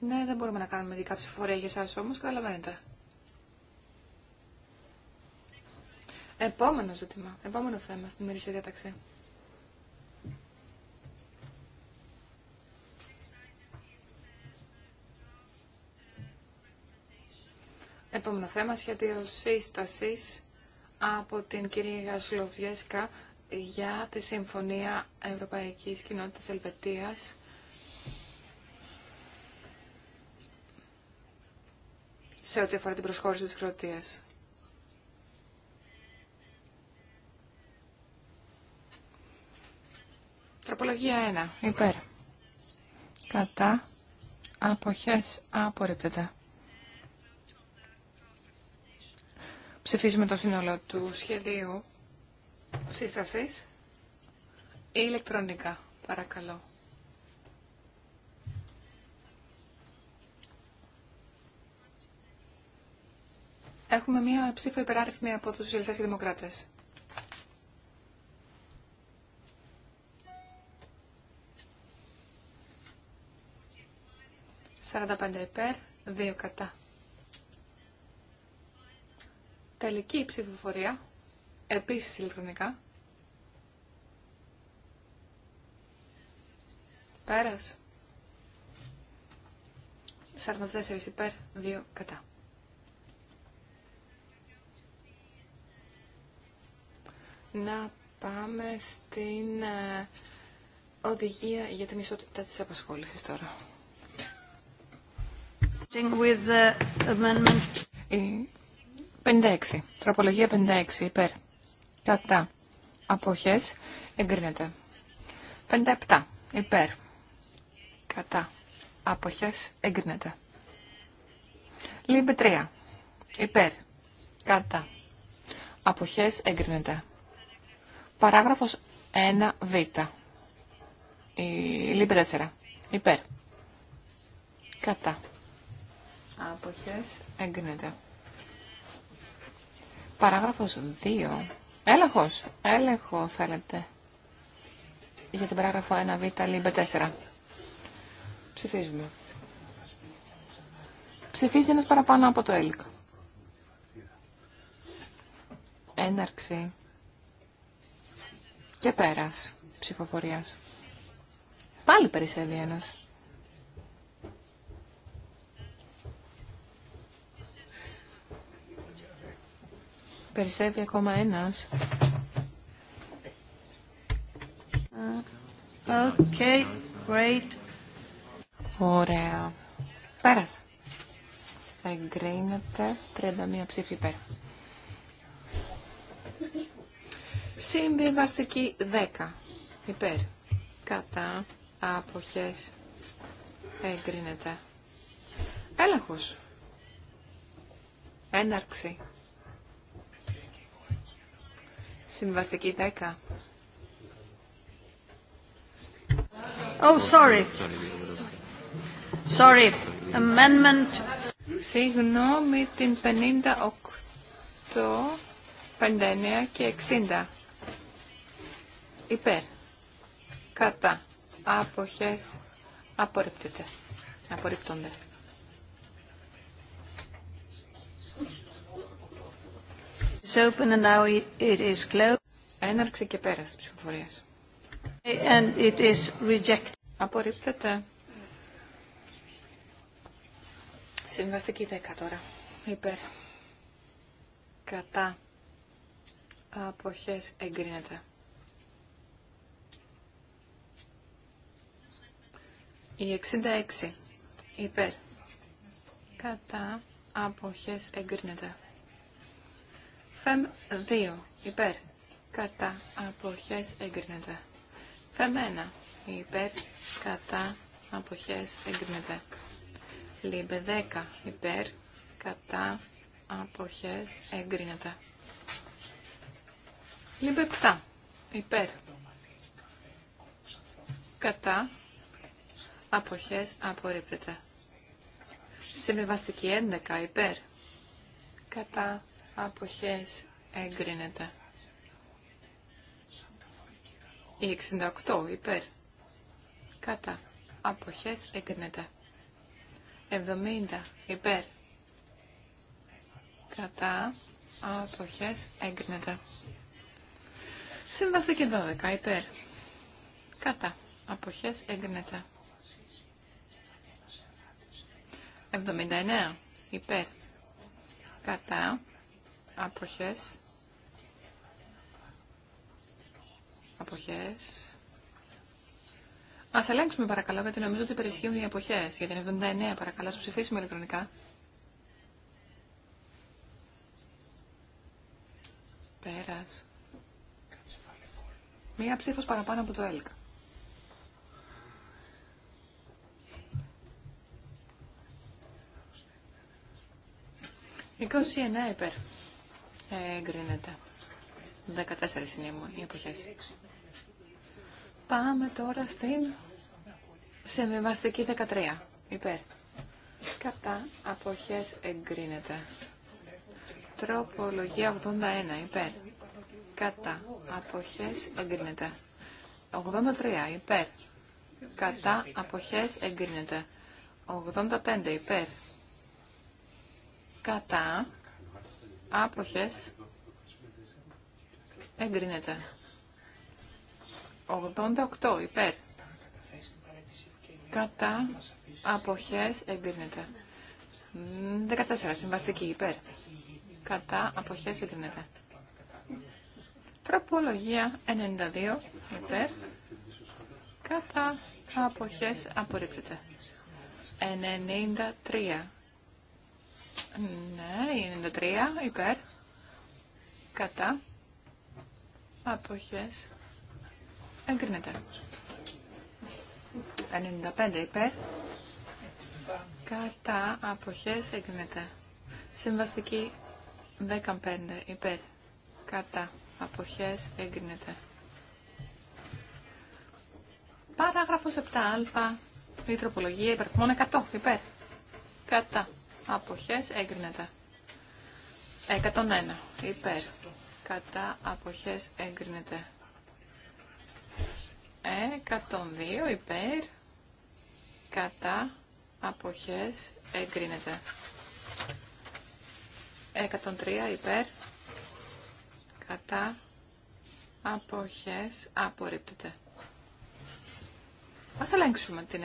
Ναι, δεν μπορούμε να κάνουμε δικά ψηφοφορία για εσάς όμως, καταλαβαίνετε. Επόμενο ζήτημα, επόμενο θέμα στην ημερήσια διάταξη. Επόμενο θέμα σχέδιο σύσταση από την κυρία Γασλοβιέσκα για τη Συμφωνία Ευρωπαϊκής Κοινότητας Ελβετίας σε ό,τι αφορά την προσχώρηση της Κροατίας. Τροπολογία 1. Υπέρ. Κατά. Αποχές. Απορρίπτεται. Ψηφίζουμε το σύνολο του σχεδίου σύστασης ηλεκτρονικά. Παρακαλώ. Έχουμε μία ψήφο υπεράριθμη από τους Σοσιαλιστές και Δημοκράτες. 45 υπέρ, 2 κατά. Τελική ψηφοφορία, επίσης ηλεκτρονικά. Πέρας. 44 υπέρ, 2 κατά. Να πάμε στην ε, οδηγία για την ισότητα της απασχόλησης τώρα. 56. Τροπολογία 56. Υπέρ. Κατά. Αποχές. Εγκρίνεται. 57. Υπέρ. Κατά. Αποχές. Εγκρίνεται. Λίμπη 3. Υπέρ. Κατά. Αποχές. Εγκρίνεται. Παράγραφος 1β. Η 4. Υπέρ. Κατά. Αποχές εγκρίνεται. Παράγραφος 2. Έλεγχος. Έλεγχο θέλετε. Για την παράγραφο 1β λίμπε 4. Ψηφίζουμε. Ψηφίζει ένας παραπάνω από το έλικο. Έναρξη. Και πέρας ψηφοφορίας. Πάλι περισσεύει ένας. Περισσεύει ακόμα ένας. great. Ωραία. Πέρασε. Εγκρίνεται 31 ψήφι υπέρ. Συμβιβαστική 10 υπέρ. Κατά αποχές εγκρίνεται. Έλεγχος. Έναρξη. Συμβαστική 10. Oh, sorry. Sorry. Amendment. Συγγνώμη την 58, 59 και 60. Υπέρ. Κατά. Αποχές. Απορρίπτεται. Απορρίπτονται. open and now it is closed. Έναρξη και πέρας της ψηφοφορίας. Απορρίπτεται. Συμβαστική 10 τώρα. Υπέρ. Κατά. Αποχές εγκρίνεται. Η 66. Υπέρ. Κατά. Αποχές εγκρίνεται. Φεμ 2 υπέρ κατά αποχές εγκρίνεται. Φεμ 1 υπέρ κατά αποχές εγκρίνεται. Λίμπε 10 υπέρ κατά αποχές εγκρίνεται. Λίμπε 7 υπέρ κατά αποχές απορρίπτεται. Συμβιβαστική 11 υπέρ κατά αποχές εγκρίνεται. Η 68 υπέρ κατά αποχές εγκρίνεται. 70 υπέρ κατά αποχές εγκρίνεται. Σύμβαση και 12 υπέρ κατά αποχές εγκρίνεται. 79 υπέρ κατά Αποχές. Αποχές. Ας ελέγξουμε παρακαλώ, γιατί νομίζω ότι υπερισχύουν οι αποχές. Για την 79 παρακαλώ, ας ψηφίσουμε ηλεκτρονικά. Πέρας. Μία ψήφος παραπάνω από το ΕΛΚ. Είκοσι υπέρ. Εγκρίνεται. 14 είναι οι εποχές. Πάμε τώρα στην σεμιβαστική 13. Υπέρ. Κατά αποχές εγκρίνεται. Τροπολογία 81. Υπέρ. Κατά αποχές εγκρίνεται. 83. Υπέρ. Κατά αποχές εγκρίνεται. 85. Υπέρ. Κατά Άποχες. Εγκρίνεται. 88 υπέρ. Κατά. Αποχές. Εγκρίνεται. 14 συμβαστική υπέρ. Κατά. Αποχές. Εγκρίνεται. Τροπολογία 92 υπέρ. Κατά. Αποχές. Απορρίπτεται. 93 ναι, 93 υπέρ. Κατά. Αποχές. Εγκρίνεται. 95 υπέρ. Κατά. Αποχές. Εγκρίνεται. Συμβαστική 15 υπέρ. Κατά. Αποχές. Εγκρίνεται. Παράγραφος 7α. Η τροπολογία υπερθμών 100 υπέρ. Κατά αποχές έγκρινεται. 101 υπέρ κατά αποχές έγκρινεται. 102 υπέρ κατά αποχές εγκρίνεται. 103 υπέρ κατά αποχές απορρίπτεται. Ας ελέγξουμε την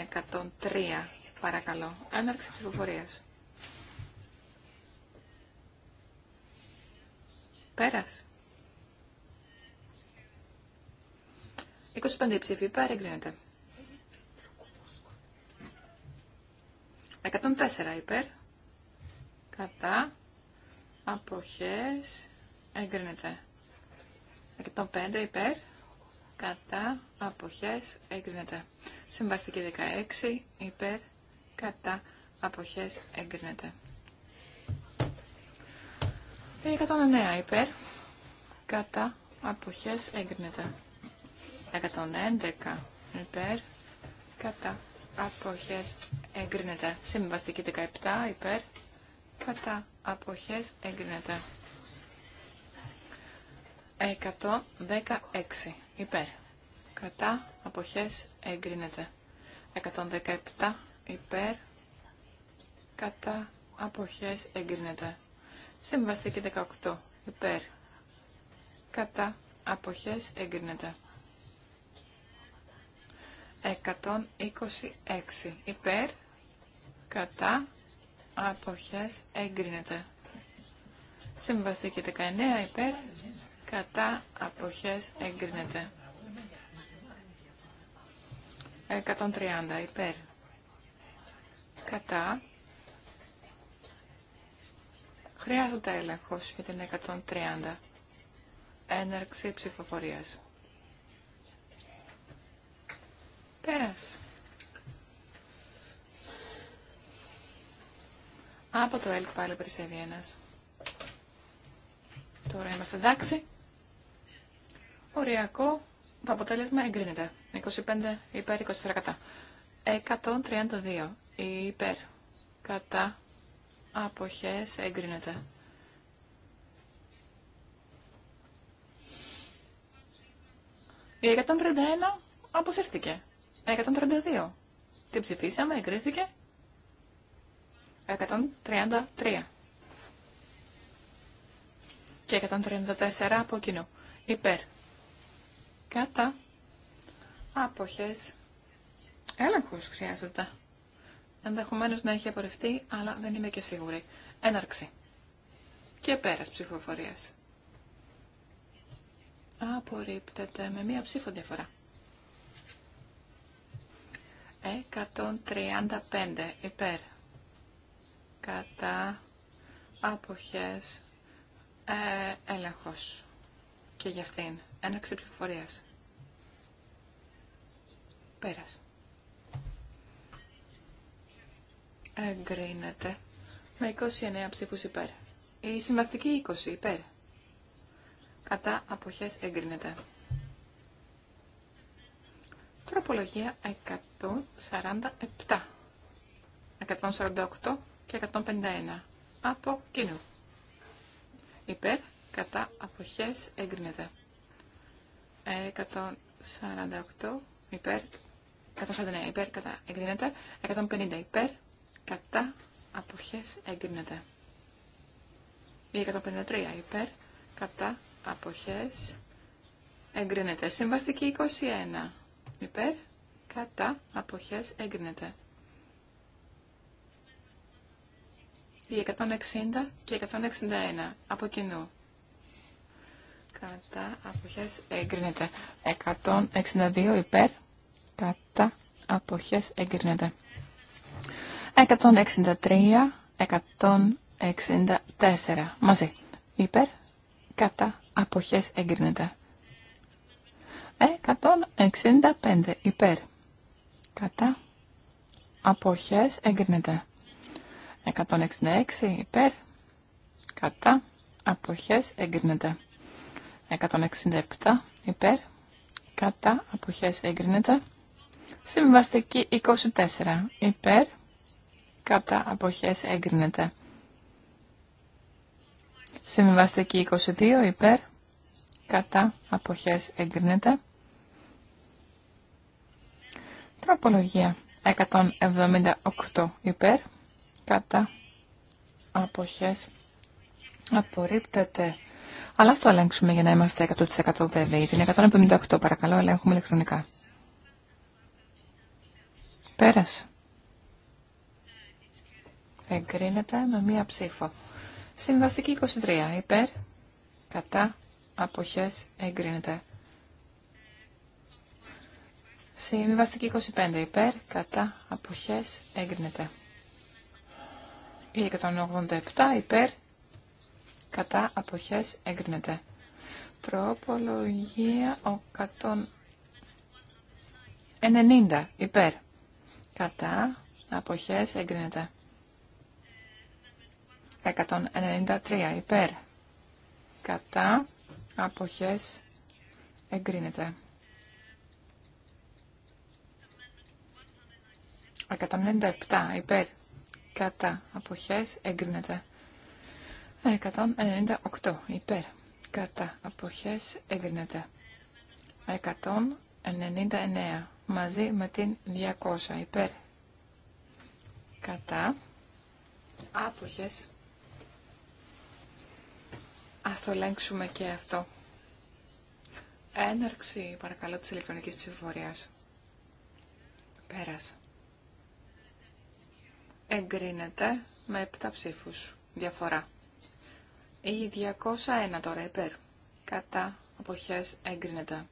103 παρακαλώ. Έναρξη ψηφοφορίας. Πέρας. 25 ψήφοι υπέρ εγκρίνεται. 104 υπέρ. Κατά. Αποχές. Εγκρίνεται. 105 υπέρ. Κατά. Αποχές. Εγκρίνεται. Συμβαστική 16 υπέρ. Κατά. Αποχές. Εγκρίνεται. 109 υπέρ, κατά, αποχές έγκρινεται. 111 υπέρ, κατά, αποχές έγκρινεται. Συμβαστική 17 υπέρ, κατά, αποχές έγκρινεται. 116 υπέρ, κατά, αποχές έγκρινεται. 117 υπέρ, κατά, αποχές έγκρινεται. Συμβαστική 18 υπέρ κατά αποχές εγκρίνεται. 126 υπέρ κατά αποχές εγκρίνεται. Συμβαστική 19 υπέρ κατά αποχές εγκρίνεται. 130 υπέρ κατά Χρειάζεται έλεγχος για την 130. Έναρξη ψηφοφορίας. Πέρας. Από το ΕΛΚ πάλι περισσεύει ένας. Τώρα είμαστε εντάξει. Οριακό. Το αποτέλεσμα εγκρίνεται. 25 υπέρ, 24 κατά. 132 υπέρ, κατά, αποχές εγκρίνεται. Η 131 αποσύρθηκε. 132. Την ψηφίσαμε, εγκρίθηκε. 133. Και 134 από κοινού. Υπέρ. Κατά. Άποχες. Έλεγχος χρειάζεται. Ενδεχομένω να έχει απορριφθεί, αλλά δεν είμαι και σίγουρη. Έναρξη. Και πέρας ψηφοφορία. Απορρίπτεται με μία ψήφο διαφορά. 135 υπέρ. Κατά αποχές ε, έλεγχος. Και για αυτήν. Έναρξη ψηφοφορίας. Πέρας. Εγκρίνεται. Με 29 ψήφους υπέρ. Η συμβαστική 20 υπέρ. Κατά αποχές εγκρίνεται. Τροπολογία 147, 148 και 151 από κοινού. Υπέρ, κατά αποχές εγκρίνεται. 148 υπέρ, 149 υπέρ, κατά εγκρίνεται. 150 υπέρ, κατά αποχές εγκρίνεται. Η 153 υπέρ κατά αποχές εγκρίνεται. Συμβαστική 21 υπέρ κατά αποχές εγκρίνεται. Η 160 και 161 από κοινού. Κατά αποχές εγκρίνεται. 162 υπέρ κατά αποχές εγκρίνεται. 163, 164 μαζί. Υπέρ, κατά, αποχές εγκρίνεται. 165 υπέρ, κατά, αποχές εγκρίνεται. 166 υπέρ, κατά, αποχές εγκρίνεται. 167 υπέρ, κατά, αποχές εγκρίνεται. Συμβαστική 24 υπέρ, κατά αποχές έγκρινεται. Συμβιβαστική 22 υπέρ κατά αποχές εγκρίνεται. Τροπολογία 178 υπέρ κατά αποχές απορρίπτεται. Αλλά ας το ελέγξουμε για να είμαστε 100% βέβαιοι. Την 178 παρακαλώ ελέγχουμε ηλεκτρονικά. Πέρασε εγκρίνεται με μία ψήφο. Συμβαστική 23 υπέρ, κατά, αποχές, εγκρίνεται. Συμβαστική 25 υπέρ, κατά, αποχές, εγκρίνεται. 187 υπέρ, κατά, αποχές, εγκρίνεται. Τροπολογία 190 υπέρ, κατά, αποχές, εγκρίνεται. 193 υπέρ. Κατά αποχές εγκρίνεται. 197 υπέρ. Κατά αποχές εγκρίνεται. 198 υπέρ. Κατά αποχές εγκρίνεται. 199 μαζί με την 200 υπέρ. Κατά αποχές Ας το ελέγξουμε και αυτό. Έναρξη, παρακαλώ, της ηλεκτρονικής ψηφοφορίας. Πέρασε. Εγκρίνεται με 7 ψήφους. Διαφορά. Η 201 τώρα υπέρ. Κατά αποχές εγκρίνεται.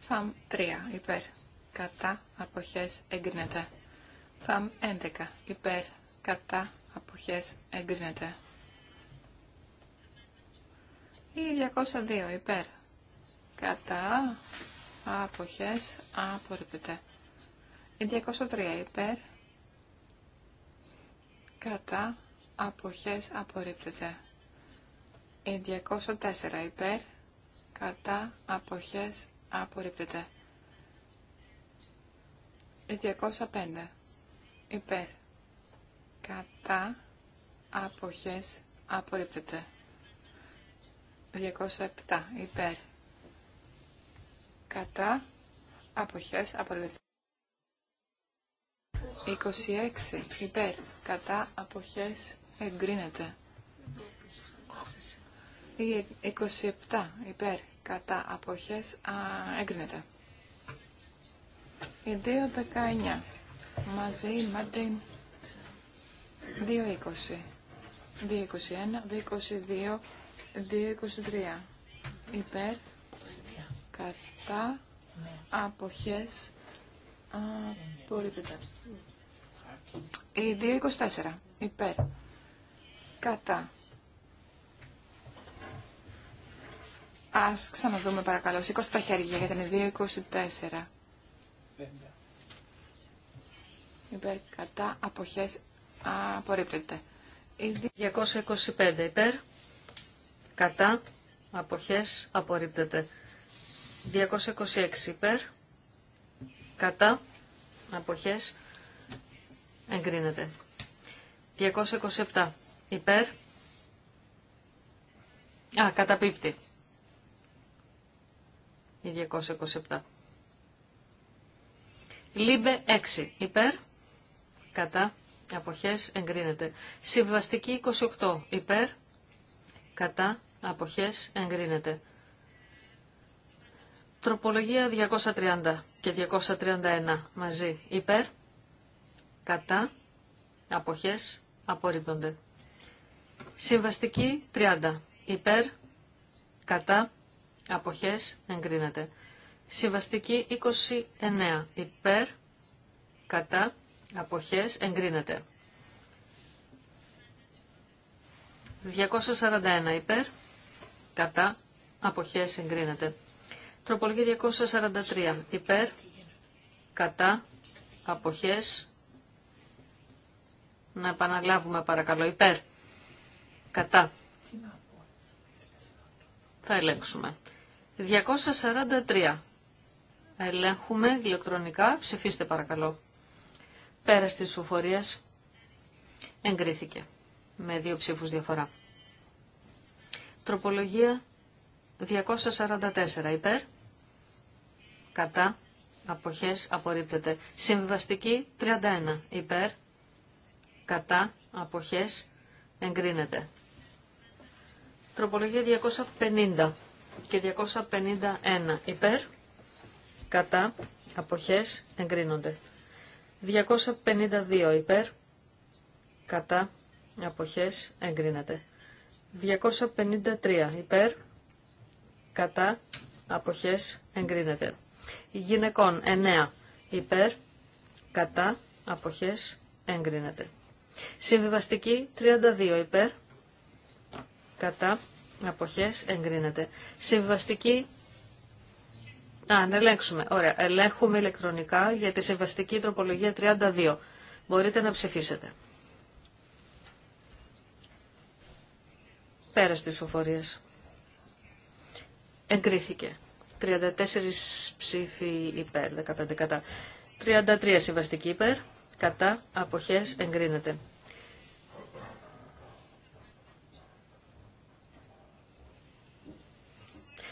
ΦΑΜ 3 υπέρ. Κατά αποχές εγκρίνεται. ΦΑΜ 11 υπέρ. Κατά αποχές εγκρίνεται. Ή 202 υπέρ. Κατά. Αποχές. Απορρίπτεται. Ή 203 υπέρ. Κατά. Αποχές. Απορρίπτεται. Ή 204 υπέρ. Κατά. Αποχές. Απορρίπτεται. Ή 205 υπέρ. Κατά. Αποχές. Απορρίπτεται. 207 υπέρ. Κατά αποχές απόλυτη. 26 υπέρ. Κατά αποχές εγκρίνεται. 27 υπέρ. Κατά αποχές α, εγκρίνεται. Η 219 μαζί με την 220. 221, 222, 2.23 υπέρ κατά αποχές απορρίπτεται. Η 2.24 υπέρ κατά Ας ξαναδούμε παρακαλώ. Σήκωσε τα χέρια γιατί είναι 2.24. Υπέρ κατά αποχές απορρίπτεται. 225 υπέρ κατά, αποχές, απορρίπτεται. 226 υπέρ, κατά, αποχές, εγκρίνεται. 227 υπέρ, α, καταπίπτει. Η 227. Λίμπε 6 υπέρ, κατά, αποχές εγκρίνεται. Συμβαστική 28 υπέρ, κατά, αποχές εγκρίνεται. Τροπολογία 230 και 231 μαζί υπέρ, κατά, αποχές απορρίπτονται. Συμβαστική 30 υπέρ, κατά, αποχές εγκρίνεται. Συμβαστική 29 υπέρ, κατά, αποχές εγκρίνεται. 241 υπέρ, κατά, αποχές εγκρίνεται. Τροπολογία 243, υπέρ, κατά, αποχές, να επαναλάβουμε παρακαλώ, υπέρ, κατά, θα ελέγξουμε. 243, ελέγχουμε ηλεκτρονικά, ψηφίστε παρακαλώ. Πέρα της ψηφοφορίας εγκρίθηκε με δύο ψήφους διαφορά. Τροπολογία 244 υπέρ, κατά, αποχές απορρίπτεται. Συμβιβαστική 31 υπέρ, κατά, αποχές εγκρίνεται. Τροπολογία 250 και 251 υπέρ, κατά, αποχές εγκρίνονται. 252 υπέρ, κατά, αποχές εγκρίνεται. 253 υπέρ, κατά, αποχές, εγκρίνεται. Γυναικών 9 υπέρ, κατά, αποχές, εγκρίνεται. Συμβιβαστική 32 υπέρ, κατά, αποχές, εγκρίνεται. Συμβιβαστική Α, να ελέγξουμε. Ωραία. Ελέγχουμε ηλεκτρονικά για τη συμβαστική τροπολογία 32. Μπορείτε να ψηφίσετε. Πέρα τη φοφορίες. Εγκρίθηκε. 34 ψήφοι υπέρ, 15 κατά. 33 συμβαστική υπέρ, κατά, αποχές, εγκρίνεται.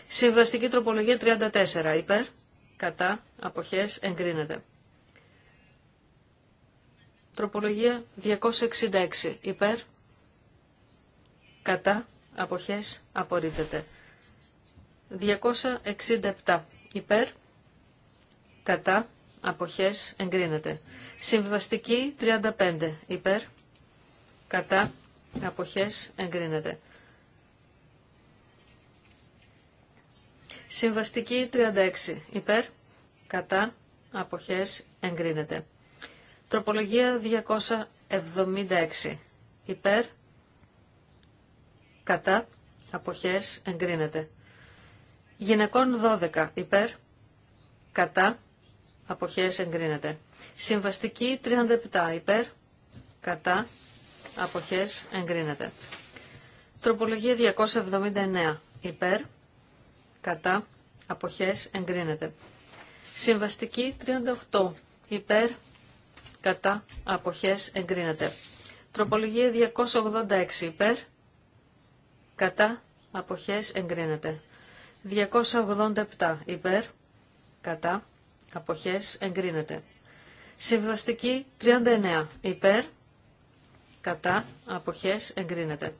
Συμβαστική τροπολογία 34 υπέρ, κατά, αποχές, εγκρίνεται. Τροπολογία 266 υπέρ, κατά αποχές απορρίπτεται. 267 υπέρ κατά αποχές εγκρίνεται. Συμβιβαστική 35 υπέρ κατά αποχές εγκρίνεται. Συμβαστική 36 υπέρ κατά αποχές εγκρίνεται. Τροπολογία 276 υπέρ κατά, αποχές, εγκρίνεται. Γυναικών 12 υπέρ, κατά, αποχές, εγκρίνεται. Συμβαστική 37 υπέρ, κατά, αποχές, εγκρίνεται. Τροπολογία 279 υπέρ, κατά, αποχές, εγκρίνεται. Συμβαστική 38 υπέρ, κατά, αποχές, εγκρίνεται. Τροπολογία 286 υπέρ, κατά αποχές εγκρίνεται. 287 υπέρ κατά αποχές εγκρίνεται. Συμβαστική 39 υπέρ κατά αποχές εγκρίνεται.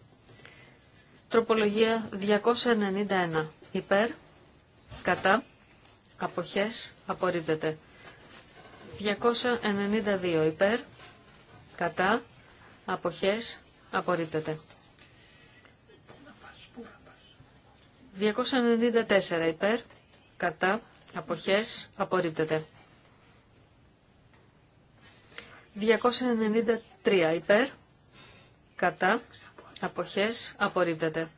Τροπολογία 291 υπέρ κατά αποχές απορρίπτεται. 292 υπέρ κατά αποχές απορρίπτεται. 294 υπέρ, κατά, αποχές, απορρίπτεται. 293 υπέρ, κατά, αποχές, απορρίπτεται.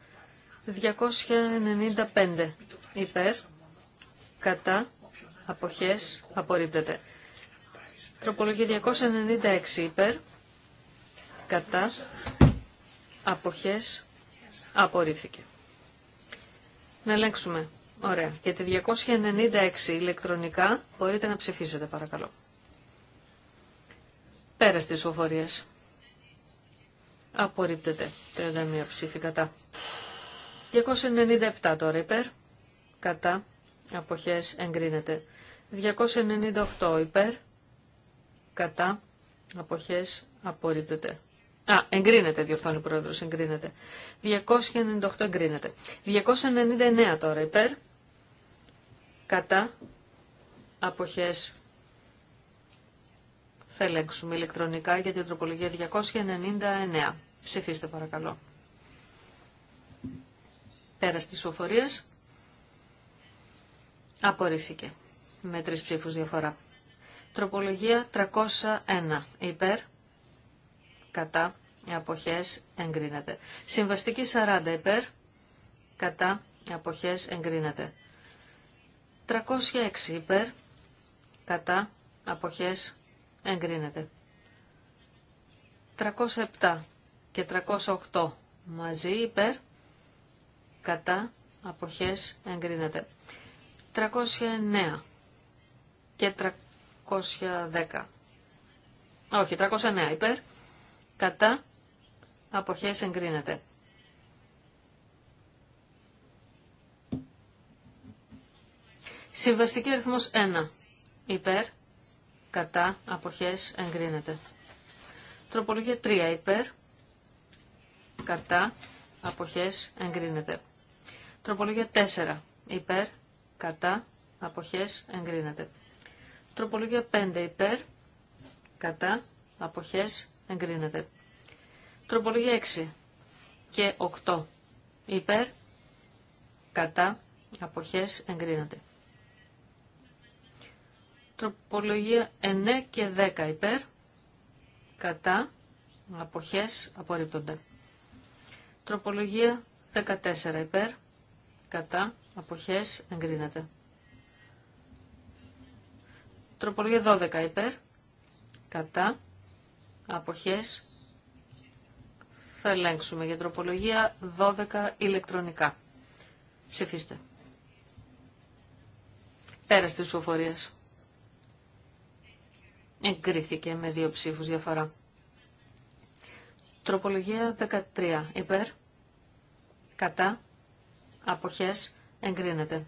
295 υπέρ, κατά, αποχές, απορρίπτεται. Τροπολογία 296 υπέρ, κατά, αποχές, απορρίφθηκε. Να ελέγξουμε. Ωραία. Για τη 296 ηλεκτρονικά μπορείτε να ψηφίσετε παρακαλώ. Πέρα στις φοφορίες. Απορρίπτεται. 31 ψήφι κατά. 297 τώρα υπέρ. Κατά. Αποχές εγκρίνεται. 298 υπέρ. Κατά. Αποχές απορρίπτεται. Α, εγκρίνεται, διορθώνει ο πρόεδρο, εγκρίνεται. 298 εγκρίνεται. 299 τώρα υπέρ, κατά, αποχέ. θα ελέγξουμε ηλεκτρονικά για την τροπολογία 299. Ψηφίστε παρακαλώ. Πέρα στις φοφορίες, απορρίφθηκε με τρεις ψήφους διαφορά. Τροπολογία 301 υπέρ, κατά αποχές εγκρίνεται. Συμβαστική 40 υπέρ κατά αποχές εγκρίνεται. 306 υπέρ κατά αποχές εγκρίνεται. 307 και 308 μαζί υπέρ κατά αποχές εγκρίνεται. 309 και 310. Όχι, 309 υπέρ κατά, αποχές εγκρίνεται. Συμβαστική αριθμός 1. Υπέρ, κατά, αποχές εγκρίνεται. Τροπολογία 3. Υπέρ, κατά, αποχές εγκρίνεται. Τροπολογία 4. Υπέρ, κατά, αποχές εγκρίνεται. Τροπολογία 5. Υπέρ, κατά, αποχές εγκρίνεται. Τροπολογία 6 και 8 υπέρ, κατά, αποχές, εγκρίνεται. Τροπολογία 9 και 10 υπέρ, κατά, αποχές, απορρίπτονται. Τροπολογία 14 υπέρ, κατά, αποχές, εγκρίνεται. Τροπολογία 12 υπέρ, κατά, αποχές θα ελέγξουμε για τροπολογία 12 ηλεκτρονικά. Ψηφίστε. Πέρα της ψηφοφορίας. Εγκρίθηκε με δύο ψήφους διαφορά. Τροπολογία 13. Υπέρ. Κατά. Αποχές. Εγκρίνεται.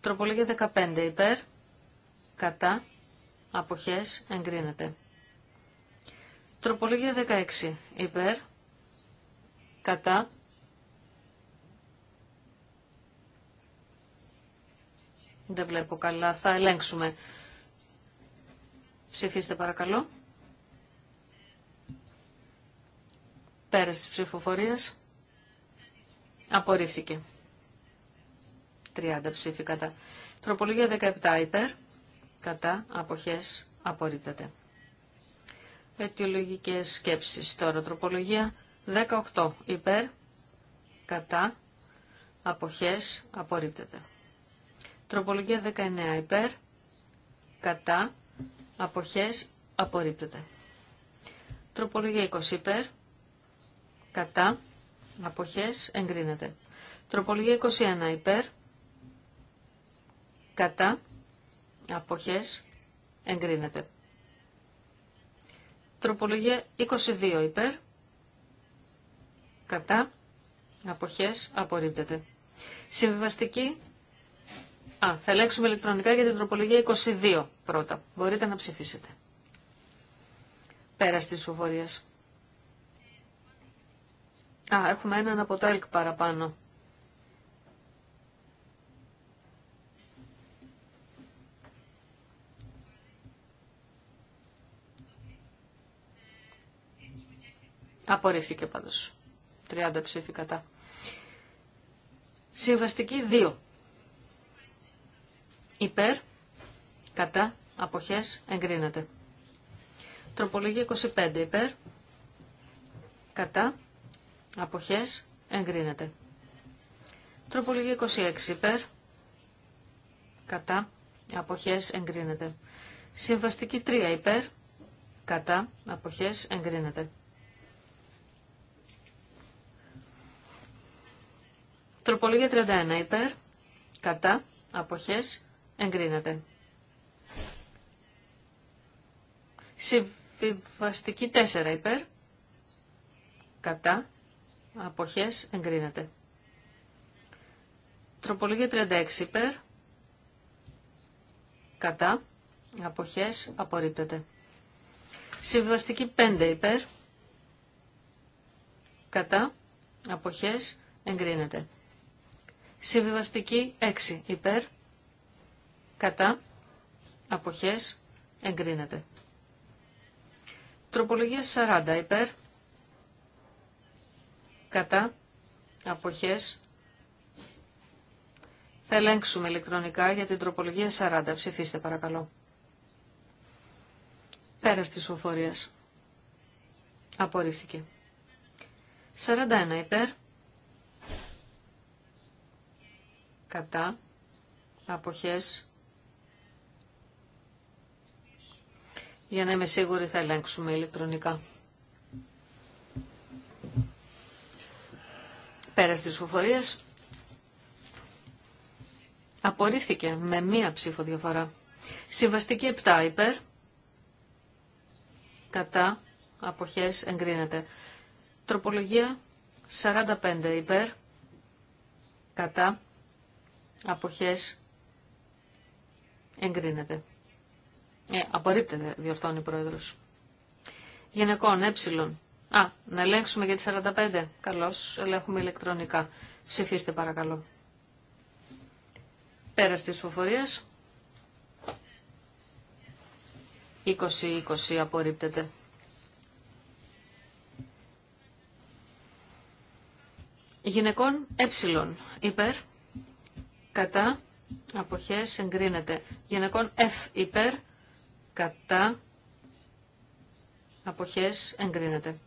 Τροπολογία 15. Υπέρ. Κατά. Αποχές. Εγκρίνεται. Τροπολογία 16. Υπέρ. Κατά. Δεν βλέπω καλά. Θα ελέγξουμε. Ψηφίστε παρακαλώ. Πέρασε της ψηφοφορίας. Απορρίφθηκε. 30 ψήφοι κατά. Τροπολογία 17 υπέρ. Κατά. Αποχές. Απορρίπτεται αιτιολογικές σκέψεις. Τώρα τροπολογία 18 υπέρ, κατά, αποχές, απορρίπτεται. Τροπολογία 19 υπέρ, κατά, αποχές, απορρίπτεται. Τροπολογία 20 υπέρ, κατά, αποχές, εγκρίνεται. Τροπολογία 21 υπέρ, κατά, αποχές, εγκρίνεται. Τροπολογία 22 υπέρ. Κατά. Αποχές. Απορρίπτεται. Συμβιβαστική. Α, θα ελέγξουμε ηλεκτρονικά για την τροπολογία 22 πρώτα. Μπορείτε να ψηφίσετε. Πέρα της φοβορίας. Α, έχουμε έναν από το ΕΛΚ παραπάνω. Απορρίφθηκε πάντω. 30 ψήφοι κατά. Συμβαστική 2. Υπέρ, κατά, αποχές, εγκρίνεται. Τροπολογία 25. Υπέρ, κατά, αποχές, εγκρίνεται. Τροπολογία 26. Υπέρ, κατά, αποχές, εγκρίνεται. Συμβαστική 3. Υπέρ, κατά, αποχές, εγκρίνεται. Τροπολογία 31 υπέρ, κατά, αποχές, εγκρίνεται. Συμβιβαστική 4 υπέρ, κατά, αποχές, εγκρίνεται. Τροπολογία 36 υπέρ, κατά, αποχές, απορρίπτεται. Συμβιβαστική 5 υπέρ, κατά, αποχές, εγκρίνεται. Συμβιβαστική 6 υπέρ, κατά, αποχές, εγκρίνεται. Τροπολογία 40 υπέρ, κατά, αποχές, θα ελέγξουμε ηλεκτρονικά για την τροπολογία 40. Ψηφίστε παρακαλώ. Πέρας της φοφορίας. Απορρίφθηκε. 41 υπέρ, κατά, αποχές. Για να είμαι σίγουρη θα ελέγξουμε ηλεκτρονικά. Πέρα τις ψηφοφορίες απορρίφθηκε με μία ψήφο διαφορά. Συμβαστική 7 υπέρ, κατά, αποχές εγκρίνεται. Τροπολογία 45 υπέρ, κατά, αποχές εγκρίνεται. Ε, απορρίπτεται, διορθώνει ο πρόεδρος. Γυναικών, ε. Α, να ελέγξουμε για τις 45. Καλώς, ελέγχουμε ηλεκτρονικά. Ψηφίστε παρακαλώ. Πέρα στις φοφορίες. 20-20 απορρίπτεται. Γυναικών, ε, υπέρ κατά, αποχές, εγκρίνεται. Γυναικών F υπέρ, κατά, αποχές, εγκρίνεται.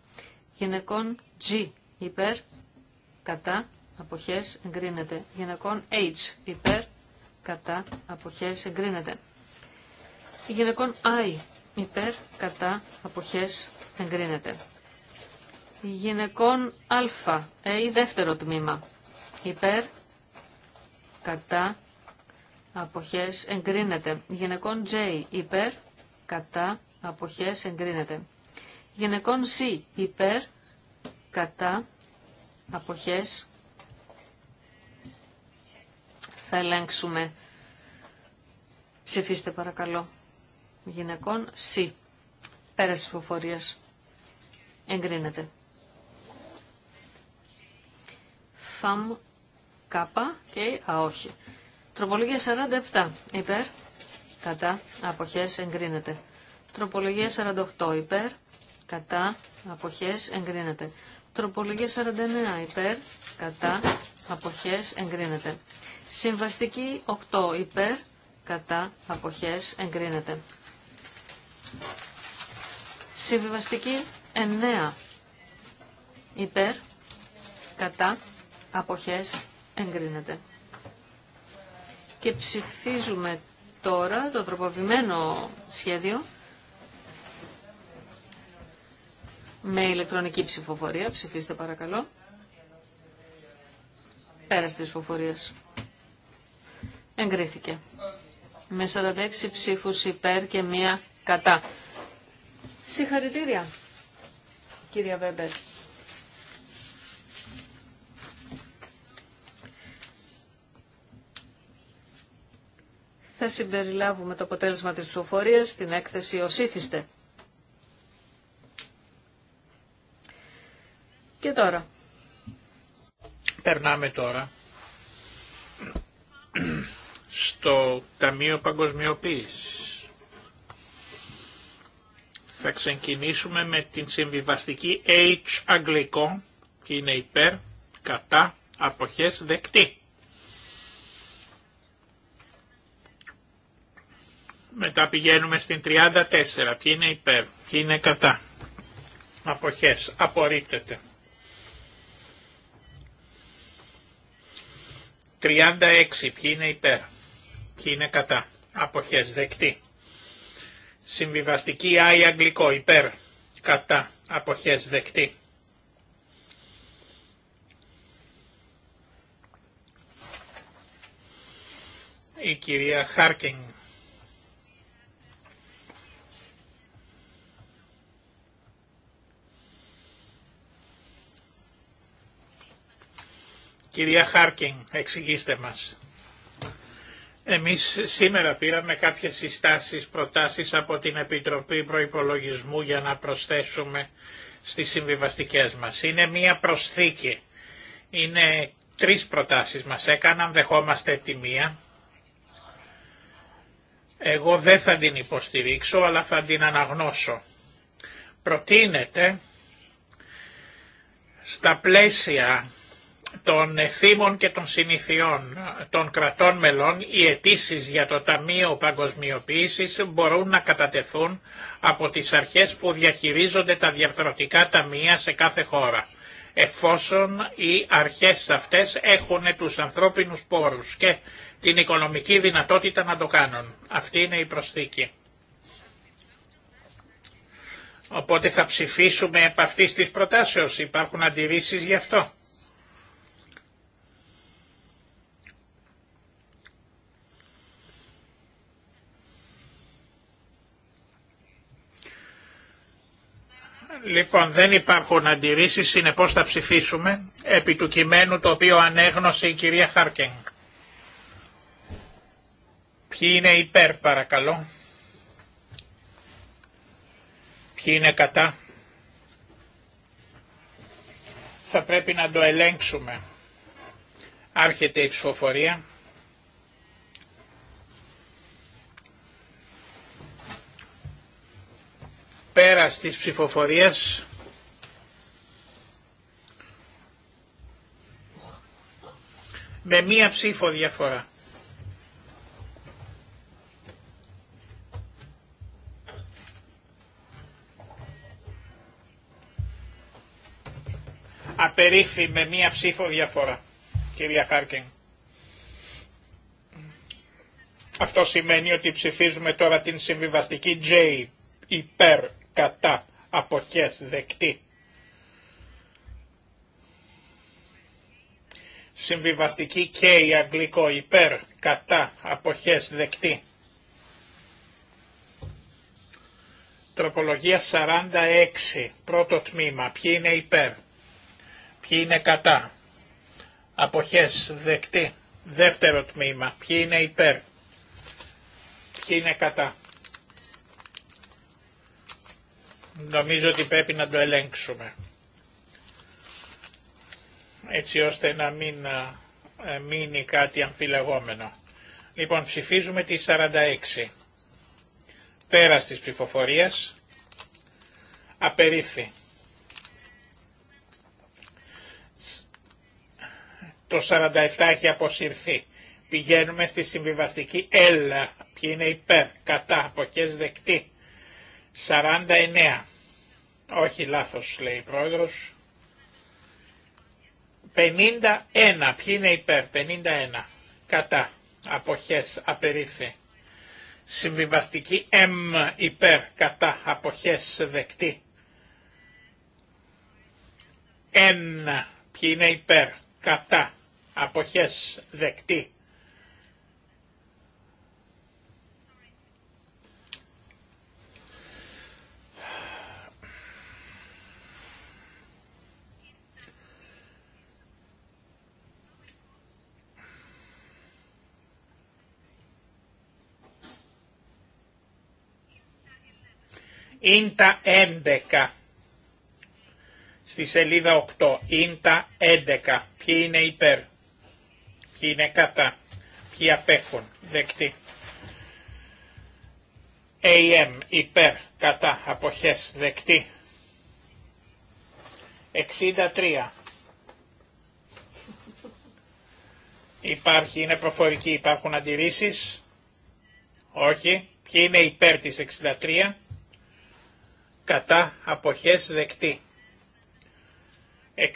Γυναικών G υπέρ, κατά, αποχές, εγκρίνεται. Γυναικών H υπέρ, κατά, αποχές, εγκρίνεται. Γυναικών I υπέρ, κατά, αποχές, εγκρίνεται. Γυναικών α, ε, δεύτερο τμήμα, υπέρ, κατά, αποχές εγκρίνεται. Γυναικών J υπέρ, κατά, αποχές εγκρίνεται. Γυναικών C υπέρ, κατά, αποχές θα ελέγξουμε. Ψηφίστε παρακαλώ. Γυναικών C. πέρας υποφορίας Εγκρίνεται. ΦΑΜ κάπα και α, Τροπολογία 47 υπέρ, κατά, αποχές εγκρίνεται. Τροπολογία 48 υπέρ, κατά, αποχές εγκρίνεται. Τροπολογία 49 υπέρ, κατά, αποχές εγκρίνεται. Συμβαστική 8 υπέρ, κατά, αποχές εγκρίνεται. Συμβιβαστική 9 υπέρ, κατά, αποχές Εγκρίνεται. Και ψηφίζουμε τώρα το τροποποιημένο σχέδιο με ηλεκτρονική ψηφοφορία. Ψηφίστε παρακαλώ. Πέρας της ψηφοφορίας. Εγκρίθηκε. Με 46 ψήφους υπέρ και μία κατά. Συγχαρητήρια, κυρία Βέμπερ. θα συμπεριλάβουμε το αποτέλεσμα της ψηφοφορίας στην έκθεση ως Και τώρα. Περνάμε τώρα στο Ταμείο Παγκοσμιοποίησης. Θα ξεκινήσουμε με την συμβιβαστική H αγγλικό και είναι υπέρ, κατά, αποχές, δεκτή. Μετά πηγαίνουμε στην 34. Ποιοι είναι υπέρ, ποιοι είναι κατά. Αποχές, απορρίπτεται. 36. Ποιοι είναι υπέρ, ποιοι είναι κατά. Αποχές, δεκτή. Συμβιβαστική Άι Αγγλικό, υπέρ, κατά. Αποχές, δεκτή. Η κυρία Χάρκινγκ Κυρία Χάρκιν, εξηγήστε μας. Εμείς σήμερα πήραμε κάποιες συστάσεις, προτάσεις από την Επιτροπή Προϋπολογισμού για να προσθέσουμε στις συμβιβαστικές μας. Είναι μία προσθήκη. Είναι τρεις προτάσεις μας έκαναν, δεχόμαστε τη μία. Εγώ δεν θα την υποστηρίξω, αλλά θα την αναγνώσω. Προτείνεται στα πλαίσια των εθήμων και των συνηθιών των κρατών μελών οι αιτήσει για το Ταμείο Παγκοσμιοποίησης μπορούν να κατατεθούν από τις αρχές που διαχειρίζονται τα διαφθορωτικά ταμεία σε κάθε χώρα εφόσον οι αρχές αυτές έχουν τους ανθρώπινους πόρους και την οικονομική δυνατότητα να το κάνουν. Αυτή είναι η προσθήκη. Οπότε θα ψηφίσουμε επ' αυτής της προτάσεως. Υπάρχουν αντιρρήσεις γι' αυτό. Λοιπόν, δεν υπάρχουν αντιρρήσει, συνεπώ θα ψηφίσουμε επί του κειμένου το οποίο ανέγνωσε η κυρία Χάρκεν. Ποιοι είναι υπέρ παρακαλώ. Ποιοι είναι κατά. Θα πρέπει να το ελέγξουμε. Άρχεται η ψηφοφορία. πέρας της ψηφοφορίας με μία ψήφο διαφορά. Απερίφη με μία ψήφο διαφορά, κυρία Χάρκιν. Αυτό σημαίνει ότι ψηφίζουμε τώρα την συμβιβαστική J υπέρ κατά αποχές δεκτή. Συμβιβαστική και η αγγλικό υπέρ κατά αποχές δεκτή. Τροπολογία 46, πρώτο τμήμα, ποιοι είναι υπέρ, ποιοι είναι κατά, αποχές δεκτή, δεύτερο τμήμα, ποιοι είναι υπέρ, ποιοι είναι κατά, Νομίζω ότι πρέπει να το ελέγξουμε. Έτσι ώστε να μην ε, μείνει κάτι αμφιλεγόμενο. Λοιπόν, ψηφίζουμε τη 46. Πέρας της ψηφοφορία. Απερίφθη. Το 47 έχει αποσυρθεί. Πηγαίνουμε στη συμβιβαστική Έλα, Ποιοι είναι υπέρ, κατά, αποκές, δεκτή. 49. Όχι λάθος λέει η πρόεδρος. 51. Ποιοι είναι υπέρ. 51. Κατά. Αποχές. Απερίφθη. Συμβιβαστική M υπέρ. Κατά. Αποχές. Δεκτή. 1. Ποιοι είναι υπέρ. Κατά. Αποχές. Δεκτή. Ίντα 11 στη σελίδα 8. Ίντα 11. Ποιοι είναι υπέρ. Ποιοι είναι κατά. Ποιοι απέχουν. Δεκτή. AM ε υπέρ κατά αποχές δεκτή. 63. Υπάρχει, είναι προφορική, υπάρχουν αντιρρήσεις. Όχι. Ποιοι είναι υπέρ της 63 κατά αποχές δεκτή.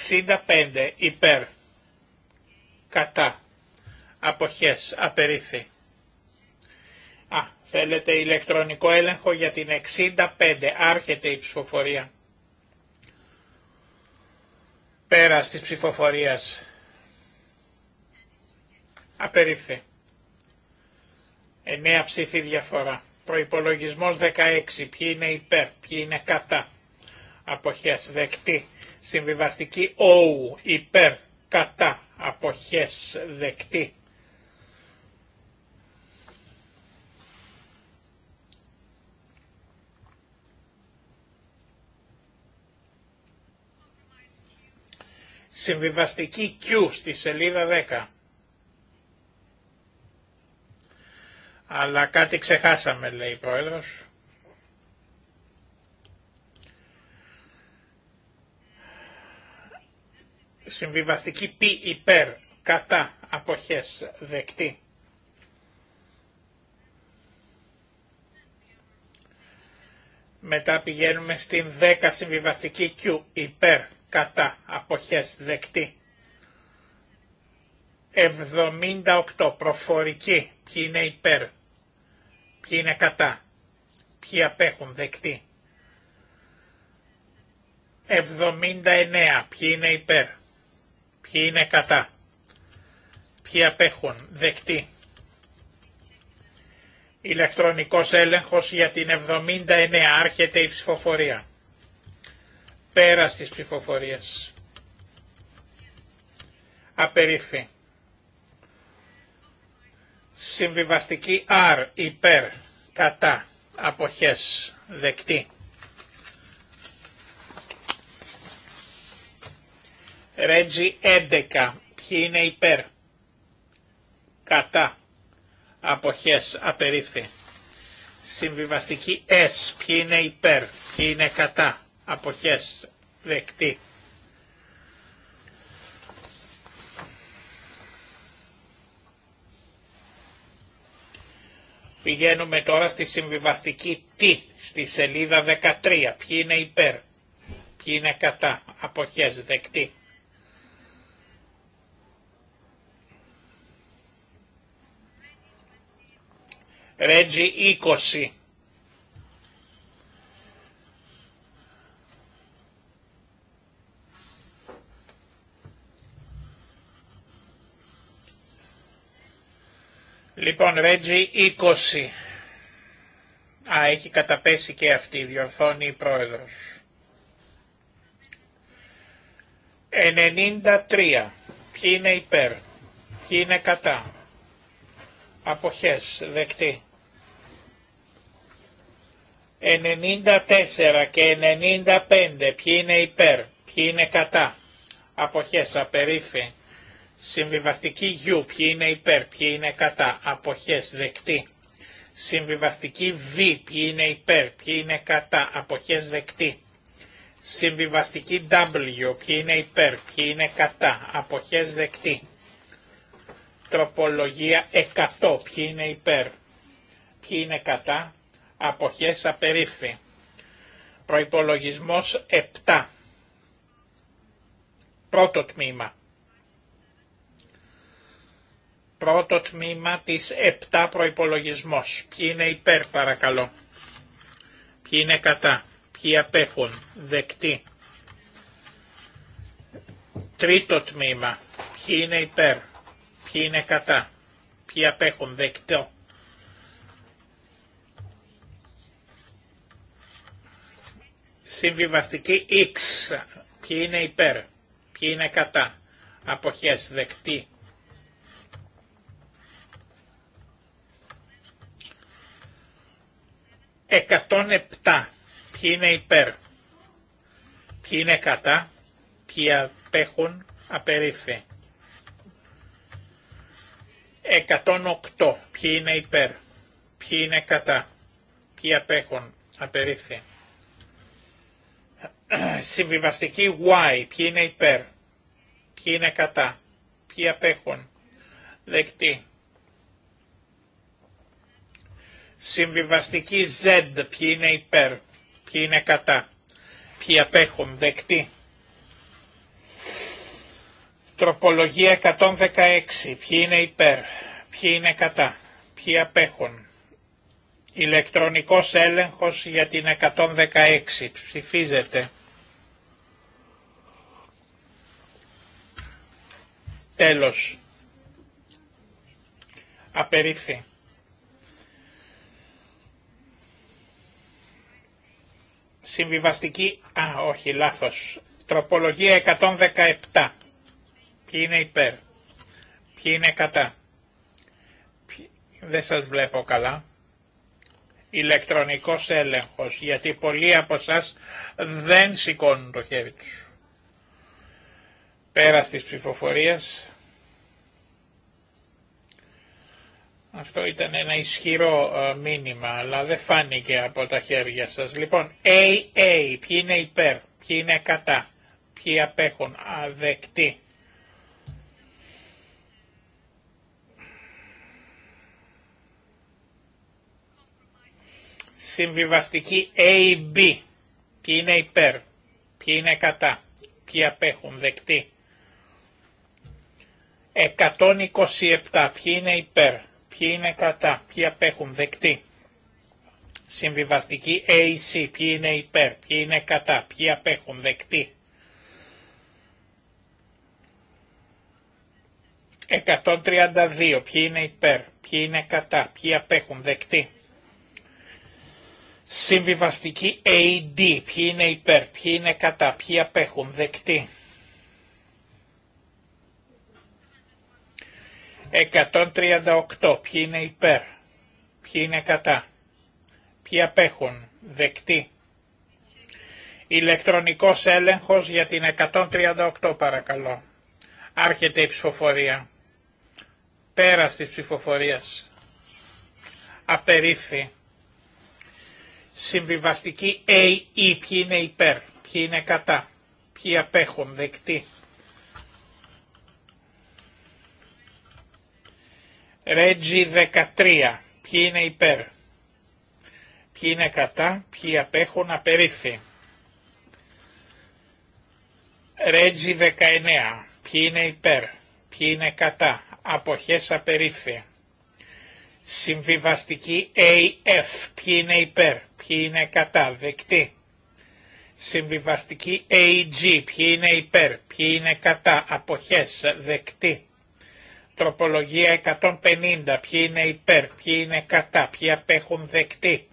65 υπέρ κατά αποχές Απερίφθη. Α, θέλετε ηλεκτρονικό έλεγχο για την 65, άρχεται η ψηφοφορία. Πέρα της ψηφοφορίας. Απερίφθη. 9 ψήφι διαφορά. Προϋπολογισμός 16. Ποιοι είναι υπέρ, ποιοι είναι κατά. Αποχές δεκτή. Συμβιβαστική όου υπέρ, κατά. Αποχές δεκτή. Συμβιβαστική Q στη σελίδα 10. Αλλά κάτι ξεχάσαμε λέει η Πρόεδρος. Συμβιβαστική πι υπέρ κατά αποχές δεκτή. Μετά πηγαίνουμε στην 10 συμβιβαστική Q υπέρ κατά αποχές δεκτή. 78 προφορική. Ποιοι είναι υπέρ. Ποιοι είναι κατά. Ποιοι απέχουν δεκτή. 79. Ποιοι είναι υπέρ. Ποιοι είναι κατά. Ποιοι απέχουν δεκτή. Ηλεκτρονικός έλεγχος για την 79. Άρχεται η ψηφοφορία. Πέρα στις ψηφοφορίες. Απερίφθη. Συμβιβαστική R υπέρ κατά αποχές δεκτή. Ρέτζι 11. Ποιοι είναι υπέρ. Κατά. Αποχές. Απερίφθη. Συμβιβαστική S. Ποιοι είναι υπέρ. Ποιοι είναι κατά. Αποχές. Δεκτή. Πηγαίνουμε τώρα στη συμβιβαστική T στη σελίδα 13. Ποιοι είναι υπέρ, ποιοι είναι κατά, αποχές δεκτή. Ρέτζι 20 Λοιπόν, Ρέτζι 20. Α, έχει καταπέσει και αυτή, διορθώνει η πρόεδρος. 93. Ποιοι είναι υπέρ, ποιοι είναι κατά. Αποχές, δεκτή. 94 και 95. Ποιοι είναι υπέρ, ποιοι είναι κατά. Αποχές, απερίφη. Συμβιβαστική U, ποιοι είναι υπέρ, ποιοι είναι κατά, αποχές δεκτή. Συμβιβαστική V. ποιοι είναι υπέρ, ποιοι είναι κατά, αποχές δεκτή. Συμβιβαστική W, ποιοι είναι υπέρ, ποιοι είναι κατά, αποχές δεκτή. Τροπολογία 100, ποιοι είναι υπέρ, ποιοι είναι κατά, αποχές απερίφη. Προϋπολογισμός 7. Πρώτο τμήμα πρώτο τμήμα της 7 προϋπολογισμός. Ποιοι είναι υπέρ παρακαλώ. Ποιοι είναι κατά. Ποιοι απέχουν. Δεκτή. Τρίτο τμήμα. Ποιοι είναι υπέρ. Ποιοι είναι κατά. Ποιοι απέχουν. Δεκτό. Συμβιβαστική X. Ποιοι είναι υπέρ. Ποιοι είναι κατά. Αποχές δεκτή. 107. Ποιοι είναι υπέρ. Ποιοι είναι κατά. Ποιοι απέχουν. Απερίφθη. 108. Ποιοι είναι υπέρ. Ποιοι είναι κατά. Ποιοι απέχουν. Απερίφθη. Συμβιβαστική Y. Ποιοι είναι υπέρ. Ποιοι είναι κατά. Ποιοι απέχουν. Δεκτή. Συμβιβαστική Z, ποιοι είναι υπέρ, ποιοι είναι κατά, ποιοι απέχουν, δεκτή. Τροπολογία 116, ποιοι είναι υπέρ, ποιοι είναι κατά, ποιοι απέχουν. Ηλεκτρονικός έλεγχος για την 116, ψηφίζεται. Τέλος. Απερίφη. Συμβιβαστική, α όχι λάθος, τροπολογία 117. Ποιοι είναι υπέρ, ποιοι είναι κατά. Δεν σας βλέπω καλά. Ηλεκτρονικός έλεγχος, γιατί πολλοί από εσά δεν σηκώνουν το χέρι τους. Πέρα στις ψηφοφορίες, Αυτό ήταν ένα ισχυρό ε, μήνυμα, αλλά δεν φάνηκε από τα χέρια σας. Λοιπόν, AA, ποιοι είναι υπέρ, ποιοι είναι κατά, ποιοι απέχουν, αδεκτοί. Συμβιβαστική AB, ποιοι είναι υπέρ, ποιοι είναι κατά, ποιοι απέχουν, δεκτοί. 127, ποιοι είναι υπέρ ποιοι είναι κατά, ποιοι απέχουν, δεκτή. Συμβιβαστική AC, ποιοι είναι υπέρ, ποιοι είναι κατά, ποιοι απέχουν, δεκτή. 132, ποιοι είναι υπέρ, ποιοι είναι κατά, ποιοι απέχουν, δεκτή. Συμβιβαστική AD, ποιοι είναι υπέρ, ποιοι είναι κατά, ποιοι απέχουν, δεκτή. 138. Ποιοι είναι υπέρ. Ποιοι είναι κατά. Ποιοι απέχουν. Δεκτή. Ηλεκτρονικός έλεγχος για την 138 παρακαλώ. Άρχεται η ψηφοφορία. Πέρας της ψηφοφορίας. Απερίφθη. Συμβιβαστική ΑΕ Ποιοι είναι υπέρ. Ποιοι είναι κατά. Ποιοι απέχουν. Δεκτή. Ρέτζι 13. Ποιοι είναι υπέρ. Ποιοι είναι κατά. Ποιοι απέχουν απερίφθη. Ρέτζι 19. Ποιοι είναι υπέρ. Ποιοι είναι κατά. Αποχές απερίφθη. Συμβιβαστική AF. Ποιοι είναι υπέρ. Ποιοι είναι κατά. Δεκτή. Συμβιβαστική AG. Ποιοι είναι υπέρ. Ποιοι είναι κατά. Αποχές. Δεκτή. Τροπολογία 150. Ποιοι είναι υπέρ, ποιοι είναι κατά, ποιοι απέχουν δεκτή.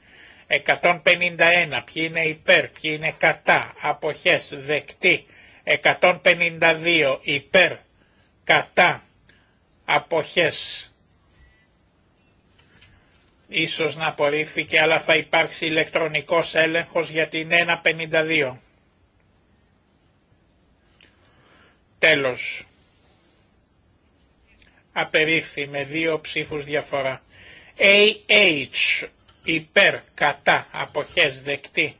151. Ποιοι είναι υπέρ, ποιοι είναι κατά, αποχές δεκτή. 152. Υπέρ, κατά, αποχές. Ίσως να απορρίφθηκε, αλλά θα υπάρξει ηλεκτρονικός έλεγχος για την 1.52. Τέλος απερίφθη με δύο ψήφους διαφορά. AH υπέρ κατά αποχές δεκτή.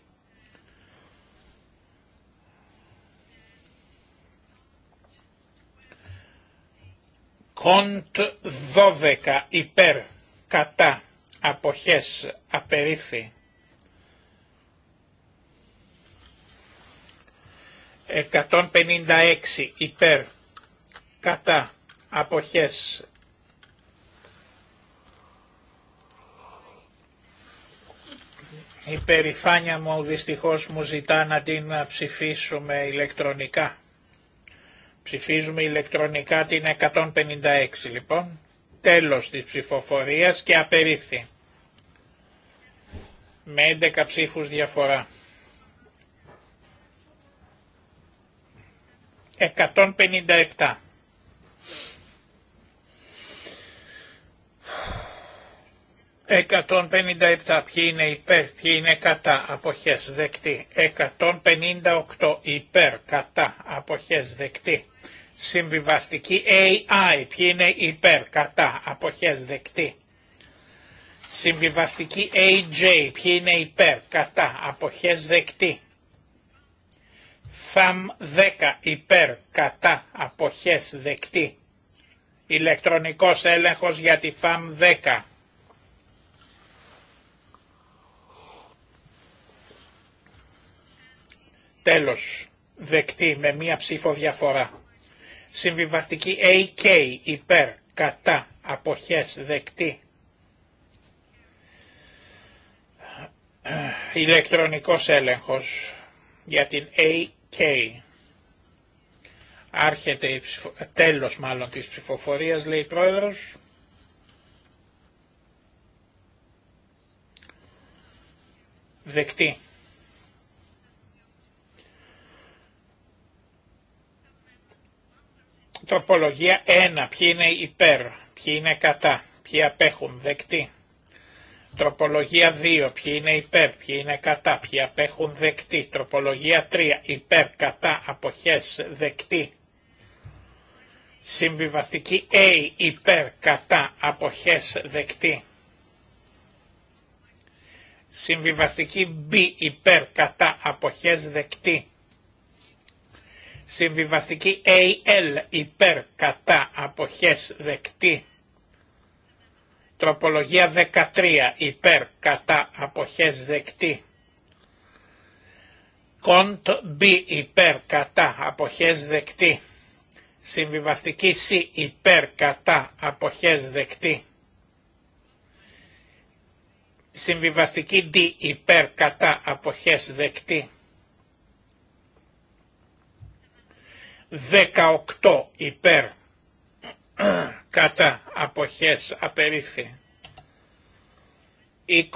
Κοντ 12 υπέρ κατά αποχές απερίφθη. 156 υπέρ κατά αποχές Η περηφάνεια μου δυστυχώς μου ζητά να την ψηφίσουμε ηλεκτρονικά. Ψηφίζουμε ηλεκτρονικά την 156 λοιπόν. Τέλος της ψηφοφορίας και απερίφθη. Με 11 ψήφους διαφορά. 157. 157 ποιοι είναι υπέρ, ποιοι είναι κατά, αποχές δεκτή. 158 υπέρ, κατά, αποχές δεκτή. Συμβιβαστική AI, ποιοι είναι υπέρ, κατά, αποχές δεκτή. Συμβιβαστική AJ, ποιοι είναι υπέρ, κατά, αποχές δεκτή. ΦΑΜ 10 υπέρ, κατά, αποχές δεκτή. Ηλεκτρονικός έλεγχος για τη ΦΑΜ 10 Τέλος, δεκτή με μία ψήφο διαφορά. Συμβιβαστική AK υπέρ, κατά, αποχές, δεκτή. Ηλεκτρονικός έλεγχος για την AK. Άρχεται η τέλος μάλλον της ψηφοφορίας, λέει η πρόεδρος. Δεκτή. Τροπολογία 1. Ποιοι είναι υπέρ, ποιοι είναι κατά, ποιοι απέχουν, δεκτή. Τροπολογία 2. Ποιοι είναι υπέρ, ποιοι είναι κατά, ποιοι απέχουν, δεκτή. Τροπολογία 3. Υπέρ, κατά, αποχές, δεκτή. Συμβιβαστική A. Υπέρ, κατά, αποχές, δεκτή. Συμβιβαστική B. Υπέρ, κατά, αποχές, δεκτή Συμβιβαστική AL υπέρ κατά αποχές δεκτή. Τροπολογία 13 υπέρ κατά αποχές δεκτή. Κοντ B υπέρ κατά αποχές δεκτή. Συμβιβαστική C υπέρ κατά αποχές δεκτή. Συμβιβαστική D υπέρ κατά αποχές δεκτή. 18 υπέρ κατά αποχές απερίφθη. 20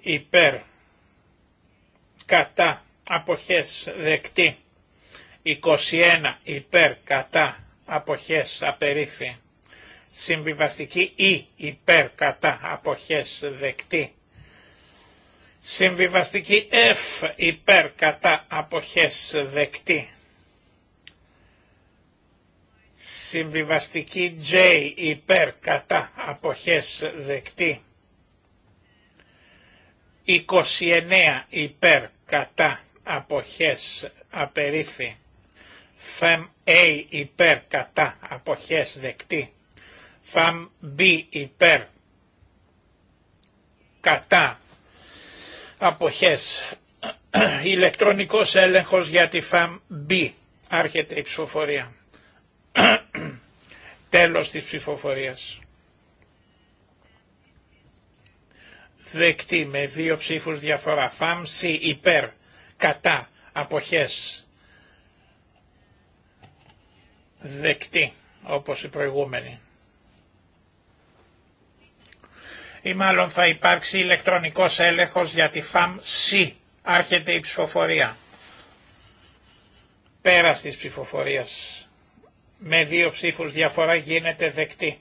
υπέρ κατά αποχές δεκτή. 21 υπέρ κατά αποχές απερίφη Συμβιβαστική ή υπέρ κατά αποχές δεκτή. Συμβιβαστική F υπέρ κατά αποχές δεκτή. Συμβιβαστική J υπέρ κατά αποχές δεκτή. 29 υπέρ κατά αποχές απερίφη. Φεμ A υπέρ κατά αποχές δεκτή. Φαμ B υπέρ κατά αποχές. Ηλεκτρονικός έλεγχος για τη Φαμ B. Άρχεται η ψηφοφορία. Τέλος της ψηφοφορίας. Δεκτή με δύο ψήφους διαφορά. Φάμψη υπέρ, κατά, αποχές. Δεκτή, όπως η προηγούμενη. Ή μάλλον θα υπάρξει ηλεκτρονικός έλεγχος για τη ΦΑΜΣΥ. Άρχεται η ψηφοφορία. Πέρας της ψηφοφορίας με δύο ψήφους διαφορά γίνεται δεκτή.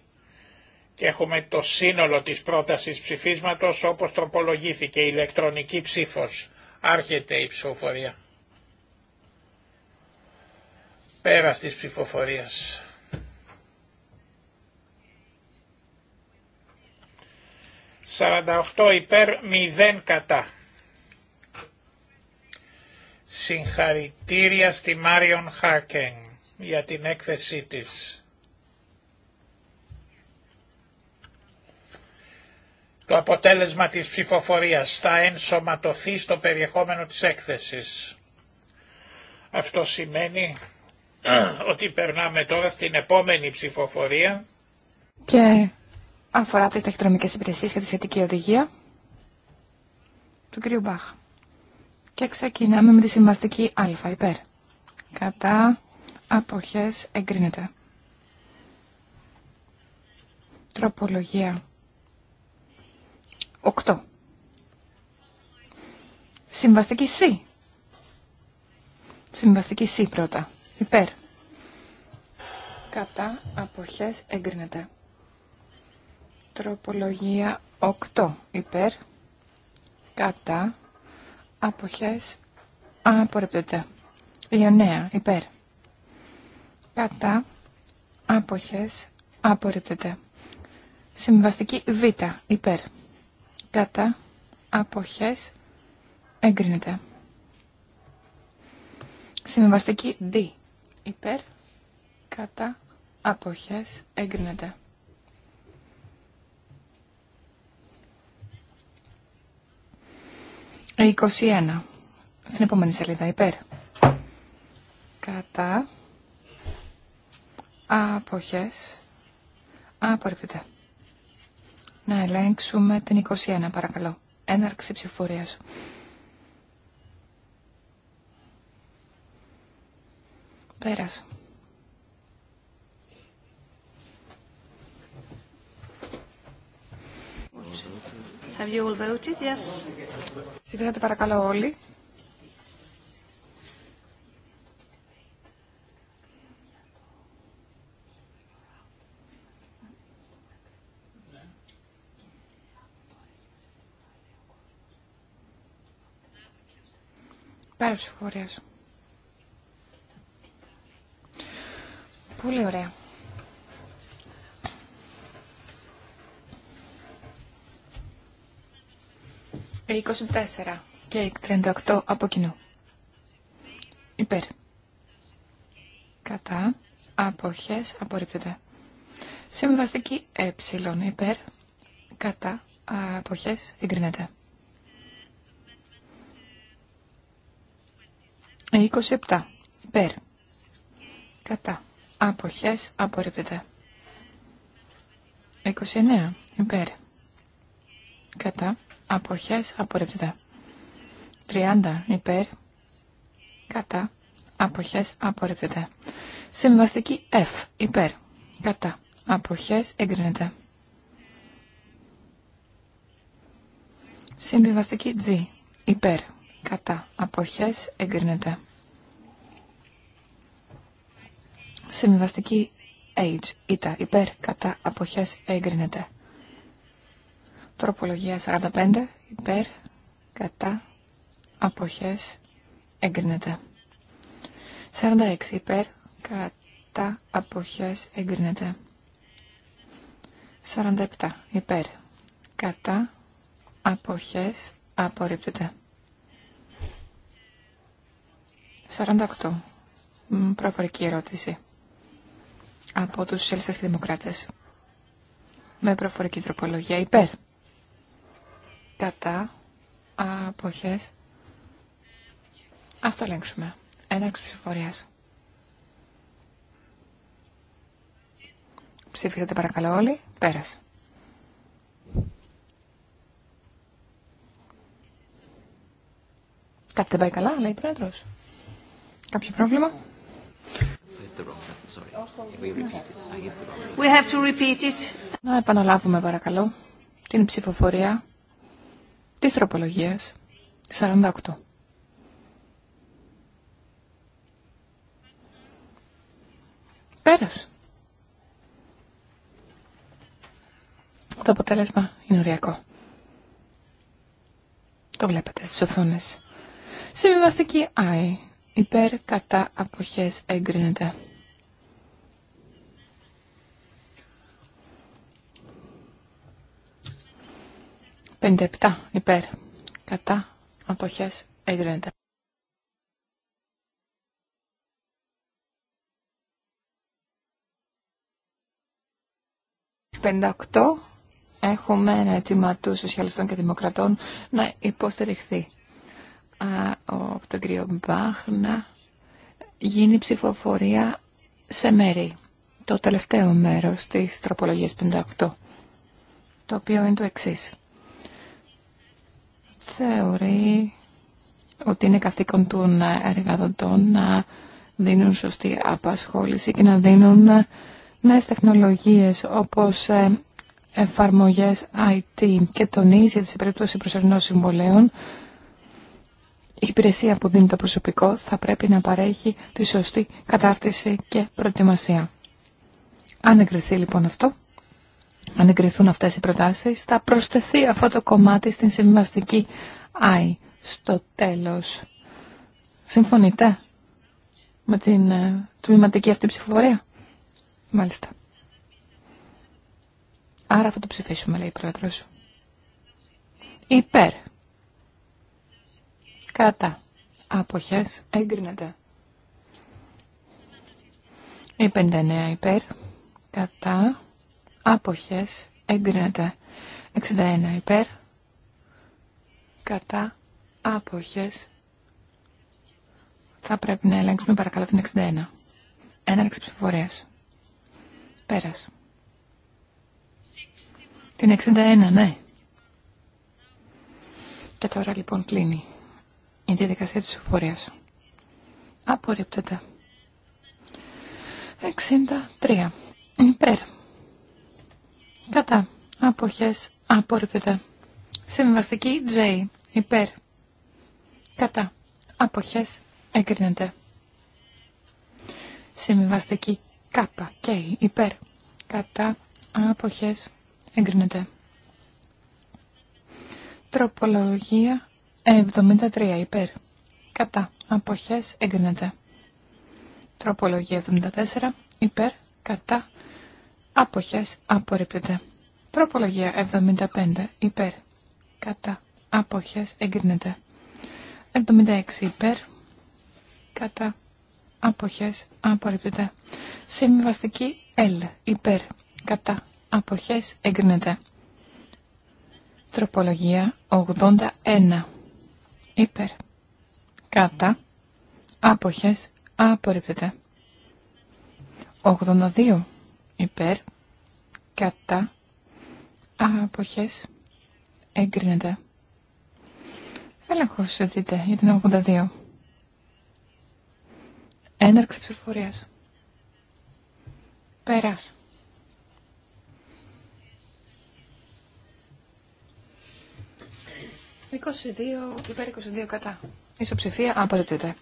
Και έχουμε το σύνολο της πρότασης ψηφίσματος όπως τροπολογήθηκε η ηλεκτρονική ψήφος. Άρχεται η ψηφοφορία. Πέρα της ψηφοφορίας. «48 υπέρ 0 κατά». Συγχαρητήρια στη Μάριον Χάκεν για την έκθεσή της. Το αποτέλεσμα της ψηφοφορίας θα ενσωματωθεί στο περιεχόμενο της έκθεσης. Αυτό σημαίνει ότι περνάμε τώρα στην επόμενη ψηφοφορία. Και αφορά τις ταχυδρομικές υπηρεσίες και τη σχετική οδηγία του κ. Μπαχ. Και ξεκινάμε με τη συμβαστική α υπέρ. Κατά αποχές εγκρίνεται. Τροπολογία 8. Συμβαστική C. Συμβαστική C πρώτα. Υπέρ. Κατά αποχές εγκρίνεται. Τροπολογία 8. Υπέρ. Κατά αποχές απορρεπτεται. Ιωνέα. Υπέρ κατά αποχές απορρίπτεται. Συμβαστική Β υπέρ κατά αποχές εγκρίνεται. Συμβαστική Δ υπέρ κατά αποχές εγκρίνεται. Η 21. Στην επόμενη σελίδα υπέρ. Κατά Αποχές. Απορρίπτεται. Να ελέγξουμε την 21, παρακαλώ. Έναρξη ψηφορίας. Πέρας. Have you all voted? Yes. παρακαλώ όλοι. Πέρα Πολύ ωραία. 24 ε, και 38 από κοινού. Υπέρ. Κατά. Αποχές απορρίπτεται. Συμβαστική ε υπέρ. Κατά. Αποχές εγκρίνεται. 27. Υπέρ. Κατά. Αποχές απορρίπτεται. 29. Υπέρ. Κατά. Αποχές απορρίπτεται. 30. Υπέρ. Κατά. Αποχές απορρίπτεται. Συμβαστική F. Υπέρ. Κατά. Αποχές εγκρίνεται. Συμβιβαστική G. Υπέρ κατά αποχές εγκρίνεται. Συμβιβαστική Age ήτα, υπέρ, κατά, αποχές, εγκρίνεται. Προπολογία 45, υπέρ, κατά, αποχές, εγκρίνεται. 46, υπέρ, κατά, αποχές, εγκρίνεται. 47, υπέρ, κατά, αποχές, απορρίπτεται. 48. Προφορική ερώτηση. Από τους Σοσιαλιστές και Δημοκράτες. Με προφορική τροπολογία υπέρ. Κατά. Αποχές. Ας το ελέγξουμε. Έναρξη ψηφοφορίας. Ψήφισατε παρακαλώ όλοι. Πέρασε. Κάτι δεν πάει καλά, λέει η πρόεδρος. Κάποιο πρόβλημα? We have to repeat it. Να επαναλάβουμε παρακαλώ την ψηφοφορία της τροπολογίας 48. Πέρας. Το αποτέλεσμα είναι οριακό. Το βλέπετε στις οθόνες. Συμβιβαστική ΆΗ υπέρ κατά αποχές εγκρίνεται. Πεντεπτά υπέρ κατά αποχές εγκρίνεται. 58 έχουμε ένα αίτημα του Σοσιαλιστών και Δημοκρατών να υποστηριχθεί από τον κύριο Μπάχ να γίνει ψηφοφορία σε μέρη. Το τελευταίο μέρος της τροπολογίας 58, το οποίο είναι το εξής. Θεωρεί ότι είναι καθήκον των εργαδοτών να δίνουν σωστή απασχόληση και να δίνουν νέες τεχνολογίες όπως ε, εφαρμογές IT και τονίζει σε περίπτωση προσωρινών συμβολέων η υπηρεσία που δίνει το προσωπικό θα πρέπει να παρέχει τη σωστή κατάρτιση και προετοιμασία. Αν εγκριθεί λοιπόν αυτό, αν εγκριθούν αυτές οι προτάσεις, θα προσθεθεί αυτό το κομμάτι στην συμβαστική ΆΗ στο τέλος. Συμφωνείτε με την ε, τμηματική αυτή ψηφοφορία. Μάλιστα. Άρα θα το ψηφίσουμε, λέει η Πρόεδρος. Υπέρ Κατά. Αποχές. Εγκρίνεται. Η 59 υπέρ. Κατά. Αποχές. Εγκρίνεται. 61 υπέρ. Κατά. Αποχές. Θα πρέπει να ελέγξουμε παρακαλώ την 61. Έναρξη ψηφοφορίας. Πέρας. Την 61, ναι. Και τώρα λοιπόν κλείνει. Η διαδικασία της ψηφοφορίας. Απορρίπτεται. 63. Υπέρ. Κατά. Αποχές. Απορρίπτεται. Συμβαστική J. Υπέρ. Κατά. Αποχές. Εγκρίνεται. Συμβαστική K. K. Υπέρ. Κατά. Αποχές. Εγκρίνεται. Τροπολογία 73 υπέρ. Κατά. Αποχές εγκρίνεται. Τροπολογία 74 υπέρ. Κατά. Αποχές απορρίπτεται. Τροπολογία 75 υπέρ. Κατά. Αποχές εγκρίνεται. 76 υπέρ. Κατά. Αποχές απορρίπτεται. Συμβαστική L υπέρ. Κατά. Αποχές εγκρίνεται. Τροπολογία 81 Υπέρ. Κατά. Άποχες. Απορρίπτεται. 82. Υπέρ. Κατά. Άποχες. Εγκρίνεται. Έλεγχος δείτε για την 82. Έναρξη ψηφοφορίας. Πέρας. 22 υπέρ 22 κατά. Ισοψηφία απορρίπτεται.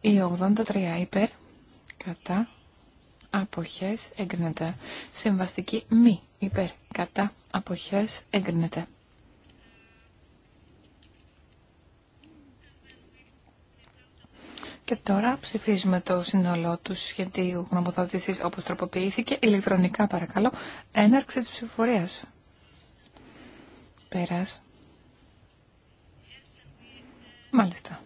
Η 83 υπέρ κατά. Αποχές έγκρινεται. Συμβαστική μη υπέρ κατά. Αποχές έγκρινεται. Και τώρα ψηφίζουμε το σύνολό του σχεδίου γνωμοδότηση όπω τροποποιήθηκε. Ηλεκτρονικά παρακαλώ. Έναρξη τη ψηφοφορία. Πέρας. Μάλιστα.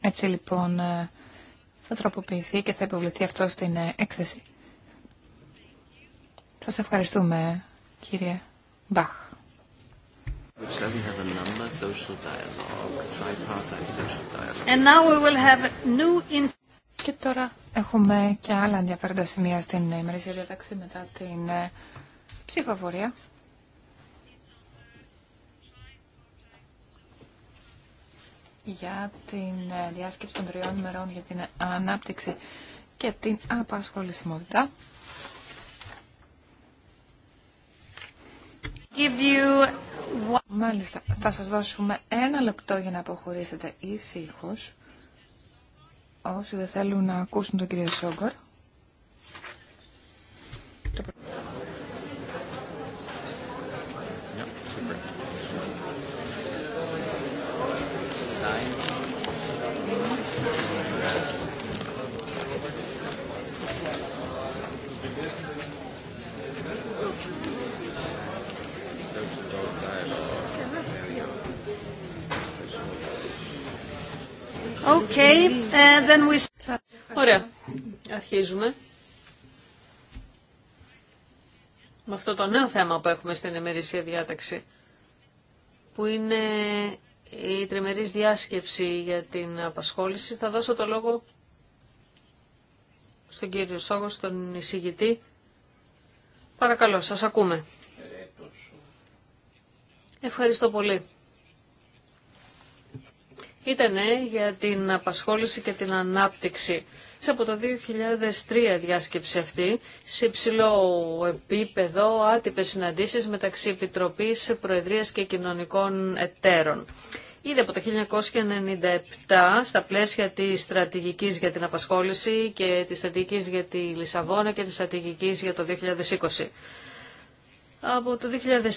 Έτσι λοιπόν ε, θα τροποποιηθεί και θα υποβληθεί αυτό στην ε, έκθεση. Σας ευχαριστούμε κύριε Μπαχ. Και τώρα έχουμε και άλλα ενδιαφέροντα σημεία στην ημερήσια διατάξη μετά την ε, ψηφοφορία. για την ε, διάσκεψη των τριών ημερών για την ανάπτυξη και την απασχολησιμότητα. Μάλιστα, θα σας δώσουμε ένα λεπτό για να αποχωρήσετε ήσυχος όσοι δεν θέλουν να ακούσουν τον κύριο Σόγκορ. συνεχίζουμε με αυτό το νέο θέμα που έχουμε στην ημερήσια διάταξη, που είναι η τριμερής διάσκεψη για την απασχόληση, θα δώσω το λόγο στον κύριο Σόγο, στον εισηγητή. Παρακαλώ, σας ακούμε. Ευχαριστώ πολύ. Ήτανε για την απασχόληση και την ανάπτυξη. Σε από το 2003 διάσκεψη αυτή, σε υψηλό επίπεδο, άτυπες συναντήσεις μεταξύ Επιτροπής, Προεδρίας και Κοινωνικών Εταίρων. Ήδη από το 1997, στα πλαίσια της στρατηγικής για την απασχόληση και της στρατηγικής για τη Λισαβόνα και της στρατηγικής για το 2020. Από το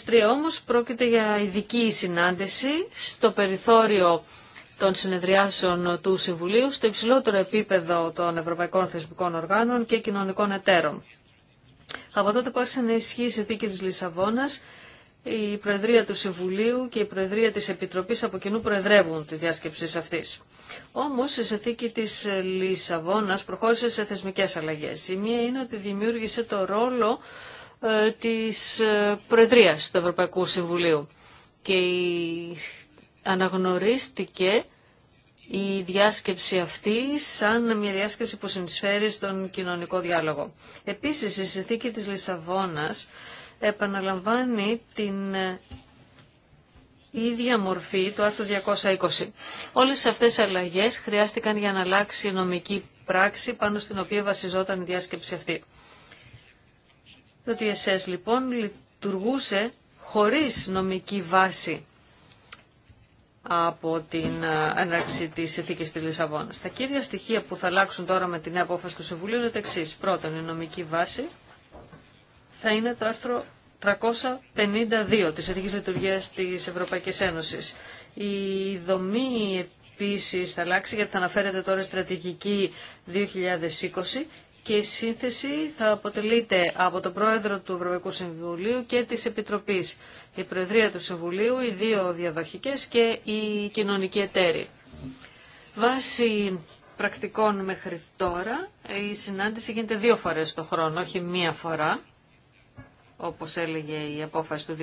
2003 όμως πρόκειται για ειδική συνάντηση στο περιθώριο των συνεδριάσεων του Συμβουλίου στο υψηλότερο επίπεδο των Ευρωπαϊκών Θεσμικών Οργάνων και Κοινωνικών Εταίρων. Από τότε που άρχισε να ισχύει η συνθήκη τη Λισαβόνα, η Προεδρία του Συμβουλίου και η Προεδρία τη Επιτροπή από κοινού προεδρεύουν τη διάσκεψη αυτή. Όμω, η συνθήκη τη Λισαβόνα προχώρησε σε θεσμικέ αλλαγέ. Η μία είναι ότι δημιούργησε το ρόλο ε, της ε, προεδρία του Ευρωπαϊκού Συμβουλίου και η αναγνωρίστηκε η διάσκεψη αυτή σαν μια διάσκεψη που συνεισφέρει στον κοινωνικό διάλογο. Επίσης, η συνθήκη της Λισαβόνας επαναλαμβάνει την ίδια μορφή του άρθρου 220. Όλες αυτές οι αλλαγές χρειάστηκαν για να αλλάξει η νομική πράξη πάνω στην οποία βασιζόταν η διάσκεψη αυτή. Το TSS λοιπόν λειτουργούσε χωρίς νομική βάση από την ε, έναρξη τη ηθίκη τη Λισαβόνα. Τα κύρια στοιχεία που θα αλλάξουν τώρα με την απόφαση του Συμβουλίου είναι τα εξή. Πρώτον, η νομική βάση θα είναι το άρθρο 352 της Εθνικής Λειτουργίας της Ευρωπαϊκής Ένωσης. Η δομή επίσης θα αλλάξει γιατί θα αναφέρεται τώρα στρατηγική 2020 και η σύνθεση θα αποτελείται από τον Πρόεδρο του Ευρωπαϊκού Συμβουλίου και της Επιτροπής, η Προεδρία του Συμβουλίου, οι δύο διαδοχικές και η κοινωνική εταίρη. Βάσει πρακτικών μέχρι τώρα, η συνάντηση γίνεται δύο φορές το χρόνο, όχι μία φορά, όπως έλεγε η απόφαση του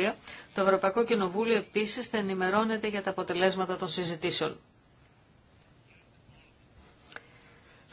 2003. Το Ευρωπαϊκό Κοινοβούλιο επίσης θα ενημερώνεται για τα αποτελέσματα των συζητήσεων.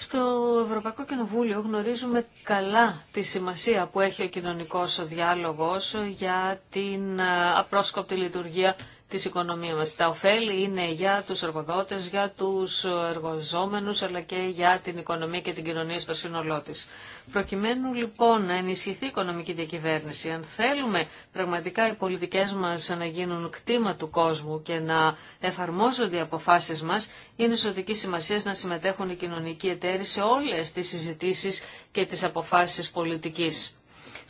Στο Ευρωπαϊκό Κοινοβούλιο γνωρίζουμε καλά τη σημασία που έχει ο κοινωνικός διάλογος για την ε, απρόσκοπτη λειτουργία της οικονομίας Τα ωφέλη είναι για τους εργοδότες, για τους εργοζόμενους, αλλά και για την οικονομία και την κοινωνία στο σύνολό της. Προκειμένου λοιπόν να ενισχυθεί η οικονομική διακυβέρνηση, αν θέλουμε πραγματικά οι πολιτικές μας να γίνουν κτήμα του κόσμου και να εφαρμόζονται οι αποφάσεις μας, είναι ζωτική σημασία να συμμετέχουν οι κοινωνικοί εταίροι σε όλες τις συζητήσεις και τις αποφάσεις πολιτικής.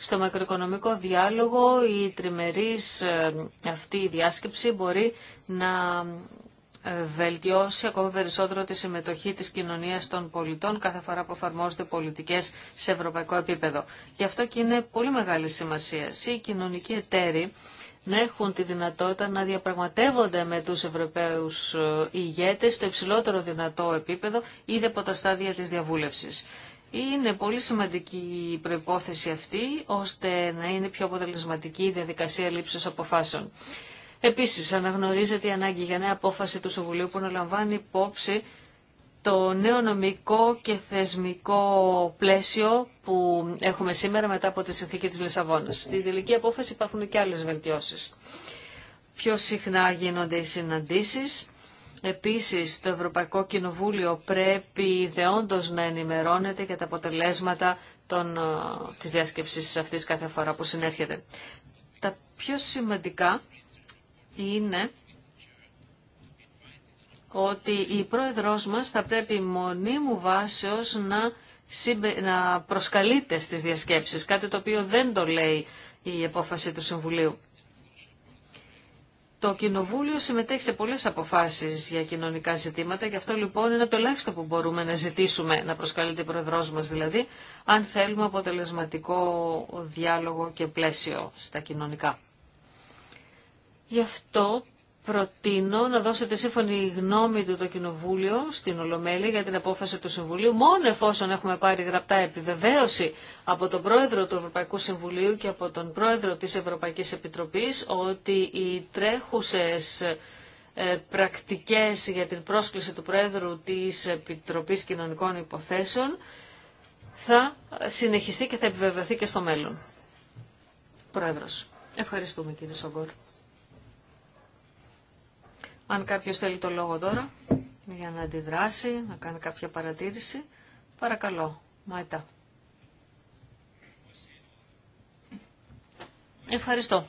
Στο μακροοικονομικό διάλογο η τριμερής ε, αυτή η διάσκεψη μπορεί να ε, βελτιώσει ακόμα περισσότερο τη συμμετοχή της κοινωνίας των πολιτών κάθε φορά που εφαρμόζονται πολιτικές σε ευρωπαϊκό επίπεδο. Γι' αυτό και είναι πολύ μεγάλη σημασία οι κοινωνικοί εταίροι να έχουν τη δυνατότητα να διαπραγματεύονται με τους Ευρωπαίους ε, ηγέτες στο υψηλότερο δυνατό επίπεδο ήδη από τα στάδια της διαβούλευσης. Είναι πολύ σημαντική η προϋπόθεση αυτή, ώστε να είναι πιο αποτελεσματική η διαδικασία λήψης αποφάσεων. Επίσης, αναγνωρίζεται η ανάγκη για νέα απόφαση του Συμβουλίου που να λαμβάνει υπόψη το νέο νομικό και θεσμικό πλαίσιο που έχουμε σήμερα μετά από τη συνθήκη της Λισαβόνα. Στην τελική απόφαση υπάρχουν και άλλες βελτιώσεις. Πιο συχνά γίνονται οι συναντήσεις Επίσης, το Ευρωπαϊκό Κοινοβούλιο πρέπει δεόντως να ενημερώνεται για τα αποτελέσματα των, ε, της διάσκεψης αυτής κάθε φορά που συνέρχεται. Τα πιο σημαντικά είναι ότι η πρόεδρός μας θα πρέπει μονίμου βάσεως να, να προσκαλείται στις διασκέψεις, κάτι το οποίο δεν το λέει η απόφαση του Συμβουλίου. Το Κοινοβούλιο συμμετέχει σε πολλές αποφάσεις για κοινωνικά ζητήματα και αυτό λοιπόν είναι το ελάχιστο που μπορούμε να ζητήσουμε, να προσκαλείται η Προεδρός μας δηλαδή, αν θέλουμε αποτελεσματικό διάλογο και πλαίσιο στα κοινωνικά. Γι' αυτό προτείνω να δώσετε σύμφωνη γνώμη του το Κοινοβούλιο στην Ολομέλη για την απόφαση του Συμβουλίου, μόνο εφόσον έχουμε πάρει γραπτά επιβεβαίωση από τον Πρόεδρο του Ευρωπαϊκού Συμβουλίου και από τον Πρόεδρο της Ευρωπαϊκής Επιτροπής ότι οι τρέχουσες ε, πρακτικές για την πρόσκληση του Πρόεδρου της Επιτροπής Κοινωνικών Υποθέσεων θα συνεχιστεί και θα επιβεβαιωθεί και στο μέλλον. Πρόεδρος. Ευχαριστούμε κύριε Σογκόρ. Αν κάποιος θέλει το λόγο τώρα για να αντιδράσει, να κάνει κάποια παρατήρηση, παρακαλώ, Μάιτα. Ευχαριστώ.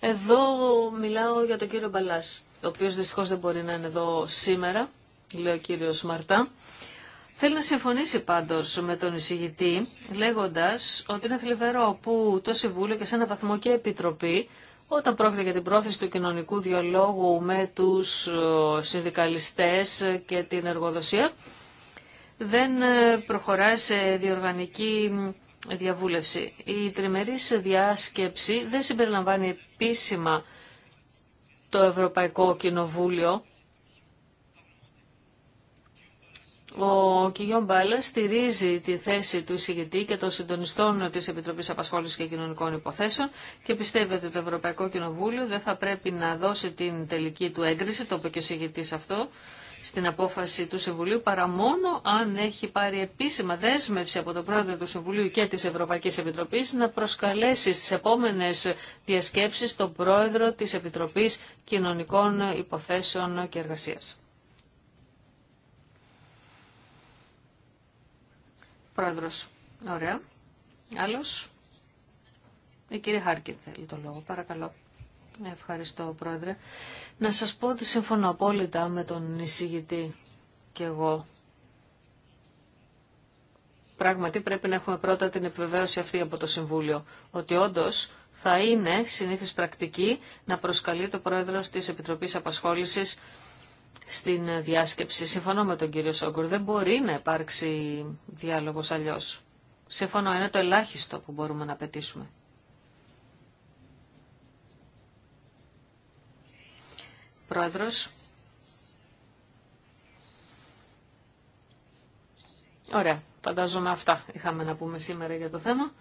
Εδώ μιλάω για τον κύριο Μπαλάς, ο οποίος δυστυχώς δεν μπορεί να είναι εδώ σήμερα, λέει ο κύριος Μαρτά. Θέλει να συμφωνήσει πάντως με τον εισηγητή, λέγοντας ότι είναι θλιβερό που το Συμβούλιο και σε ένα βαθμό και Επιτροπή όταν πρόκειται για την πρόθεση του κοινωνικού διαλόγου με τους ε, συνδικαλιστές και την εργοδοσία, δεν ε, προχωρά σε διοργανική διαβούλευση. Η τριμερής διάσκεψη δεν συμπεριλαμβάνει επίσημα το Ευρωπαϊκό Κοινοβούλιο Ο κ. Μπάλα στηρίζει τη θέση του εισηγητή και των συντονιστών τη Επιτροπή Απασχόληση και Κοινωνικών Υποθέσεων και πιστεύει ότι το Ευρωπαϊκό Κοινοβούλιο δεν θα πρέπει να δώσει την τελική του έγκριση, το είπε και ο εισηγητή αυτό, στην απόφαση του Συμβουλίου, παρά μόνο αν έχει πάρει επίσημα δέσμευση από τον πρόεδρο του Συμβουλίου και τη Ευρωπαϊκή Επιτροπή να προσκαλέσει στι επόμενε διασκέψει τον πρόεδρο τη Επιτροπή Κοινωνικών Υποθέσεων και Εργασία. Πρόεδρος. Ωραία. Άλλος. Η κυρία Χάρκιν θέλει το λόγο. Παρακαλώ. Ευχαριστώ, Πρόεδρε. Να σας πω ότι συμφωνώ απόλυτα με τον εισηγητή και εγώ. Πράγματι πρέπει να έχουμε πρώτα την επιβεβαίωση αυτή από το Συμβούλιο, ότι όντως θα είναι συνήθις πρακτική να προσκαλεί το Πρόεδρο της Επιτροπής Απασχόλησης στην διάσκεψη. Συμφωνώ με τον κύριο Σόγκουρ, δεν μπορεί να υπάρξει διάλογος αλλιώς. Συμφωνώ, είναι το ελάχιστο που μπορούμε να πετήσουμε. Πρόεδρος. Ωραία, φαντάζομαι αυτά είχαμε να πούμε σήμερα για το θέμα.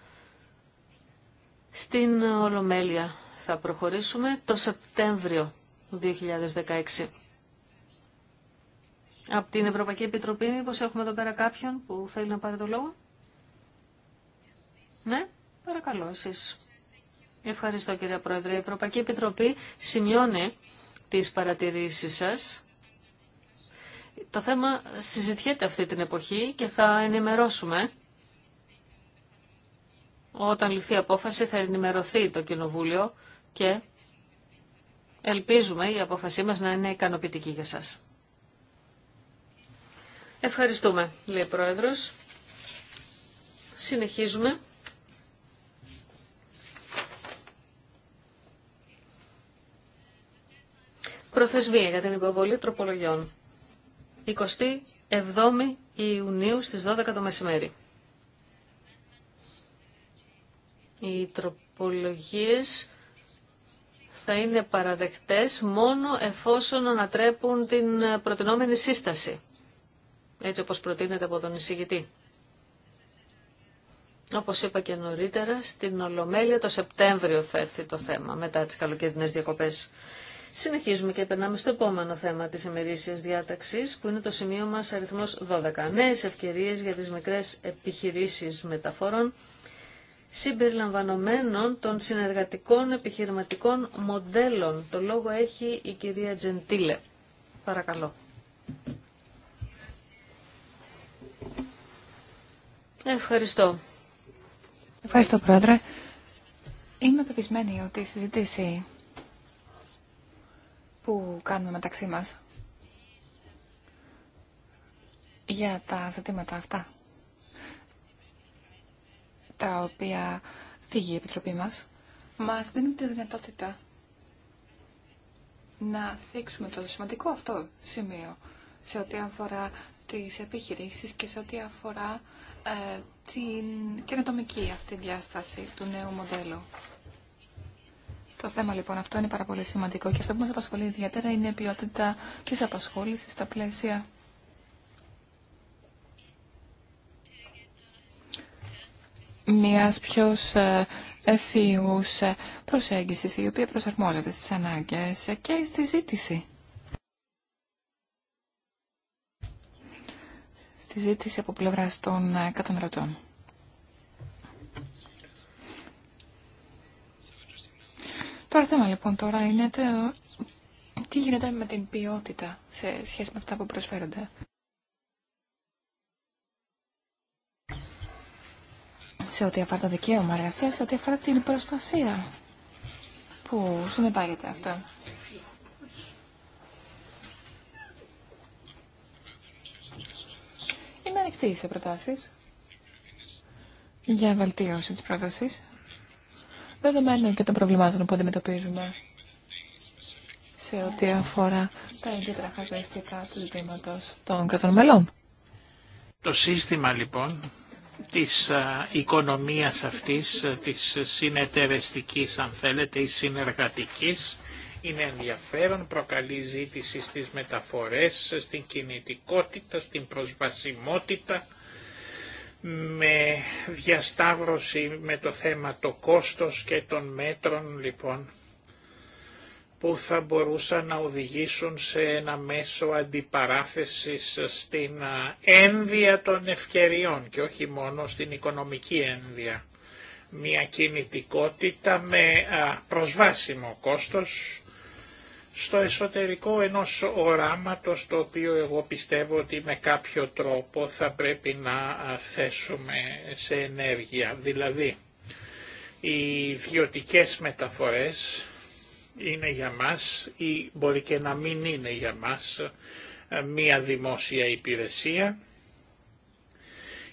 Στην Ολομέλεια θα προχωρήσουμε το Σεπτέμβριο 2016. Από την Ευρωπαϊκή Επιτροπή, μήπω έχουμε εδώ πέρα κάποιον που θέλει να πάρει το λόγο. Ναι, παρακαλώ εσείς. Ευχαριστώ κύριε Πρόεδρε. Η Ευρωπαϊκή Επιτροπή σημειώνει τις παρατηρήσεις σας. Το θέμα συζητιέται αυτή την εποχή και θα ενημερώσουμε. Όταν ληφθεί απόφαση θα ενημερωθεί το Κοινοβούλιο και ελπίζουμε η απόφασή μας να είναι ικανοποιητική για σας. Ευχαριστούμε, λέει ο Πρόεδρος. Συνεχίζουμε. Προθεσμία για την υποβολή τροπολογιών. 27 Ιουνίου στις 12 το μεσημέρι. Οι τροπολογίες θα είναι παραδεκτές μόνο εφόσον ανατρέπουν την προτινόμενη σύσταση έτσι όπως προτείνεται από τον εισηγητή. Όπως είπα και νωρίτερα, στην Ολομέλεια το Σεπτέμβριο θα έρθει το θέμα, μετά τις καλοκαιρινές διακοπές. Συνεχίζουμε και περνάμε στο επόμενο θέμα της ημερήσιας διάταξης, που είναι το σημείο μας αριθμός 12. Νέες ευκαιρίες για τις μικρές επιχειρήσεις μεταφορών, συμπεριλαμβανομένων των συνεργατικών επιχειρηματικών μοντέλων. Το λόγο έχει η κυρία Τζεντίλε. Παρακαλώ. Ευχαριστώ. Ευχαριστώ, Πρόεδρε. Είμαι πεπισμένη ότι η συζήτηση που κάνουμε μεταξύ μας για τα ζητήματα αυτά, τα οποία θίγει η Επιτροπή μας, μας δίνουν τη δυνατότητα να θίξουμε το σημαντικό αυτό σημείο σε ό,τι αφορά τις επιχειρήσεις και σε ό,τι αφορά ε, την καινοτομική αυτή διάσταση του νέου μοντέλου. Το θέμα λοιπόν αυτό είναι πάρα πολύ σημαντικό και αυτό που μας απασχολεί ιδιαίτερα είναι η ποιότητα της απασχόλησης στα πλαίσια μιας πιο ε, ευθύους ε, προσέγγισης η οποία προσαρμόζεται στις ανάγκες και στη ζήτηση. στη ζήτηση από πλευρά των ε, καταναλωτών. Τώρα θέμα λοιπόν τώρα είναι το τι γίνεται με την ποιότητα σε σχέση με αυτά που προσφέρονται. σε ό,τι αφορά το δικαίωμα εργασία, σε ό,τι αφορά την προστασία που συνεπάγεται αυτό. είμαι ανοιχτή σε προτάσεις για βελτίωση της πρότασης, δεδομένων και των προβλημάτων που αντιμετωπίζουμε σε ό,τι αφορά τα ιδιαίτερα χαρακτηριστικά του ζητήματος των κρατών μελών. Το σύστημα λοιπόν της οικονομίας αυτής, της συνεταιρεστικής αν θέλετε ή συνεργατικής, είναι ενδιαφέρον, προκαλεί ζήτηση στις μεταφορές, στην κινητικότητα, στην προσβασιμότητα, με διασταύρωση με το θέμα το κόστος και των μέτρων λοιπόν που θα μπορούσαν να οδηγήσουν σε ένα μέσο αντιπαράθεσης στην ένδια των ευκαιριών και όχι μόνο στην οικονομική ένδια. Μια κινητικότητα με προσβάσιμο κόστος στο εσωτερικό ενός οράματος το οποίο εγώ πιστεύω ότι με κάποιο τρόπο θα πρέπει να θέσουμε σε ενέργεια. Δηλαδή, οι ιδιωτικέ μεταφορές είναι για μας ή μπορεί και να μην είναι για μας μία δημόσια υπηρεσία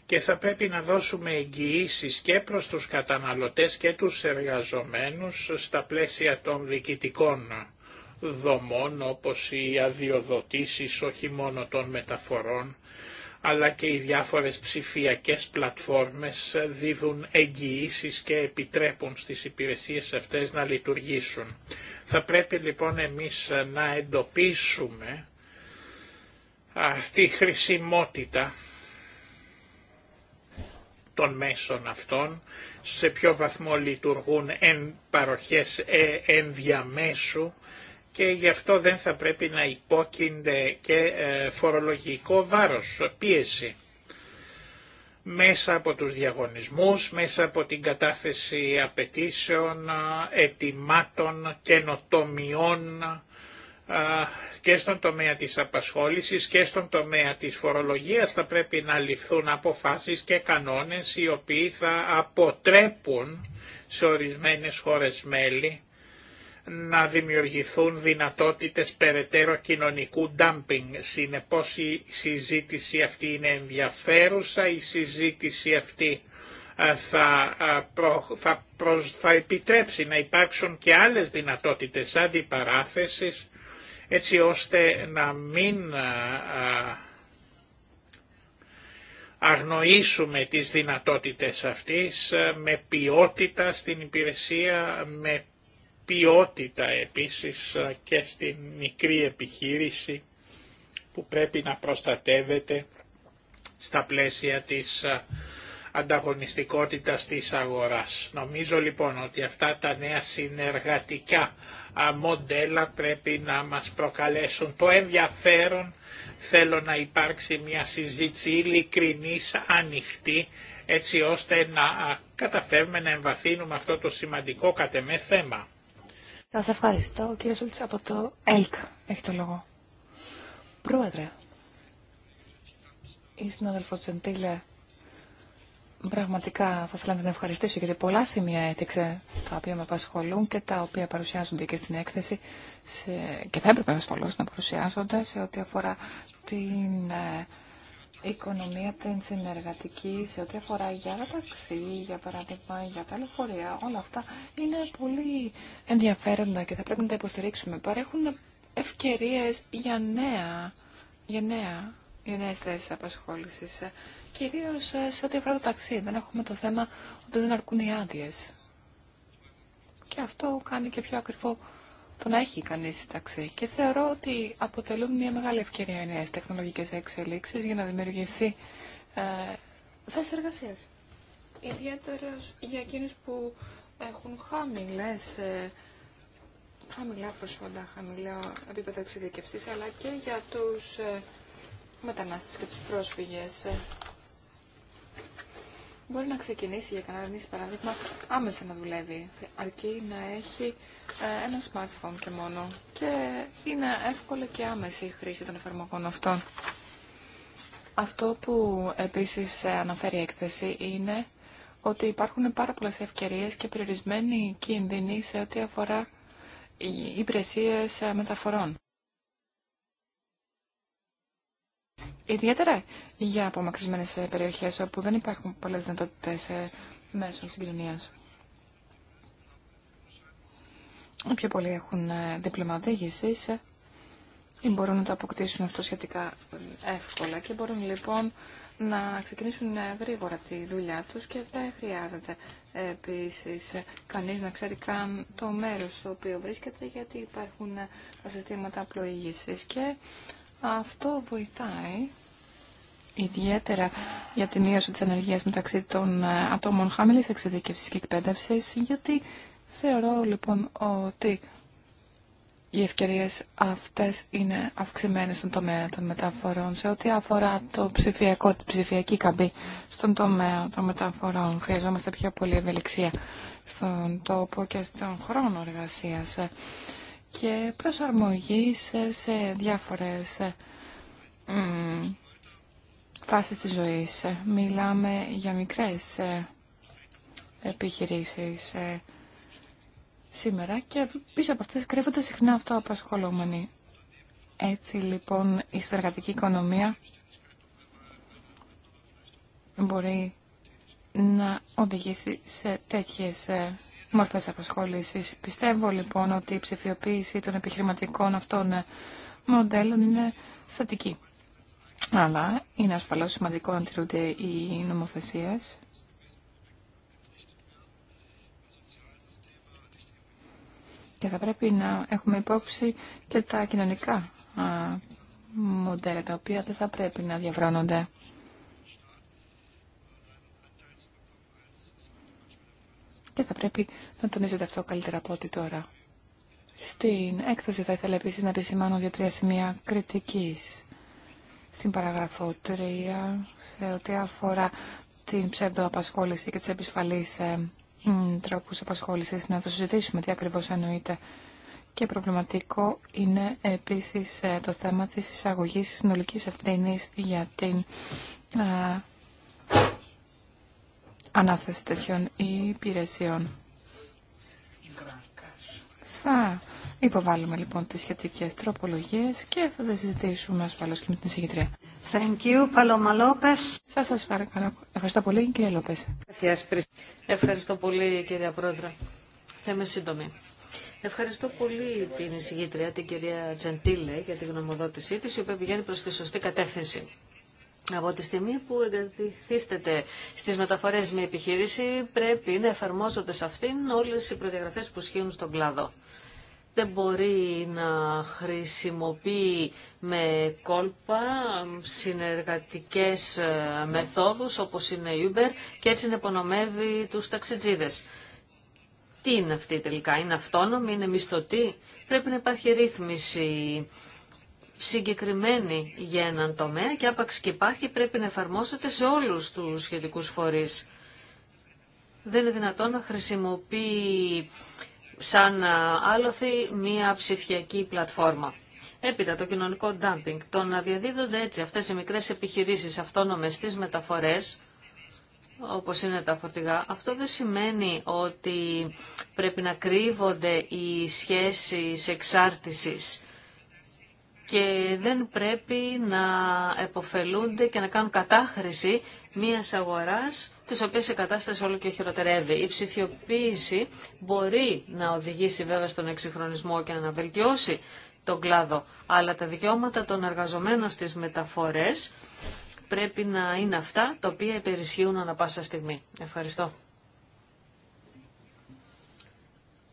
και θα πρέπει να δώσουμε εγγυήσεις και προς τους καταναλωτές και τους εργαζομένους στα πλαίσια των διοικητικών δομών όπως οι αδειοδοτήσεις όχι μόνο των μεταφορών αλλά και οι διάφορες ψηφιακές πλατφόρμες δίδουν εγγυήσεις και επιτρέπουν στις υπηρεσίες αυτές να λειτουργήσουν. Θα πρέπει λοιπόν εμείς να εντοπίσουμε τη χρησιμότητα των μέσων αυτών, σε ποιο βαθμό λειτουργούν εν παροχές ε, ενδιαμέσου και γι' αυτό δεν θα πρέπει να υπόκεινται και ε, φορολογικό βάρος, πίεση. Μέσα από τους διαγωνισμούς, μέσα από την κατάθεση απαιτήσεων, ετοιμάτων, καινοτομιών και στον τομέα της απασχόλησης και στον τομέα της φορολογίας θα πρέπει να ληφθούν αποφάσεις και κανόνες οι οποίοι θα αποτρέπουν σε ορισμένες χώρες μέλη να δημιουργηθούν δυνατότητες περαιτέρω κοινωνικού ντάμπινγκ. Συνεπώς η συζήτηση αυτή είναι ενδιαφέρουσα, η συζήτηση αυτή θα, θα, επιτρέψει να υπάρξουν και άλλες δυνατότητες αντιπαράθεσης έτσι ώστε να μην αγνοήσουμε τις δυνατότητες αυτής με ποιότητα στην υπηρεσία, με ποιότητα επίσης ε, και στην μικρή επιχείρηση που πρέπει να προστατεύεται στα πλαίσια της ε, ανταγωνιστικότητας της αγοράς. Νομίζω λοιπόν ότι αυτά τα νέα συνεργατικά μοντέλα πρέπει να μας προκαλέσουν το ενδιαφέρον. Θέλω να υπάρξει μια συζήτηση ειλικρινής, ανοιχτή, έτσι ώστε να καταφέρουμε να εμβαθύνουμε αυτό το σημαντικό κατεμέ θέμα. Σας ευχαριστώ. Ο κύριος Σούλτς από το ΕΛΚ έχει το λόγο. Πρόεδρε, η συνάδελφο Τζεντήλε πραγματικά θα ήθελα να την ευχαριστήσω γιατί πολλά σημεία έδειξε τα οποία με απασχολούν και τα οποία παρουσιάζονται και στην έκθεση σε... και θα έπρεπε ασφαλώς να παρουσιάζονται σε ό,τι αφορά την ε, οικονομία την συνεργατική σε ό,τι αφορά για τα ταξί, για παράδειγμα, για τα λεωφορεία, όλα αυτά είναι πολύ ενδιαφέροντα και θα πρέπει να τα υποστηρίξουμε. Παρέχουν ευκαιρίες για νέα, για νέα, για νέες θέσεις απασχόλησης. Κυρίως σε ό,τι αφορά το ταξί. Δεν έχουμε το θέμα ότι δεν αρκούν οι άδειε. Και αυτό κάνει και πιο ακριβό το να έχει κανεί συνταξή Και θεωρώ ότι αποτελούν μια μεγάλη ευκαιρία οι νέε τεχνολογικέ εξελίξει για να δημιουργηθεί ε, θέση εργασία. Ιδιαίτερα για εκείνους που έχουν χαμηλές ε, χαμηλά προσόντα, χαμηλά επίπεδα εξειδικευσή, αλλά και για τους ε, και του πρόσφυγε μπορεί να ξεκινήσει για κανένα παράδειγμα άμεσα να δουλεύει, αρκεί να έχει ε, ένα smartphone και μόνο. Και είναι εύκολο και άμεση η χρήση των εφαρμογών αυτών. Αυτό που επίσης ε, αναφέρει η έκθεση είναι ότι υπάρχουν πάρα πολλές ευκαιρίες και περιορισμένοι κίνδυνοι σε ό,τι αφορά υπηρεσίες ε, μεταφορών. Ιδιαίτερα για απομακρυσμένε ε, περιοχέ όπου δεν υπάρχουν πολλέ δυνατότητε ε, μέσων συγκοινωνία. Πιο πολλοί έχουν ε, δίπλωμα οδήγηση ή μπορούν να το αποκτήσουν αυτό σχετικά εύκολα και μπορούν λοιπόν να ξεκινήσουν γρήγορα τη δουλειά τους και δεν χρειάζεται επίσης κανείς να ξέρει καν το μέρος στο οποίο βρίσκεται γιατί υπάρχουν τα συστήματα πλοήγησης και αυτό βοηθάει ιδιαίτερα για τη μείωση της ανεργίας μεταξύ των ε, ατόμων χαμηλής εξειδικευσής και εκπαίδευσης, γιατί θεωρώ λοιπόν ότι οι ευκαιρίες αυτές είναι αυξημένες στον τομέα των μεταφορών. Σε ό,τι αφορά το ψηφιακό, την ψηφιακή καμπή στον τομέα των μεταφορών, χρειαζόμαστε πιο πολύ ευελιξία στον τόπο και στον χρόνο εργασίας και προσαρμογής σε διάφορες ε, φάσεις της ζωής. Ε, μιλάμε για μικρές ε, επιχειρήσεις σήμερα και πίσω από αυτές κρύβονται συχνά αυτό Έτσι λοιπόν η συνεργατική οικονομία μπορεί να οδηγήσει σε τέτοιες Μορφέ απασχόληση. Πιστεύω λοιπόν ότι η ψηφιοποίηση των επιχειρηματικών αυτών μοντέλων είναι θετική. Αλλά είναι ασφαλώ σημαντικό να τηρούνται οι νομοθεσίε. Και θα πρέπει να έχουμε υπόψη και τα κοινωνικά μοντέλα, τα οποία δεν θα πρέπει να διαβρώνονται. και θα πρέπει να τονίζετε αυτό καλύτερα από ό,τι τώρα. Στην έκθεση θα ήθελα επίσης να επισημάνω δύο-τρία σημεία κριτικής. Στην παραγραφό 3, σε ό,τι αφορά την απασχόληση και τις επισφαλείς ε, τρόπους απασχόλησης, να το συζητήσουμε τι ακριβώς εννοείται. Και προβληματικό είναι επίσης ε, το θέμα της εισαγωγής συνολικής ευθύνη για την ε, ανάθεση τέτοιων υπηρεσιών. Θα υποβάλουμε λοιπόν τις σχετικές τροπολογίες και θα τις συζητήσουμε ασφαλώς και με την συγκεκριά. Thank you, Paloma Lopez. Σας, σας Ευχαριστώ πολύ, κυρία Λόπες. Ευχαριστώ πολύ, κυρία Πρόεδρε. Θα είμαι σύντομη. Ευχαριστώ πολύ την εισηγήτρια, την κυρία Τζεντίλε, για τη γνωμοδότησή της, η οποία πηγαίνει προς τη σωστή κατεύθυνση. Από τη στιγμή που εγκαθίστεται στις μεταφορές μια επιχείρηση, πρέπει να εφαρμόζονται σε αυτήν όλες οι προδιαγραφές που ισχύουν στον κλάδο. Δεν μπορεί να χρησιμοποιεί με κόλπα συνεργατικές ε, μεθόδους όπως είναι η Uber και έτσι να υπονομεύει τους ταξιτζίδες. Τι είναι αυτή τελικά, είναι αυτόνομη, είναι μισθωτή. Πρέπει να υπάρχει ρύθμιση συγκεκριμένη για έναν τομέα και άπαξ και υπάρχει πρέπει να εφαρμόσετε σε όλους τους σχετικούς φορείς. Δεν είναι δυνατόν να χρησιμοποιεί σαν άλοθη μία ψηφιακή πλατφόρμα. Έπειτα το κοινωνικό dumping, το να διαδίδονται έτσι αυτές οι μικρές επιχειρήσεις αυτόνομες στις μεταφορές, όπως είναι τα φορτηγά, αυτό δεν σημαίνει ότι πρέπει να κρύβονται οι σχέσεις εξάρτησης και δεν πρέπει να εποφελούνται και να κάνουν κατάχρηση μία αγορά τη οποία η κατάσταση όλο και χειροτερεύει. Η ψηφιοποίηση μπορεί να οδηγήσει βέβαια στον εξυγχρονισμό και να βελτιώσει τον κλάδο, αλλά τα δικαιώματα των εργαζομένων στι μεταφορές πρέπει να είναι αυτά τα οποία υπερισχύουν ανα πάσα στιγμή. Ευχαριστώ.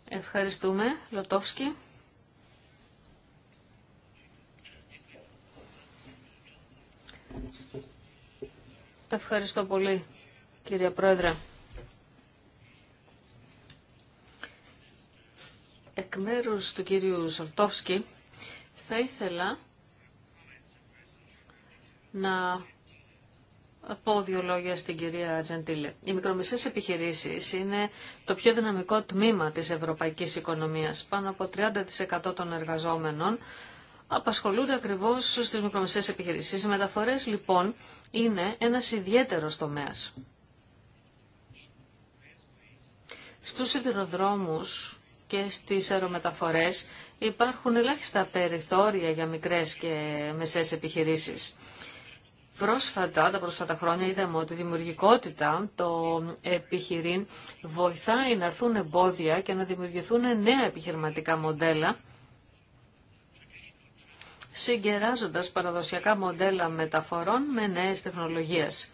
Ευχαριστούμε, Λοτόφσκι. Ευχαριστώ πολύ, κύριε Πρόεδρε. Εκ μέρους του κύριου Σορτόφσκι, θα ήθελα να πω δύο λόγια στην κυρία Τζεντήλε. Οι μικρομεσαίες επιχειρήσεις είναι το πιο δυναμικό τμήμα της ευρωπαϊκής οικονομίας. Πάνω από 30% των εργαζόμενων απασχολούνται ακριβώ στις μικρομεσαίες επιχειρήσεις. Οι μεταφορές λοιπόν είναι ένας ιδιαίτερος τομέας. Στους σιδηροδρόμου και στις αερομεταφορέ υπάρχουν ελάχιστα περιθώρια για μικρές και μεσαίες επιχειρήσεις. Πρόσφατα, τα πρόσφατα χρόνια είδαμε ότι η δημιουργικότητα, το επιχειρήν, βοηθάει να έρθουν εμπόδια και να δημιουργηθούν νέα επιχειρηματικά μοντέλα συγκεράζοντας παραδοσιακά μοντέλα μεταφορών με νέες τεχνολογίες.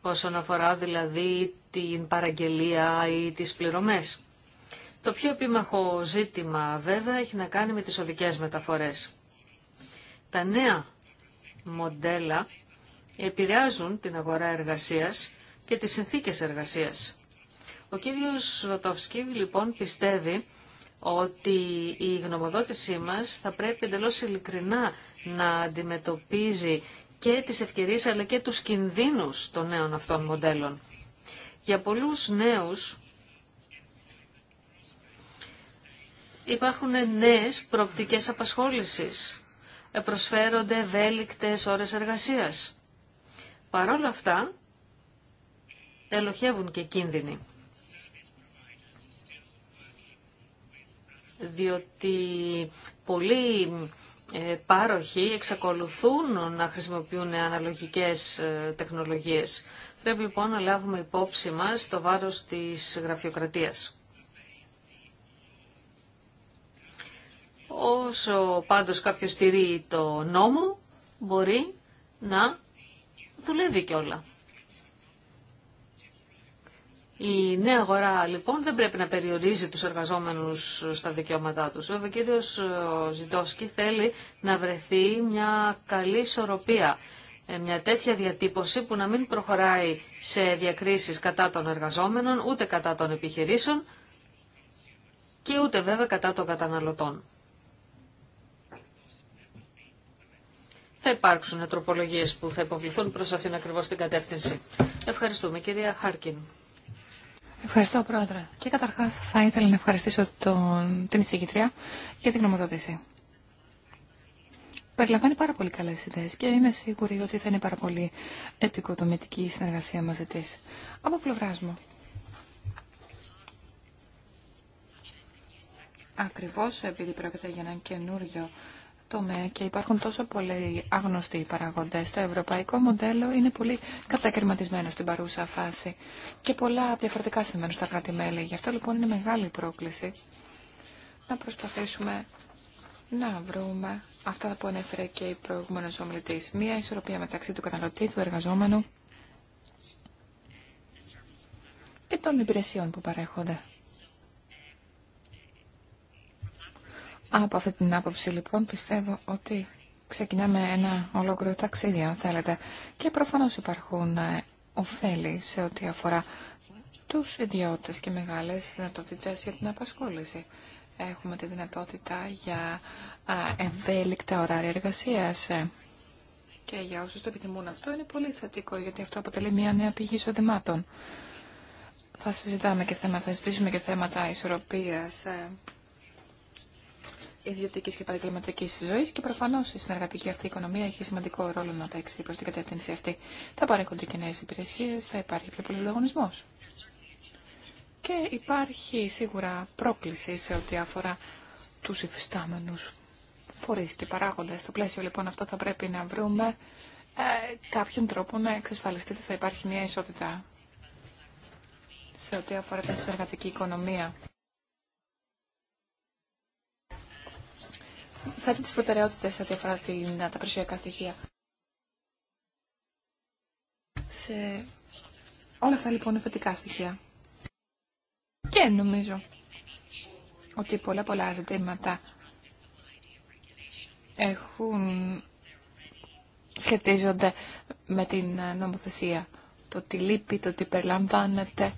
Όσον αφορά δηλαδή την παραγγελία ή τις πληρωμές. Το πιο επίμαχο ζήτημα βέβαια έχει να κάνει με τις οδικές μεταφορές. Τα νέα μοντέλα επηρεάζουν την αγορά εργασίας και τις συνθήκες εργασίας. Ο κύριος Ροτοφσκή λοιπόν πιστεύει ότι η γνωμοδότησή μας θα πρέπει εντελώ ειλικρινά να αντιμετωπίζει και τις ευκαιρίες αλλά και τους κινδύνους των νέων αυτών μοντέλων. Για πολλούς νέους υπάρχουν νέες προοπτικές απασχόλησης. Προσφέρονται ευέλικτες ώρες εργασίας. Παρόλα αυτά, ελοχεύουν και κίνδυνοι. διότι πολλοί ε, πάροχοι εξακολουθούν να χρησιμοποιούν αναλογικές ε, τεχνολογίες. Πρέπει λοιπόν να λάβουμε υπόψη μας το βάρος της γραφειοκρατίας. Όσο πάντως κάποιος στηρεί το νόμο, μπορεί να δουλεύει κιόλα. Η νέα αγορά λοιπόν δεν πρέπει να περιορίζει τους εργαζόμενους στα δικαιώματά τους. Ο κύριος ε, Ζητόσκι θέλει να βρεθεί μια καλή ισορροπία, ε, μια τέτοια διατύπωση που να μην προχωράει σε διακρίσεις κατά των εργαζόμενων, ούτε κατά των επιχειρήσεων και ούτε βέβαια κατά των καταναλωτών. Θα υπάρξουν τροπολογίες που θα υποβληθούν προς αυτήν ακριβώς την κατεύθυνση. Ευχαριστούμε κυρία Χάρκιν. Ευχαριστώ, Πρόεδρε. Και καταρχάς θα ήθελα να ευχαριστήσω τον, την εισηγητρία για την γνωμοδότηση. Περιλαμβάνει πάρα πολύ καλέ ιδέε και είμαι σίγουρη ότι θα είναι πάρα πολύ επικοδομητική η συνεργασία μαζί της. Από πλευρά. μου. Ακριβώς επειδή πρόκειται για έναν καινούριο τομέα και υπάρχουν τόσο πολλοί άγνωστοι παραγοντέ. Το ευρωπαϊκό μοντέλο είναι πολύ κατακριματισμένο στην παρούσα φάση και πολλά διαφορετικά σημαίνουν στα κράτη-μέλη. Γι' αυτό λοιπόν είναι μεγάλη πρόκληση να προσπαθήσουμε να βρούμε αυτά που ανέφερε και η προηγούμενο ομιλητή. Μία ισορροπία μεταξύ του καταναλωτή, του εργαζόμενου και των υπηρεσιών που παρέχονται. Από αυτή την άποψη λοιπόν πιστεύω ότι ξεκινάμε ένα ολόκληρο ταξίδι αν θέλετε και προφανώς υπάρχουν ε, ωφέλη σε ό,τι αφορά τους ιδιώτες και μεγάλες δυνατότητες για την απασχόληση. Έχουμε τη δυνατότητα για ε, ευέλικτα ωράρια εργασίας ε, και για όσους το επιθυμούν αυτό είναι πολύ θετικό γιατί αυτό αποτελεί μια νέα πηγή εισοδημάτων. Θα συζητάμε και θέματα, θα συζητήσουμε και θέματα ισορροπίας ιδιωτική και επαγγελματική ζωή και προφανώ η συνεργατική αυτή οικονομία έχει σημαντικό ρόλο να παίξει προ την κατεύθυνση αυτή. Θα παρέχονται και νέε υπηρεσίε, θα υπάρχει πιο πολύ ανταγωνισμό. Και υπάρχει σίγουρα πρόκληση σε ό,τι αφορά του υφιστάμενου φορεί και παράγοντε. Στο πλαίσιο λοιπόν αυτό θα πρέπει να βρούμε ε, κάποιον τρόπο να εξασφαλιστεί ότι θα υπάρχει μια ισότητα σε ό,τι αφορά την συνεργατική οικονομία. θέτει τις προτεραιότητες ό,τι αφορά την, τα περιουσιακά στοιχεία. Σε όλα αυτά λοιπόν είναι θετικά στοιχεία. Και νομίζω ότι πολλά πολλά ζητήματα έχουν σχετίζονται με την ε, νομοθεσία. Το τι λείπει, το τι περιλαμβάνεται,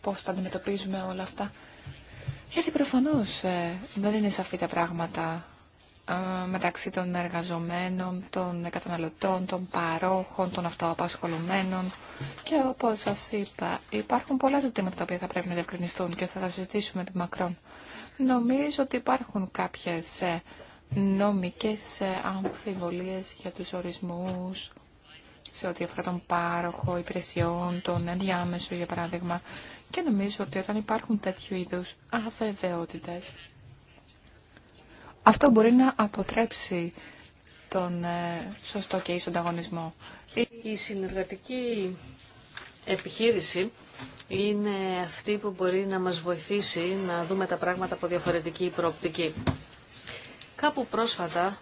πώς τα αντιμετωπίζουμε όλα αυτά. Γιατί προφανώς ε, δεν είναι σαφή τα πράγματα ε, μεταξύ των εργαζομένων, των καταναλωτών, των παρόχων, των αυτοαπασχολουμένων και όπως σα είπα υπάρχουν πολλά ζητήματα τα οποία θα πρέπει να διευκρινιστούν και θα τα συζητήσουμε επί μακρόν. Νομίζω ότι υπάρχουν κάποιες ε, νομικές αμφιβολίες για τους ορισμού σε ό,τι αφορά τον πάροχο υπηρεσιών, τον ενδιάμεσο για παράδειγμα και νομίζω ότι όταν υπάρχουν τέτοιου είδους αβεβαιότητες, αυτό μπορεί να αποτρέψει τον ε, σωστό και ίσο Η συνεργατική επιχείρηση είναι αυτή που μπορεί να μας βοηθήσει να δούμε τα πράγματα από διαφορετική προοπτική. Κάπου πρόσφατα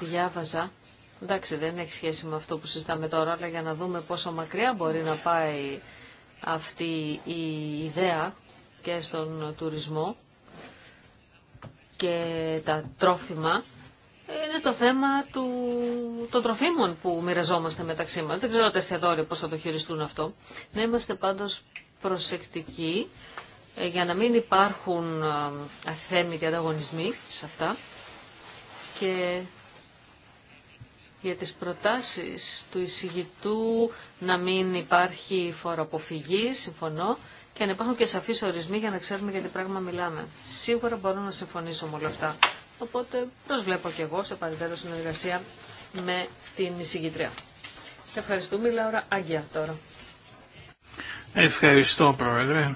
διάβαζα, εντάξει δεν έχει σχέση με αυτό που συζητάμε τώρα, αλλά για να δούμε πόσο μακριά μπορεί να πάει αυτή η ιδέα και στον τουρισμό και τα τρόφιμα είναι το θέμα του, των τροφίμων που μοιραζόμαστε μεταξύ μας. Δεν ξέρω τα εστιατόρια πώς θα το χειριστούν αυτό. Να είμαστε πάντως προσεκτικοί ε, για να μην υπάρχουν και ε, ανταγωνισμοί σε αυτά και για τις προτάσεις του εισηγητού να μην υπάρχει φοροαποφυγή, συμφωνώ, και να υπάρχουν και σαφείς ορισμοί για να ξέρουμε για τι πράγμα μιλάμε. Σίγουρα μπορώ να συμφωνήσω με όλα αυτά. Οπότε προσβλέπω και εγώ σε παρεντέρω συνεργασία με την εισηγητρία. Σε ευχαριστούμε, Λαώρα Άγκια τώρα. Ευχαριστώ, Πρόεδρε.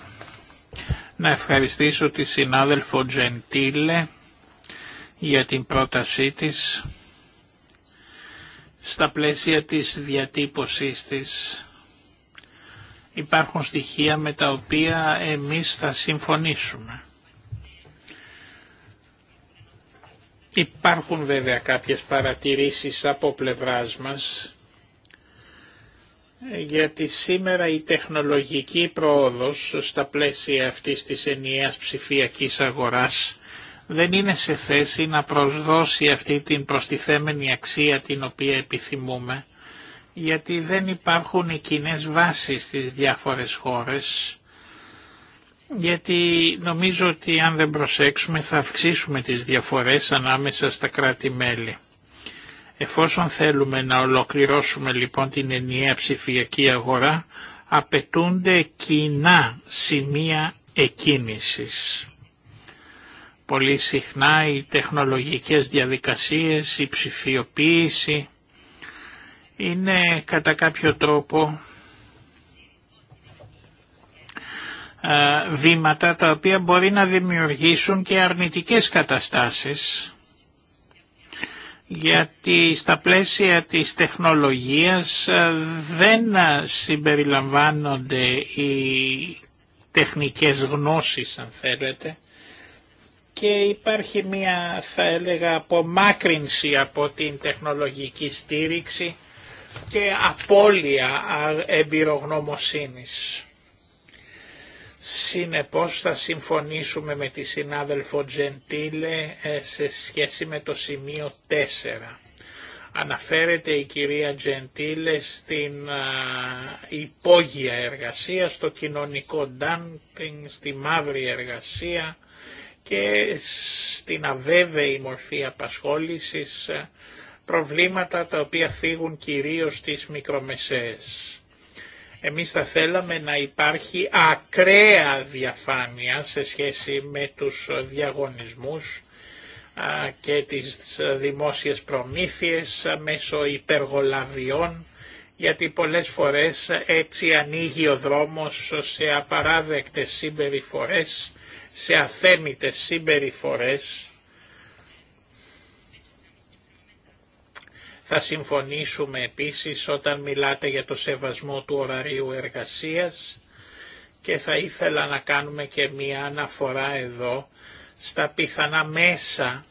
Να ευχαριστήσω τη συνάδελφο Τίλε για την πρότασή της στα πλαίσια της διατύπωσής της υπάρχουν στοιχεία με τα οποία εμείς θα συμφωνήσουμε. Υπάρχουν βέβαια κάποιες παρατηρήσεις από πλευράς μας, γιατί σήμερα η τεχνολογική πρόοδος στα πλαίσια αυτής της ενιαίας ψηφιακής αγοράς δεν είναι σε θέση να προσδώσει αυτή την προστιθέμενη αξία την οποία επιθυμούμε, γιατί δεν υπάρχουν οι κοινέ βάσεις στις διάφορες χώρες, γιατί νομίζω ότι αν δεν προσέξουμε θα αυξήσουμε τις διαφορές ανάμεσα στα κράτη-μέλη. Εφόσον θέλουμε να ολοκληρώσουμε λοιπόν την ενιαία ψηφιακή αγορά, απαιτούνται κοινά σημεία εκκίνησης. Πολύ συχνά οι τεχνολογικές διαδικασίες, η ψηφιοποίηση είναι κατά κάποιο τρόπο ε, βήματα τα οποία μπορεί να δημιουργήσουν και αρνητικές καταστάσεις γιατί στα πλαίσια της τεχνολογίας ε, δεν συμπεριλαμβάνονται οι τεχνικές γνώσεις αν θέλετε και υπάρχει μια θα έλεγα απομάκρυνση από την τεχνολογική στήριξη και απώλεια εμπειρογνωμοσύνης. Συνεπώς θα συμφωνήσουμε με τη συνάδελφο Τζεντίλε ε, σε σχέση με το σημείο 4. Αναφέρεται η κυρία Τζεντίλε στην υπόγεια εργασία, στο κοινωνικό ντάμπινγκ, στη μαύρη εργασία, και στην αβέβαιη μορφή απασχόλησης ε, προβλήματα τα οποία φύγουν κυρίως στις μικρομεσαίες. Εμείς θα θέλαμε να υπάρχει ακραία διαφάνεια σε σχέση με τους διαγωνισμούς και τις δημόσιες προμήθειες μέσω υπεργολαβιών γιατί πολλές φορές έτσι ανοίγει ο δρόμος σε απαράδεκτες συμπεριφορές σε αθέμητες συμπεριφορές Θα συμφωνήσουμε επίσης όταν μιλάτε για το σεβασμό του ωραρίου εργασίας και θα ήθελα να κάνουμε και μία αναφορά εδώ στα πιθανά μέσα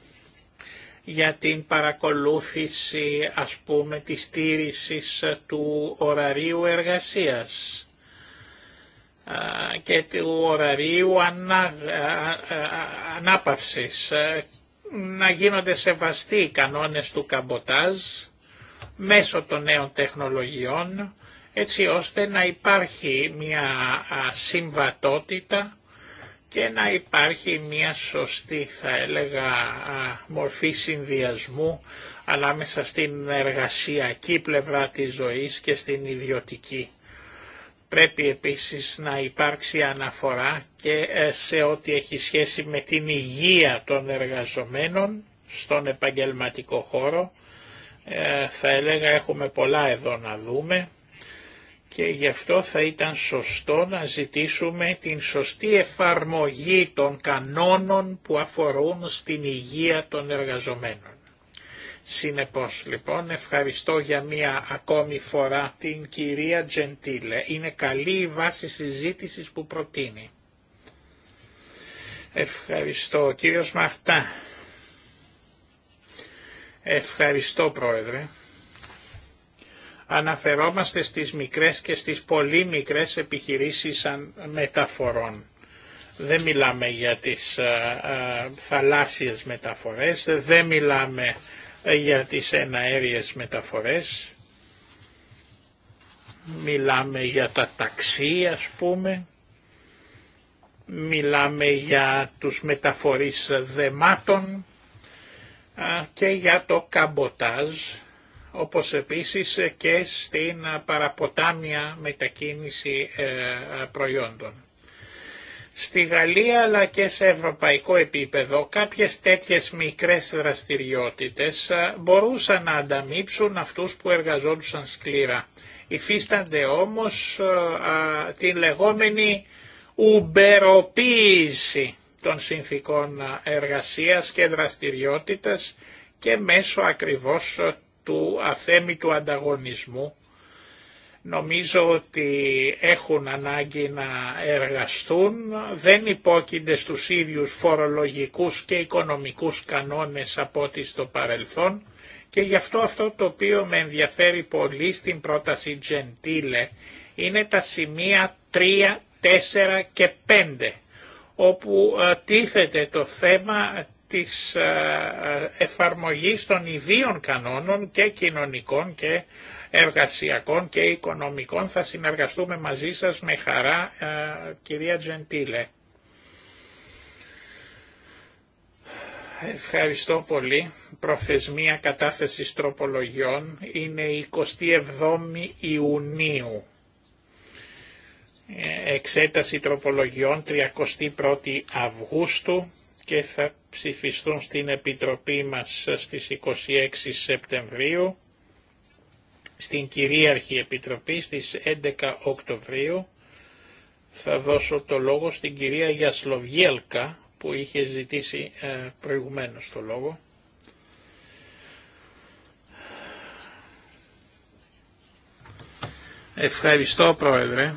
για την παρακολούθηση ας πούμε της στήρησης του ωραρίου εργασίας και του ωραρίου ανά, ανάπαυσης, να γίνονται σεβαστοί οι κανόνες του καμποτάζ μέσω των νέων τεχνολογιών, έτσι ώστε να υπάρχει μια συμβατότητα και να υπάρχει μια σωστή θα έλεγα μορφή συνδυασμού ανάμεσα στην εργασιακή πλευρά της ζωής και στην ιδιωτική. Πρέπει επίσης να υπάρξει αναφορά και ε, σε ό,τι έχει σχέση με την υγεία των εργαζομένων στον επαγγελματικό χώρο. Ε, θα έλεγα έχουμε πολλά εδώ να δούμε και γι' αυτό θα ήταν σωστό να ζητήσουμε την σωστή εφαρμογή των κανόνων που αφορούν στην υγεία των εργαζομένων. Συνεπώς λοιπόν ευχαριστώ για μία ακόμη φορά την κυρία Τζεντίλε. Είναι καλή η βάση συζήτησης που προτείνει. Ευχαριστώ κύριος Μαρτά. Ευχαριστώ πρόεδρε. Αναφερόμαστε στις μικρές και στις πολύ μικρές επιχειρήσεις μεταφορών. Δεν μιλάμε για τις α, ε, α, ε, θαλάσσιες μεταφορές, δεν μιλάμε ε, για τις εναέριες μεταφορές. Μιλάμε για τα ταξί ας πούμε. Μιλάμε για τους μεταφορείς δεμάτων και για το καμποτάζ, όπως επίσης και στην παραποτάμια μετακίνηση ε, προϊόντων. Στη Γαλλία αλλά και σε ευρωπαϊκό επίπεδο κάποιες τέτοιες μικρές δραστηριότητες ε, μπορούσαν να ανταμείψουν αυτούς που εργαζόντουσαν σκληρά. Υφίστανται όμως ε, την λεγόμενη ουμπεροποίηση των συνθήκων ε, εργασίας και δραστηριότητας και μέσω ακριβώς του αθέμητου ανταγωνισμού Νομίζω ότι έχουν ανάγκη να εργαστούν, δεν υπόκεινται στους ίδιους φορολογικούς και οικονομικούς κανόνες από ό,τι στο παρελθόν και γι' αυτό αυτό το οποίο με ενδιαφέρει πολύ στην πρόταση Gentile είναι τα σημεία 3, 4 και 5 όπου ε, τίθεται το θέμα της ε, ε, εφαρμογής των ιδίων κανόνων και κοινωνικών και εργασιακών και οικονομικών. Θα συνεργαστούμε μαζί σας με χαρά, ε, κυρία Τζεντήλε. Ευχαριστώ πολύ. Προθεσμία κατάθεση τροπολογιών είναι 27 Ιουνίου. Ε, εξέταση τροπολογιών 31 Αυγούστου και θα ψηφιστούν στην Επιτροπή μας στις 26 Σεπτεμβρίου στην κυρίαρχη επιτροπή στις 11 Οκτωβρίου. Θα δώσω το λόγο στην κυρία Γιασλοβιέλκα που είχε ζητήσει ε, προηγουμένως το λόγο. Ευχαριστώ Πρόεδρε.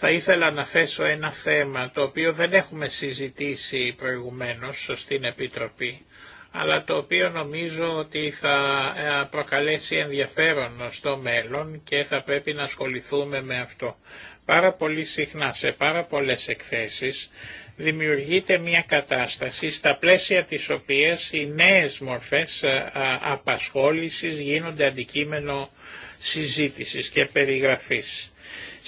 Θα ήθελα να θέσω ένα θέμα το οποίο δεν έχουμε συζητήσει προηγουμένως στην Επιτροπή, αλλά το οποίο νομίζω ότι θα ε, προκαλέσει ενδιαφέρον στο μέλλον και θα πρέπει να ασχοληθούμε με αυτό. Πάρα πολύ συχνά σε πάρα πολλές εκθέσεις δημιουργείται μια κατάσταση στα πλαίσια της οποίας οι νέες μορφές ε, απασχόλησης γίνονται αντικείμενο συζήτησης και περιγραφής.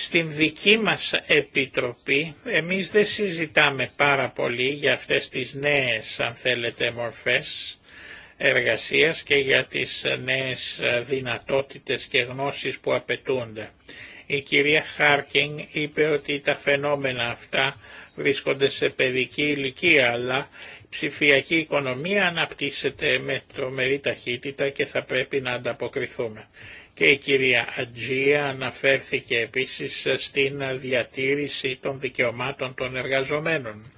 Στην δική μας Επιτροπή εμείς δεν συζητάμε πάρα πολύ για αυτές τις νέες αν θέλετε μορφές εργασίας και για τις νέες δυνατότητες και γνώσεις που απαιτούνται. Η κυρία Χάρκινγκ είπε ότι τα φαινόμενα αυτά βρίσκονται σε παιδική ηλικία, αλλά η ψηφιακή οικονομία αναπτύσσεται με τρομερή ταχύτητα και θα πρέπει να ανταποκριθούμε. Και η κυρία Ατζία αναφέρθηκε επίσης στην διατήρηση των δικαιωμάτων των εργαζομένων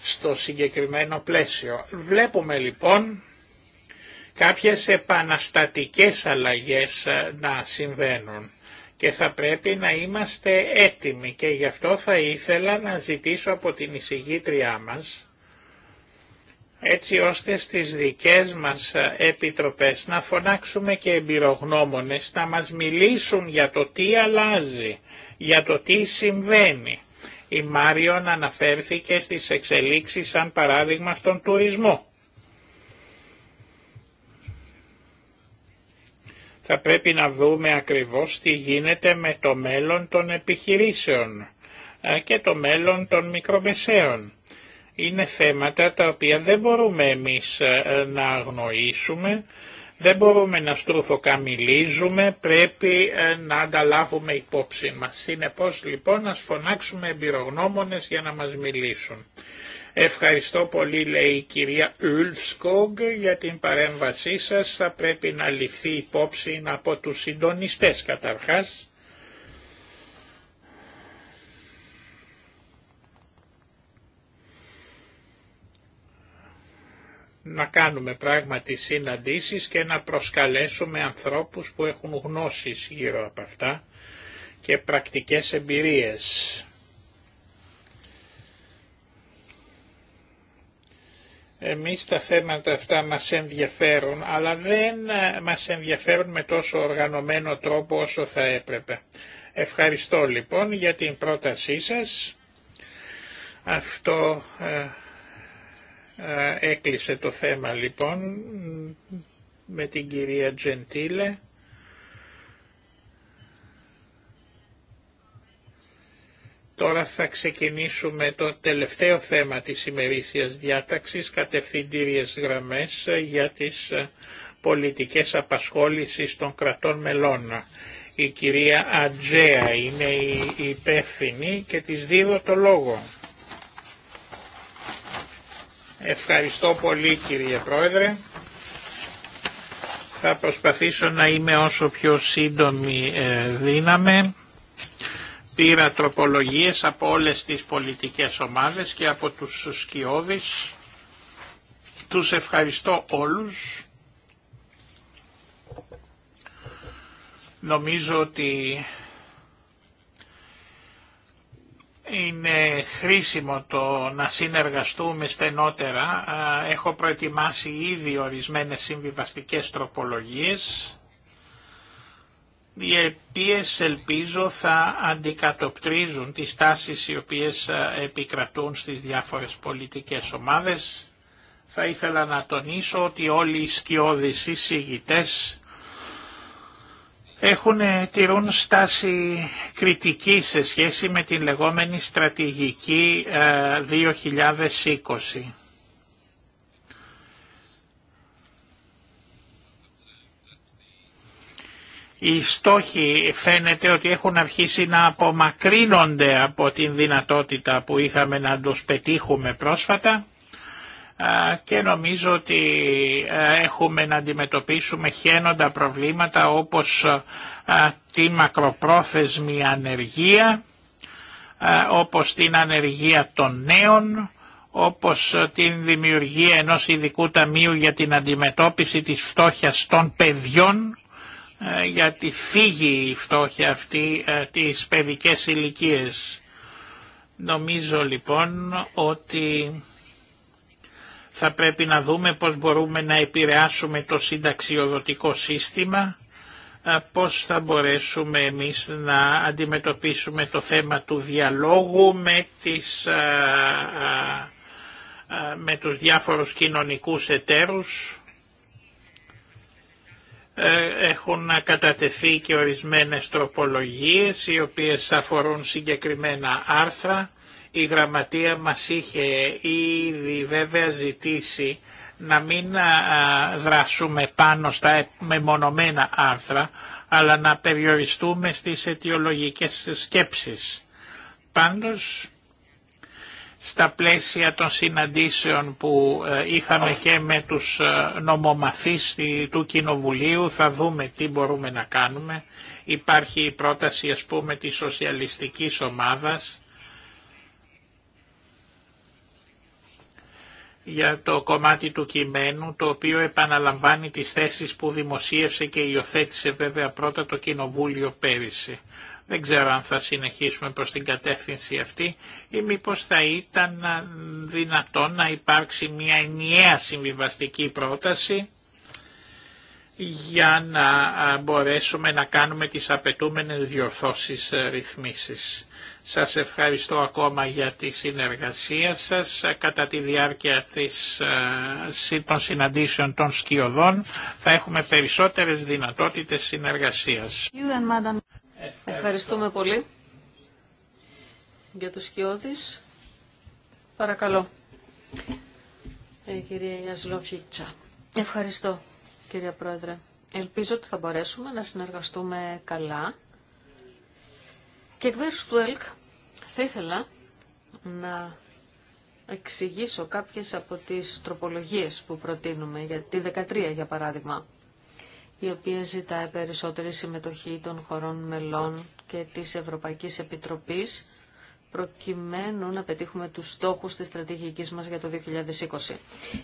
στο συγκεκριμένο πλαίσιο. Βλέπουμε λοιπόν κάποιες επαναστατικές αλλαγές να συμβαίνουν και θα πρέπει να είμαστε έτοιμοι και γι' αυτό θα ήθελα να ζητήσω από την εισηγήτριά μας έτσι ώστε στις δικές μας ε, επιτροπές να φωνάξουμε και εμπειρογνώμονες να μας μιλήσουν για το τι αλλάζει, για το τι συμβαίνει. Η Μάριον αναφέρθηκε στις εξελίξεις σαν παράδειγμα στον τουρισμό. Θα πρέπει να δούμε ακριβώς τι γίνεται με το μέλλον των επιχειρήσεων ε, και το μέλλον των μικρομεσαίων είναι θέματα τα οποία δεν μπορούμε εμείς ε, ε, να αγνοήσουμε, δεν μπορούμε να στρουθοκαμιλίζουμε, πρέπει ε, να ανταλάβουμε υπόψη μας. Συνεπώς λοιπόν να φωνάξουμε εμπειρογνώμονες για να μας μιλήσουν. Ευχαριστώ πολύ λέει η κυρία Ουλσκόγκ για την παρέμβασή σας. Θα πρέπει να ληφθεί υπόψη από τους συντονιστές καταρχάς να κάνουμε πράγματι συναντήσεις και να προσκαλέσουμε ανθρώπους που έχουν γνώσεις γύρω από αυτά και πρακτικές εμπειρίες. Εμείς τα θέματα αυτά μας ενδιαφέρουν, αλλά δεν ε, μας ενδιαφέρουν με τόσο οργανωμένο τρόπο όσο θα έπρεπε. Ευχαριστώ λοιπόν για την πρότασή σας. Αυτό ε, Έκλεισε το θέμα λοιπόν με την κυρία Τζεντίλε. Τώρα θα ξεκινήσουμε το τελευταίο θέμα της ημερήσιας διάταξης, κατευθυντήριες γραμμές ε, για τις ε, πολιτικές απασχόλησης των κρατών μελών. Η κυρία Ατζέα είναι η υπεύθυνη και της δίδω το λόγο. Ευχαριστώ πολύ κύριε Πρόεδρε. Θα προσπαθήσω να είμαι όσο πιο σύντομη ε, δύναμε. Πήρα τροπολογίες από όλες τις πολιτικές ομάδες και από τους σκιώδεις. Τους ευχαριστώ όλους. Νομίζω ότι είναι χρήσιμο το να συνεργαστούμε στενότερα. Έχω προετοιμάσει ήδη ορισμένες συμβιβαστικές τροπολογίες οι οποίε ελπίζω θα αντικατοπτρίζουν τις τάσεις οι οποίες επικρατούν στις διάφορες πολιτικές ομάδες. Θα ήθελα να τονίσω ότι όλοι οι σκιώδεις εισηγητές έχουν ε, τηρούν στάση κριτική σε σχέση με την λεγόμενη στρατηγική 2020. Ε, Οι στόχοι φαίνεται ότι έχουν αρχίσει να απομακρύνονται από την δυνατότητα που είχαμε να τους πετύχουμε πρόσφατα και νομίζω ότι έχουμε να αντιμετωπίσουμε χαίνοντα προβλήματα όπως τη μακροπρόθεσμη ανεργία, όπως την ανεργία των νέων, όπως την δημιουργία ενός ειδικού ταμείου για την αντιμετώπιση της φτώχειας των παιδιών, γιατί φύγει η φτώχεια αυτή τις παιδικές ηλικίες. Νομίζω λοιπόν ότι θα πρέπει να δούμε πώς μπορούμε να επηρεάσουμε το συνταξιοδοτικό σύστημα, πώς θα μπορέσουμε εμείς να αντιμετωπίσουμε το θέμα του διαλόγου με, τις, με τους διάφορους κοινωνικούς εταίρους. Ε, έχουν κατατεθεί και ορισμένες τροπολογίες οι οποίες αφορούν συγκεκριμένα άρθρα η γραμματεία μας είχε ήδη βέβαια ζητήσει να μην δράσουμε πάνω στα μεμονωμένα άρθρα, αλλά να περιοριστούμε στις αιτιολογικές σκέψεις. Πάντως, στα πλαίσια των συναντήσεων που ε, είχαμε και με τους ε, νομομαθείς του Κοινοβουλίου θα δούμε τι μπορούμε να κάνουμε. Υπάρχει η πρόταση ας πούμε της σοσιαλιστικής ομάδας για το κομμάτι του κειμένου το οποίο επαναλαμβάνει τις θέσεις που δημοσίευσε και υιοθέτησε βέβαια πρώτα το Κοινοβούλιο πέρυσι. Δεν ξέρω αν θα συνεχίσουμε προς την κατεύθυνση αυτή ή μήπως θα ήταν δυνατόν να υπάρξει μια ενιαία συμβιβαστική πρόταση για να μπορέσουμε να κάνουμε τις απαιτούμενες διορθώσεις ε, ρυθμίσεις. Σας ευχαριστώ ακόμα για τη συνεργασία σας κατά τη διάρκεια της, ε, των συναντήσεων των σκιωδών. Θα έχουμε περισσότερες δυνατότητες συνεργασίας. Ευχαριστούμε πολύ για τους σκιώδεις. Παρακαλώ. Ε, κυρία Ιασλόφιτσα. Ευχαριστώ κυρία Πρόεδρε. Ελπίζω ότι θα μπορέσουμε να συνεργαστούμε καλά. Και εκ του ΕΛΚ θα ήθελα να εξηγήσω κάποιες από τις τροπολογίες που προτείνουμε, για τη 13 για παράδειγμα, η οποία ζητάει περισσότερη συμμετοχή των χωρών μελών και της Ευρωπαϊκής Επιτροπής προκειμένου να πετύχουμε τους στόχους της στρατηγικής μας για το 2020.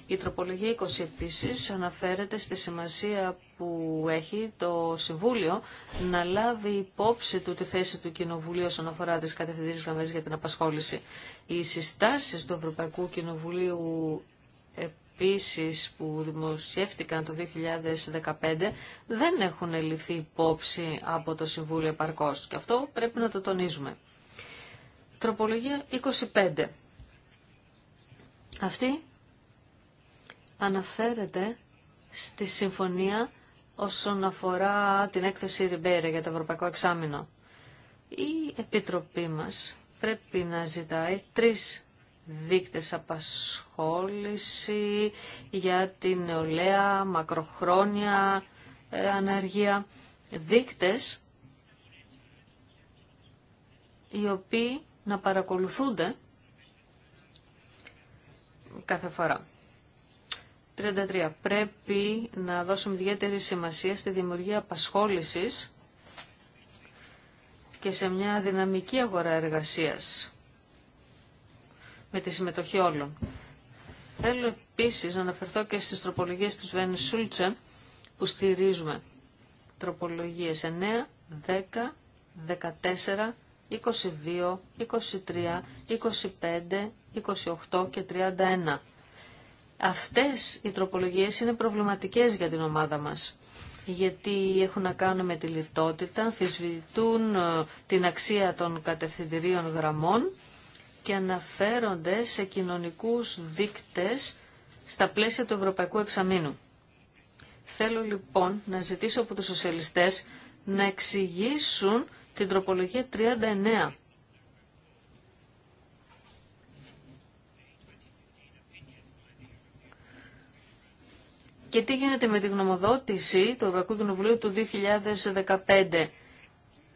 Η τροπολογία 20 επίσης αναφέρεται στη σημασία που έχει το Συμβούλιο να λάβει υπόψη του τη θέση του Κοινοβουλίου όσον αφορά τις κατευθυντήρες γραμμές για την απασχόληση. Οι συστάσεις του Ευρωπαϊκού Κοινοβουλίου επίσης που δημοσιεύτηκαν το 2015 δεν έχουν ληφθεί υπόψη από το Συμβούλιο επαρκώς και αυτό πρέπει να το τονίζουμε. Τροπολογία 25. Αυτή αναφέρεται στη συμφωνία όσον αφορά την έκθεση Ριμπέρα για το Ευρωπαϊκό Εξάμεινο. Η Επιτροπή μας πρέπει να ζητάει τρεις δείκτες απασχόληση για την νεολαία, μακροχρόνια ε, αναργία. Δείκτες οι οποίοι να παρακολουθούνται κάθε φορά. 33. Πρέπει να δώσουμε ιδιαίτερη σημασία στη δημιουργία απασχόλησης και σε μια δυναμική αγορά εργασίας με τη συμμετοχή όλων. Θέλω επίσης να αναφερθώ και στις τροπολογίες του Σβέν Σούλτσε που στηρίζουμε. Τροπολογίες 9, 10, 14, 22, 23, 25, 28 και 31. Αυτές οι τροπολογίες είναι προβληματικές για την ομάδα μας γιατί έχουν να κάνουν με τη λιτότητα, αμφισβητούν ε, την αξία των κατευθυντηρίων γραμμών και αναφέρονται σε κοινωνικούς δείκτες στα πλαίσια του Ευρωπαϊκού Εξαμήνου. Θέλω λοιπόν να ζητήσω από τους σοσιαλιστές να εξηγήσουν την τροπολογία 39. Και τι γίνεται με τη γνωμοδότηση του Ευρωπαϊκού Κοινοβουλίου του 2015.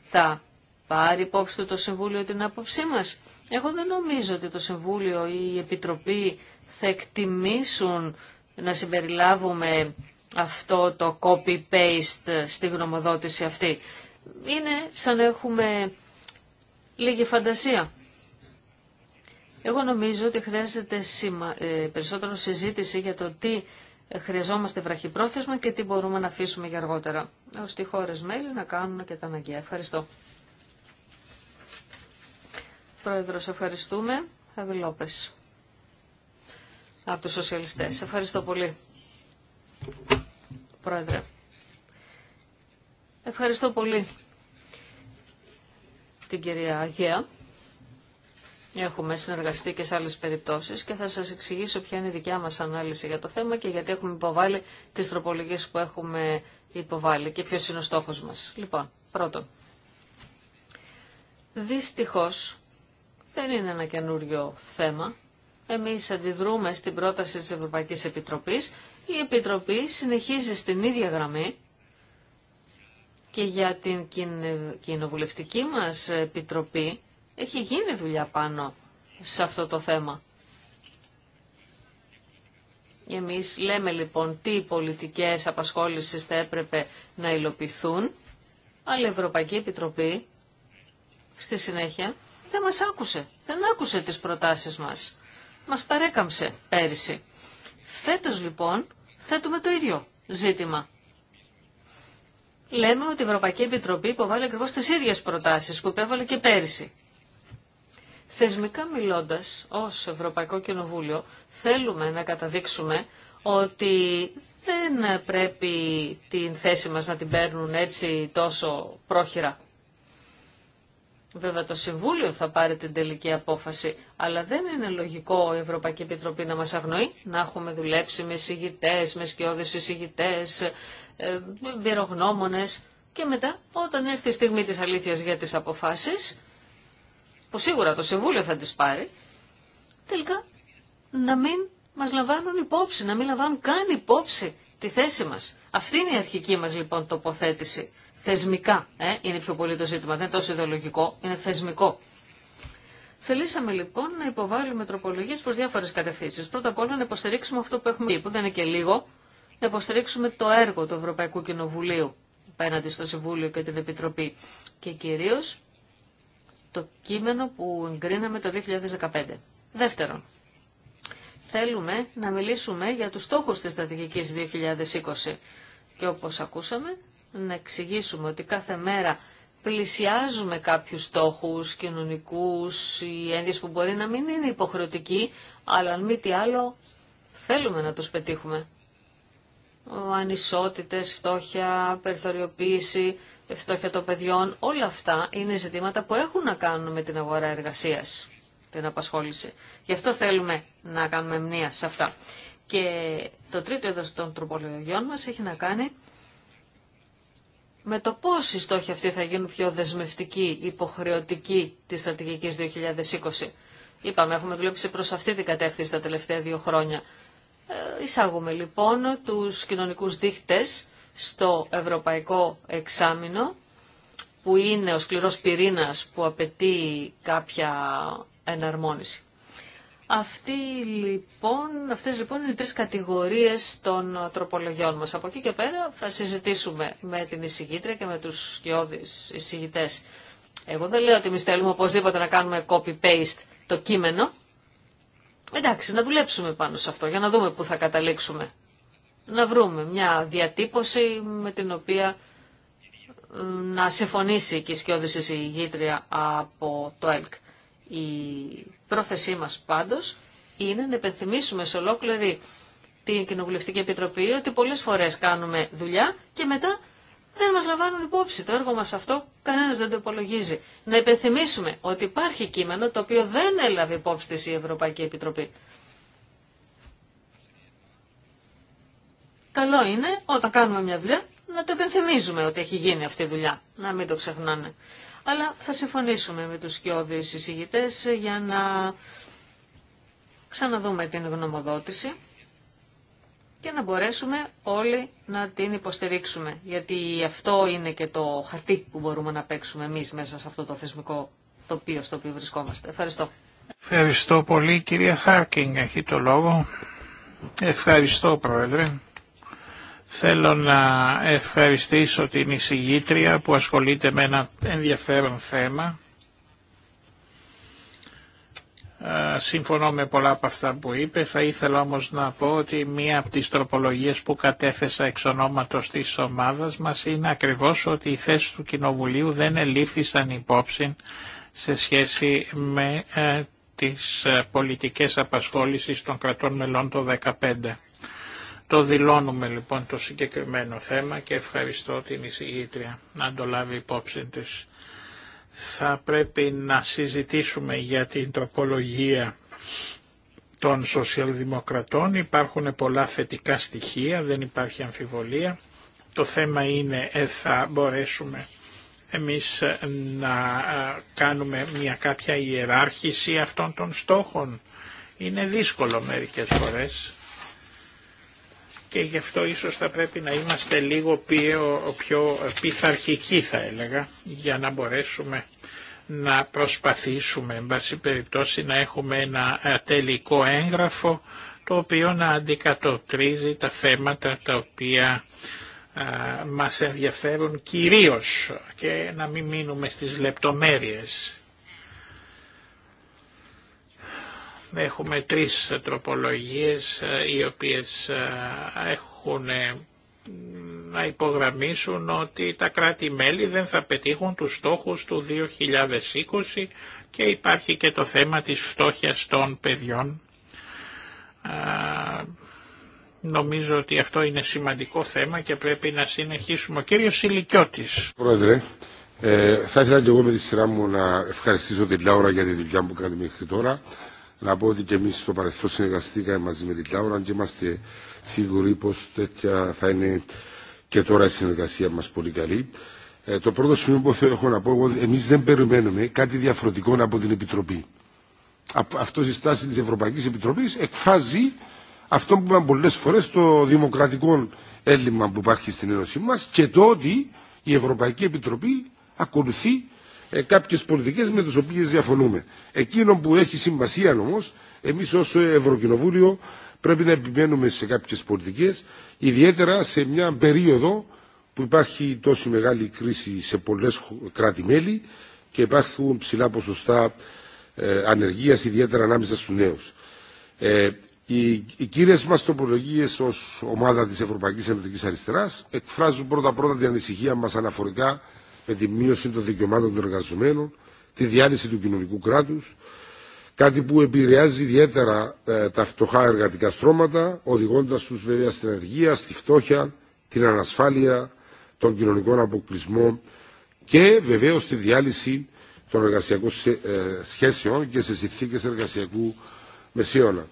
Θα πάρει υπόψη το Συμβούλιο την άποψή μας. Εγώ δεν νομίζω ότι το Συμβούλιο ή η Επιτροπή θα εκτιμήσουν να συμπεριλάβουμε αυτό το copy-paste στη γνωμοδότηση αυτή είναι σαν να έχουμε λίγη φαντασία. Εγώ νομίζω ότι χρειάζεται ε, περισσότερο συζήτηση για το τι χρειαζόμαστε βραχυπρόθεσμα και τι μπορούμε να αφήσουμε για αργότερα, ώστε οι χώρες μέλη να κάνουν και τα αναγκαία. Ευχαριστώ. Πρόεδρος, ευχαριστούμε. Αβιλόπες από τους σοσιαλιστές. Ευχαριστώ πολύ, Πρόεδρε. Ευχαριστώ πολύ την κυρία Αγία. Έχουμε συνεργαστεί και σε άλλες περιπτώσεις και θα σας εξηγήσω ποια είναι η δικιά μας ανάλυση για το θέμα και γιατί έχουμε υποβάλει τις τροπολογίες που έχουμε υποβάλει και ποιος είναι ο στόχο μας. Λοιπόν, πρώτον, δυστυχώ, δεν είναι ένα καινούριο θέμα. Εμείς αντιδρούμε στην πρόταση τη Ευρωπαϊκή Επιτροπή. Η Επιτροπή συνεχίζει στην ίδια γραμμή και για την κοινοβουλευτική μας επιτροπή έχει γίνει δουλειά πάνω σε αυτό το θέμα. Εμείς λέμε λοιπόν τι πολιτικές απασχόλησεις θα έπρεπε να υλοποιηθούν, αλλά η Ευρωπαϊκή Επιτροπή στη συνέχεια δεν μας άκουσε, δεν άκουσε τις προτάσεις μας. Μας παρέκαμψε πέρυσι. Φέτος λοιπόν θέτουμε το ίδιο ζήτημα λέμε ότι η Ευρωπαϊκή Επιτροπή υποβάλλει ακριβώς τις ίδιες προτάσεις που υπέβαλε και πέρυσι. Θεσμικά μιλώντας, ως Ευρωπαϊκό Κοινοβούλιο, θέλουμε να καταδείξουμε ότι δεν πρέπει την θέση μας να την παίρνουν έτσι τόσο πρόχειρα. Βέβαια το Συμβούλιο θα πάρει την τελική απόφαση, αλλά δεν είναι λογικό η Ευρωπαϊκή Επιτροπή να μας αγνοεί, να έχουμε δουλέψει με συγητές, με σκιώδες συγητές, ε, Πυρογνώμονε και μετά όταν έρθει η στιγμή της αλήθειας για τις αποφάσεις, που σίγουρα το Συμβούλιο θα τις πάρει, τελικά να μην μας λαμβάνουν υπόψη, να μην λαμβάνουν καν υπόψη τη θέση μας. Αυτή είναι η αρχική μας λοιπόν τοποθέτηση. Θεσμικά ε, είναι πιο πολύ το ζήτημα, δεν είναι τόσο ιδεολογικό, είναι θεσμικό. Θελήσαμε λοιπόν να υποβάλουμε τροπολογίες προς διάφορες κατευθύνσεις. Πρώτα απ' όλα να υποστηρίξουμε αυτό που έχουμε πει, που δεν είναι και λίγο, να υποστηρίξουμε το έργο του Ευρωπαϊκού Κοινοβουλίου απέναντι στο Συμβούλιο και την Επιτροπή και κυρίως το κείμενο που εγκρίναμε το 2015. Δεύτερον, θέλουμε να μιλήσουμε για τους στόχους της στρατηγικής 2020 και όπως ακούσαμε να εξηγήσουμε ότι κάθε μέρα πλησιάζουμε κάποιους στόχους κοινωνικούς ή ένδυες που μπορεί να μην είναι υποχρεωτικοί, αλλά αν μη τι άλλο θέλουμε να τους πετύχουμε ανισότητες, φτώχεια, περιθωριοποίηση, φτώχεια των παιδιών, όλα αυτά είναι ζητήματα που έχουν να κάνουν με την αγορά εργασίας, την απασχόληση. Γι' αυτό θέλουμε να κάνουμε μνήμα σε αυτά. Και το τρίτο είδος των τροπολογιών μας έχει να κάνει με το πώς οι στόχοι αυτοί θα γίνουν πιο δεσμευτικοί, υποχρεωτικοί της στρατηγικής 2020. Είπαμε, έχουμε δουλέψει προς αυτή την κατεύθυνση τα τελευταία δύο χρόνια. Ε, εισάγουμε λοιπόν τους κοινωνικούς δείχτες στο ευρωπαϊκό εξάμεινο που είναι ο σκληρός πυρήνας που απαιτεί κάποια εναρμόνιση. Αυτή, λοιπόν, αυτές λοιπόν είναι οι τρεις κατηγορίες των τροπολογιών μας. Από εκεί και πέρα θα συζητήσουμε με την εισηγήτρια και με τους σκιώδεις εισηγητές. Εγώ δεν λέω ότι εμείς θέλουμε οπωσδήποτε να κάνουμε copy-paste το κείμενο, Εντάξει, να δουλέψουμε πάνω σε αυτό για να δούμε πού θα καταλήξουμε. Να βρούμε μια διατύπωση με την οποία ε, να συμφωνήσει και η σκιώδηση συγγήτρια από το ΕΛΚ. Η πρόθεσή μας πάντως είναι να επενθυμίσουμε σε ολόκληρη την Κοινοβουλευτική Επιτροπή ότι πολλές φορές κάνουμε δουλειά και μετά δεν μας λαμβάνουν υπόψη το έργο μας αυτό, κανένας δεν το υπολογίζει. Να υπενθυμίσουμε ότι υπάρχει κείμενο το οποίο δεν έλαβε υπόψη της η Ευρωπαϊκή Επιτροπή. Καλό είναι όταν κάνουμε μια δουλειά να το υπενθυμίζουμε ότι έχει γίνει αυτή η δουλειά, να μην το ξεχνάνε. Αλλά θα συμφωνήσουμε με τους σκιώδεις εισηγητές για να ξαναδούμε την γνωμοδότηση και να μπορέσουμε όλοι να την υποστηρίξουμε. Γιατί αυτό είναι και το χαρτί που μπορούμε να παίξουμε εμείς μέσα σε αυτό το θεσμικό τοπίο στο οποίο βρισκόμαστε. Ευχαριστώ. Ευχαριστώ πολύ κυρία Χάρκινγκ. Έχει το λόγο. Ευχαριστώ Πρόεδρε. Θέλω να ευχαριστήσω την εισηγήτρια που ασχολείται με ένα ενδιαφέρον θέμα Συμφωνώ με πολλά από αυτά που είπε, θα ήθελα όμως να πω ότι μία από τις τροπολογίες που κατέθεσα εξ ονόματος της ομάδας μας είναι ακριβώς ότι οι θέσεις του Κοινοβουλίου δεν ελήφθησαν υπόψη σε σχέση με ε, τις ε, πολιτικές απασχόλησης των κρατών μελών το 2015. Το δηλώνουμε λοιπόν το συγκεκριμένο θέμα και ευχαριστώ την εισηγήτρια να το λάβει υπόψη της θα πρέπει να συζητήσουμε για την τροπολογία των σοσιαλδημοκρατών. Υπάρχουν πολλά θετικά στοιχεία, δεν υπάρχει αμφιβολία. Το θέμα είναι ε, θα μπορέσουμε εμείς ε, να ε, κάνουμε μια κάποια ιεράρχηση αυτών των στόχων. Είναι δύσκολο μερικές φορές και γι' αυτό ίσως θα πρέπει να είμαστε λίγο πιο, πιο πειθαρχικοί θα έλεγα για να μπορέσουμε να προσπαθήσουμε εν πάση περιπτώσει να έχουμε ένα ε, τελικό έγγραφο το οποίο να αντικατοπτρίζει τα θέματα τα οποία μα ε, μας ενδιαφέρουν κυρίως και να μην μείνουμε στις λεπτομέρειες. Έχουμε τρεις τροπολογίες ε, οι οποίες ε, έχουν ε, να υπογραμμίσουν ότι τα κράτη-μέλη δεν θα πετύχουν τους στόχους του 2020 και υπάρχει και το θέμα της φτώχειας των παιδιών. Νομίζω ότι αυτό είναι σημαντικό θέμα και πρέπει να συνεχίσουμε. Ο κύριος Σιλικιώτης. Πρόεδρε, ε, θα ήθελα και εγώ με τη σειρά μου να ευχαριστήσω την Λάουρα για τη δουλειά που κάνει μέχρι τώρα να πω ότι και εμεί στο παρελθόν συνεργαστήκαμε μαζί με την Λάουρα, και είμαστε σίγουροι πω τέτοια θα είναι και τώρα η συνεργασία μα πολύ καλή. Ε, το πρώτο σημείο που θέλω έχω να πω, ότι εμεί δεν περιμένουμε κάτι διαφορετικό από την Επιτροπή. Αυτό η στάση τη Ευρωπαϊκή Επιτροπή εκφράζει αυτό που είπαμε πολλέ φορέ το δημοκρατικό έλλειμμα που υπάρχει στην Ένωση μα και το ότι η Ευρωπαϊκή Επιτροπή ακολουθεί ε, κάποιες πολιτικές με τις οποίες διαφωνούμε. Εκείνο που έχει σημασία όμως, εμείς ως Ευρωκοινοβούλιο πρέπει να επιμένουμε σε κάποιες πολιτικές, ιδιαίτερα σε μια περίοδο που υπάρχει τόση μεγάλη κρίση σε πολλές κράτη-μέλη και υπάρχουν ψηλά ποσοστά ε, ανεργίας, ιδιαίτερα ανάμεσα στους νέους. Ε, οι, οι κύριες μας τοπολογίες ως ομάδα της Ευρωπαϊκής Ενωτικής Αριστεράς εκφράζουν πρώτα-πρώτα την ανησυχία μας αναφορικά με τη μείωση των δικαιωμάτων των εργαζομένων, τη διάλυση του κοινωνικού κράτους, κάτι που επηρεάζει ιδιαίτερα ε, τα φτωχά εργατικά στρώματα, οδηγώντας τους βέβαια στην ενεργία, στη φτώχεια, την ανασφάλεια, τον κοινωνικό αποκλεισμό και βεβαίως στη διάλυση των εργασιακών ε, σχέσεων και σε συνθήκες εργασιακού μεσαίωνα.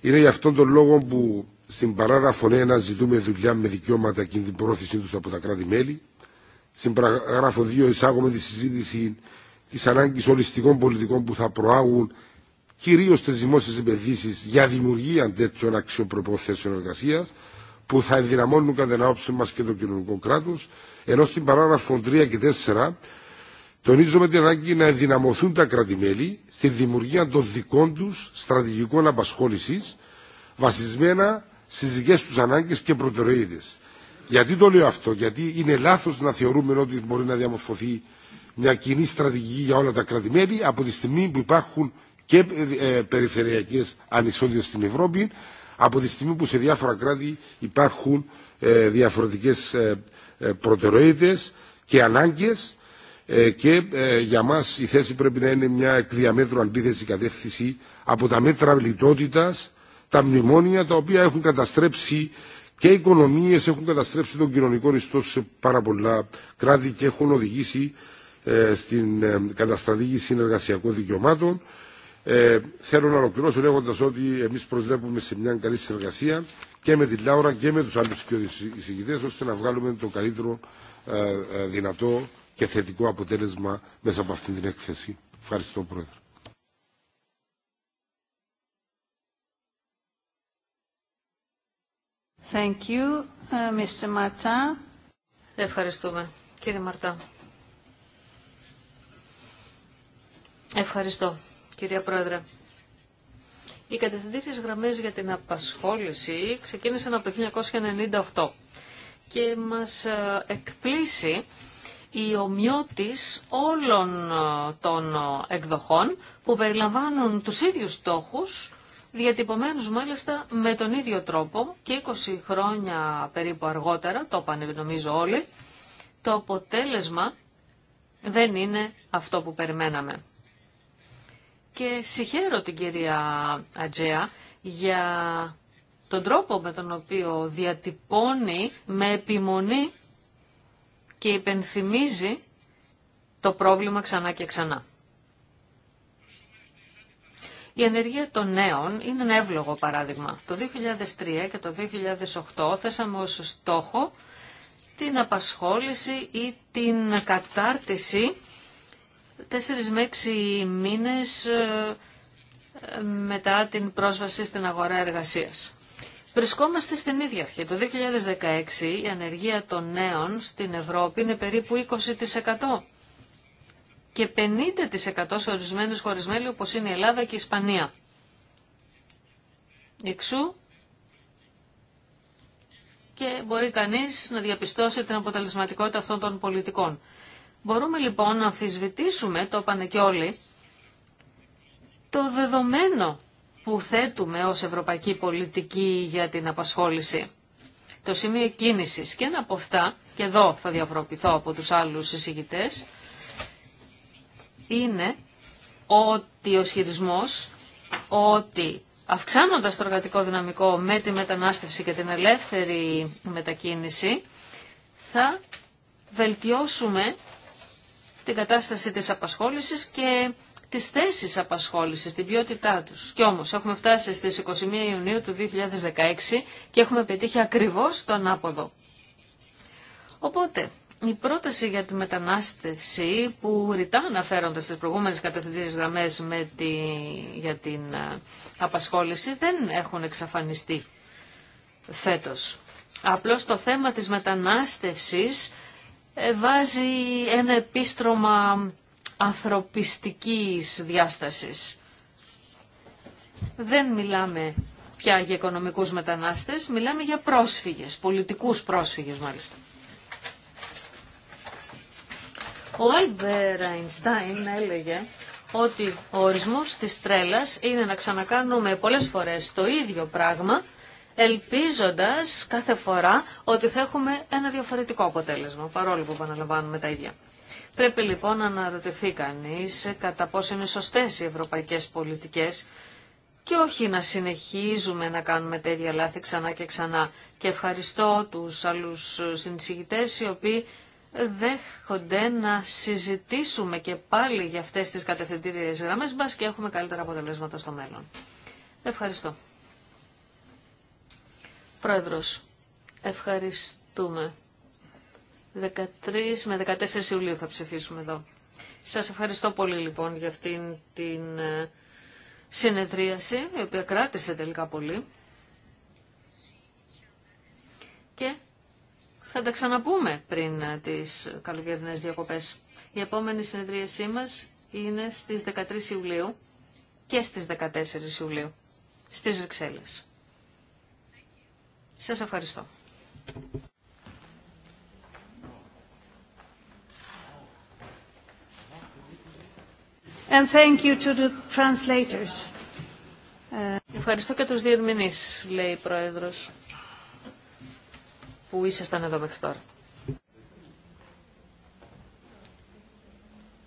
Είναι γι' αυτόν τον λόγο που στην παράγραφο 1 ζητούμε δουλειά με δικαιώματα και την πρόθεσή του από τα κράτη-μέλη, στην παραγράφο 2 εισάγουμε τη συζήτηση τη ανάγκη οριστικών πολιτικών που θα προάγουν κυρίω τι δημόσιε επενδύσει για δημιουργία τέτοιων αξιοπροπόθεσεων θέσεων εργασία που θα ενδυναμώνουν κατά την άποψη μας και το κοινωνικό κράτο, ενώ στην παράγραφο 3 και 4 τονίζουμε την ανάγκη να ενδυναμωθούν τα κράτη-μέλη στη δημιουργία των δικών του στρατηγικών απασχόληση, βασισμένα στι δικέ του ανάγκε και προτεραιότητε γιατί το λέω αυτό, γιατί είναι λάθος να θεωρούμε ότι μπορεί να διαμορφωθεί μια κοινή στρατηγική για όλα τα μέλη από τη στιγμή που υπάρχουν και ε, ε, περιφερειακές ανισότητες στην Ευρώπη, από τη στιγμή που σε διάφορα κράτη υπάρχουν ε, διαφορετικές προτεραιότητες και ανάγκες και για μας η θέση πρέπει να είναι μια εκ διαμέτρου αντίθεση κατεύθυνση από τα μέτρα λιτότητας, τα μνημόνια τα οποία έχουν καταστρέψει και οι οικονομίες έχουν καταστρέψει τον κοινωνικό ιστό σε πάρα πολλά κράτη και έχουν οδηγήσει ε, στην ε, καταστρατήγηση συνεργασιακών δικαιωμάτων. Ε, θέλω να ολοκληρώσω λέγοντα ότι εμεί προσλέπουμε σε μια καλή συνεργασία και με την Λάουρα και με του άλλου εισηγητέ, ώστε να βγάλουμε το καλύτερο ε, δυνατό και θετικό αποτέλεσμα μέσα από αυτή την έκθεση. Ευχαριστώ, Πρόεδρε. Uh, Ευχαριστούμε, κύριε Μαρτά. Ευχαριστώ, κυρία Πρόεδρε. Οι κατευθυντήριες γραμμές για την απασχόληση ξεκίνησαν από το 1998 και μας ε, εκπλήσει η ομοιότης όλων ε, των ε, εκδοχών που περιλαμβάνουν τους ίδιους στόχους διατυπωμένους μάλιστα με τον ίδιο τρόπο και 20 χρόνια περίπου αργότερα, το είπαν νομίζω όλοι, το αποτέλεσμα δεν είναι αυτό που περιμέναμε. Και συγχαίρω την κυρία Ατζέα για τον τρόπο με τον οποίο διατυπώνει με επιμονή και υπενθυμίζει το πρόβλημα ξανά και ξανά. Η ενέργεια των νέων είναι ένα εύλογο παράδειγμα. Το 2003 και το 2008 θέσαμε ως στόχο την απασχόληση ή την κατάρτιση 4 με 6 μήνες ε, μετά την πρόσβαση στην αγορά εργασίας. Βρισκόμαστε στην ίδια αρχή. Το 2016 η ανεργία των νέων στην Ευρώπη είναι περίπου 20% και 50% σε ορισμένες χώρες μέλη όπως είναι η Ελλάδα και η Ισπανία. Εξού και μπορεί κανείς να διαπιστώσει την αποτελεσματικότητα αυτών των πολιτικών. Μπορούμε λοιπόν να αμφισβητήσουμε, το είπανε και όλοι, το δεδομένο που θέτουμε ως ευρωπαϊκή πολιτική για την απασχόληση. Το σημείο κίνησης και ένα από αυτά, και εδώ θα διαφοροποιηθώ από τους άλλους συζητητές, είναι ότι ο ισχυρισμό ότι αυξάνοντας το εργατικό δυναμικό με τη μετανάστευση και την ελεύθερη μετακίνηση, θα βελτιώσουμε την κατάσταση της απασχόλησης και τις θέσεις απασχόλησης, την ποιότητά τους. Κι όμως έχουμε φτάσει στις 21 Ιουνίου του 2016 και έχουμε πετύχει ακριβώς το ανάποδο. Οπότε, η πρόταση για τη μετανάστευση που ρητά αναφέρονται στις προηγούμενες κατευθυντήριες γραμμές με τη, για την ε, απασχόληση δεν έχουν εξαφανιστεί φέτος. Απλώς το θέμα της μετανάστευσης ε, βάζει ένα επίστρωμα ανθρωπιστικής διάστασης. Δεν μιλάμε πια για οικονομικούς μετανάστες, μιλάμε για πρόσφυγες, πολιτικούς πρόσφυγες μάλιστα. Ο Άλμπερ Αϊνστάιν έλεγε ότι ο ορισμός της τρέλας είναι να ξανακάνουμε πολλές φορές το ίδιο πράγμα, ελπίζοντας κάθε φορά ότι θα έχουμε ένα διαφορετικό αποτέλεσμα, παρόλο που επαναλαμβάνουμε τα ίδια. Πρέπει λοιπόν να αναρωτηθεί κανείς κατά πόσο είναι σωστές οι ευρωπαϊκές πολιτικές και όχι να συνεχίζουμε να κάνουμε τέτοια λάθη ξανά και ξανά. Και ευχαριστώ τους άλλους συνεισηγητές οι οποίοι δέχονται να συζητήσουμε και πάλι για αυτές τις κατευθυντήριες γραμμές μας και έχουμε καλύτερα αποτελέσματα στο μέλλον. Ευχαριστώ. Πρόεδρος, ευχαριστούμε. 13 με 14 Ιουλίου θα ψηφίσουμε εδώ. Σας ευχαριστώ πολύ λοιπόν για αυτήν την ε, συνεδρίαση, η οποία κράτησε τελικά πολύ. Και θα τα ξαναπούμε πριν ε, τις καλοκαιρινές διακοπές. Η επόμενη συνεδρίασή μας είναι στις 13 Ιουλίου και στις 14 Ιουλίου στις Βρυξέλλες. Σας ευχαριστώ. And thank you to the translators. Ευχαριστώ και τους διερμηνείς, λέει η Πρόεδρος που ήσασταν εδώ μέχρι τώρα.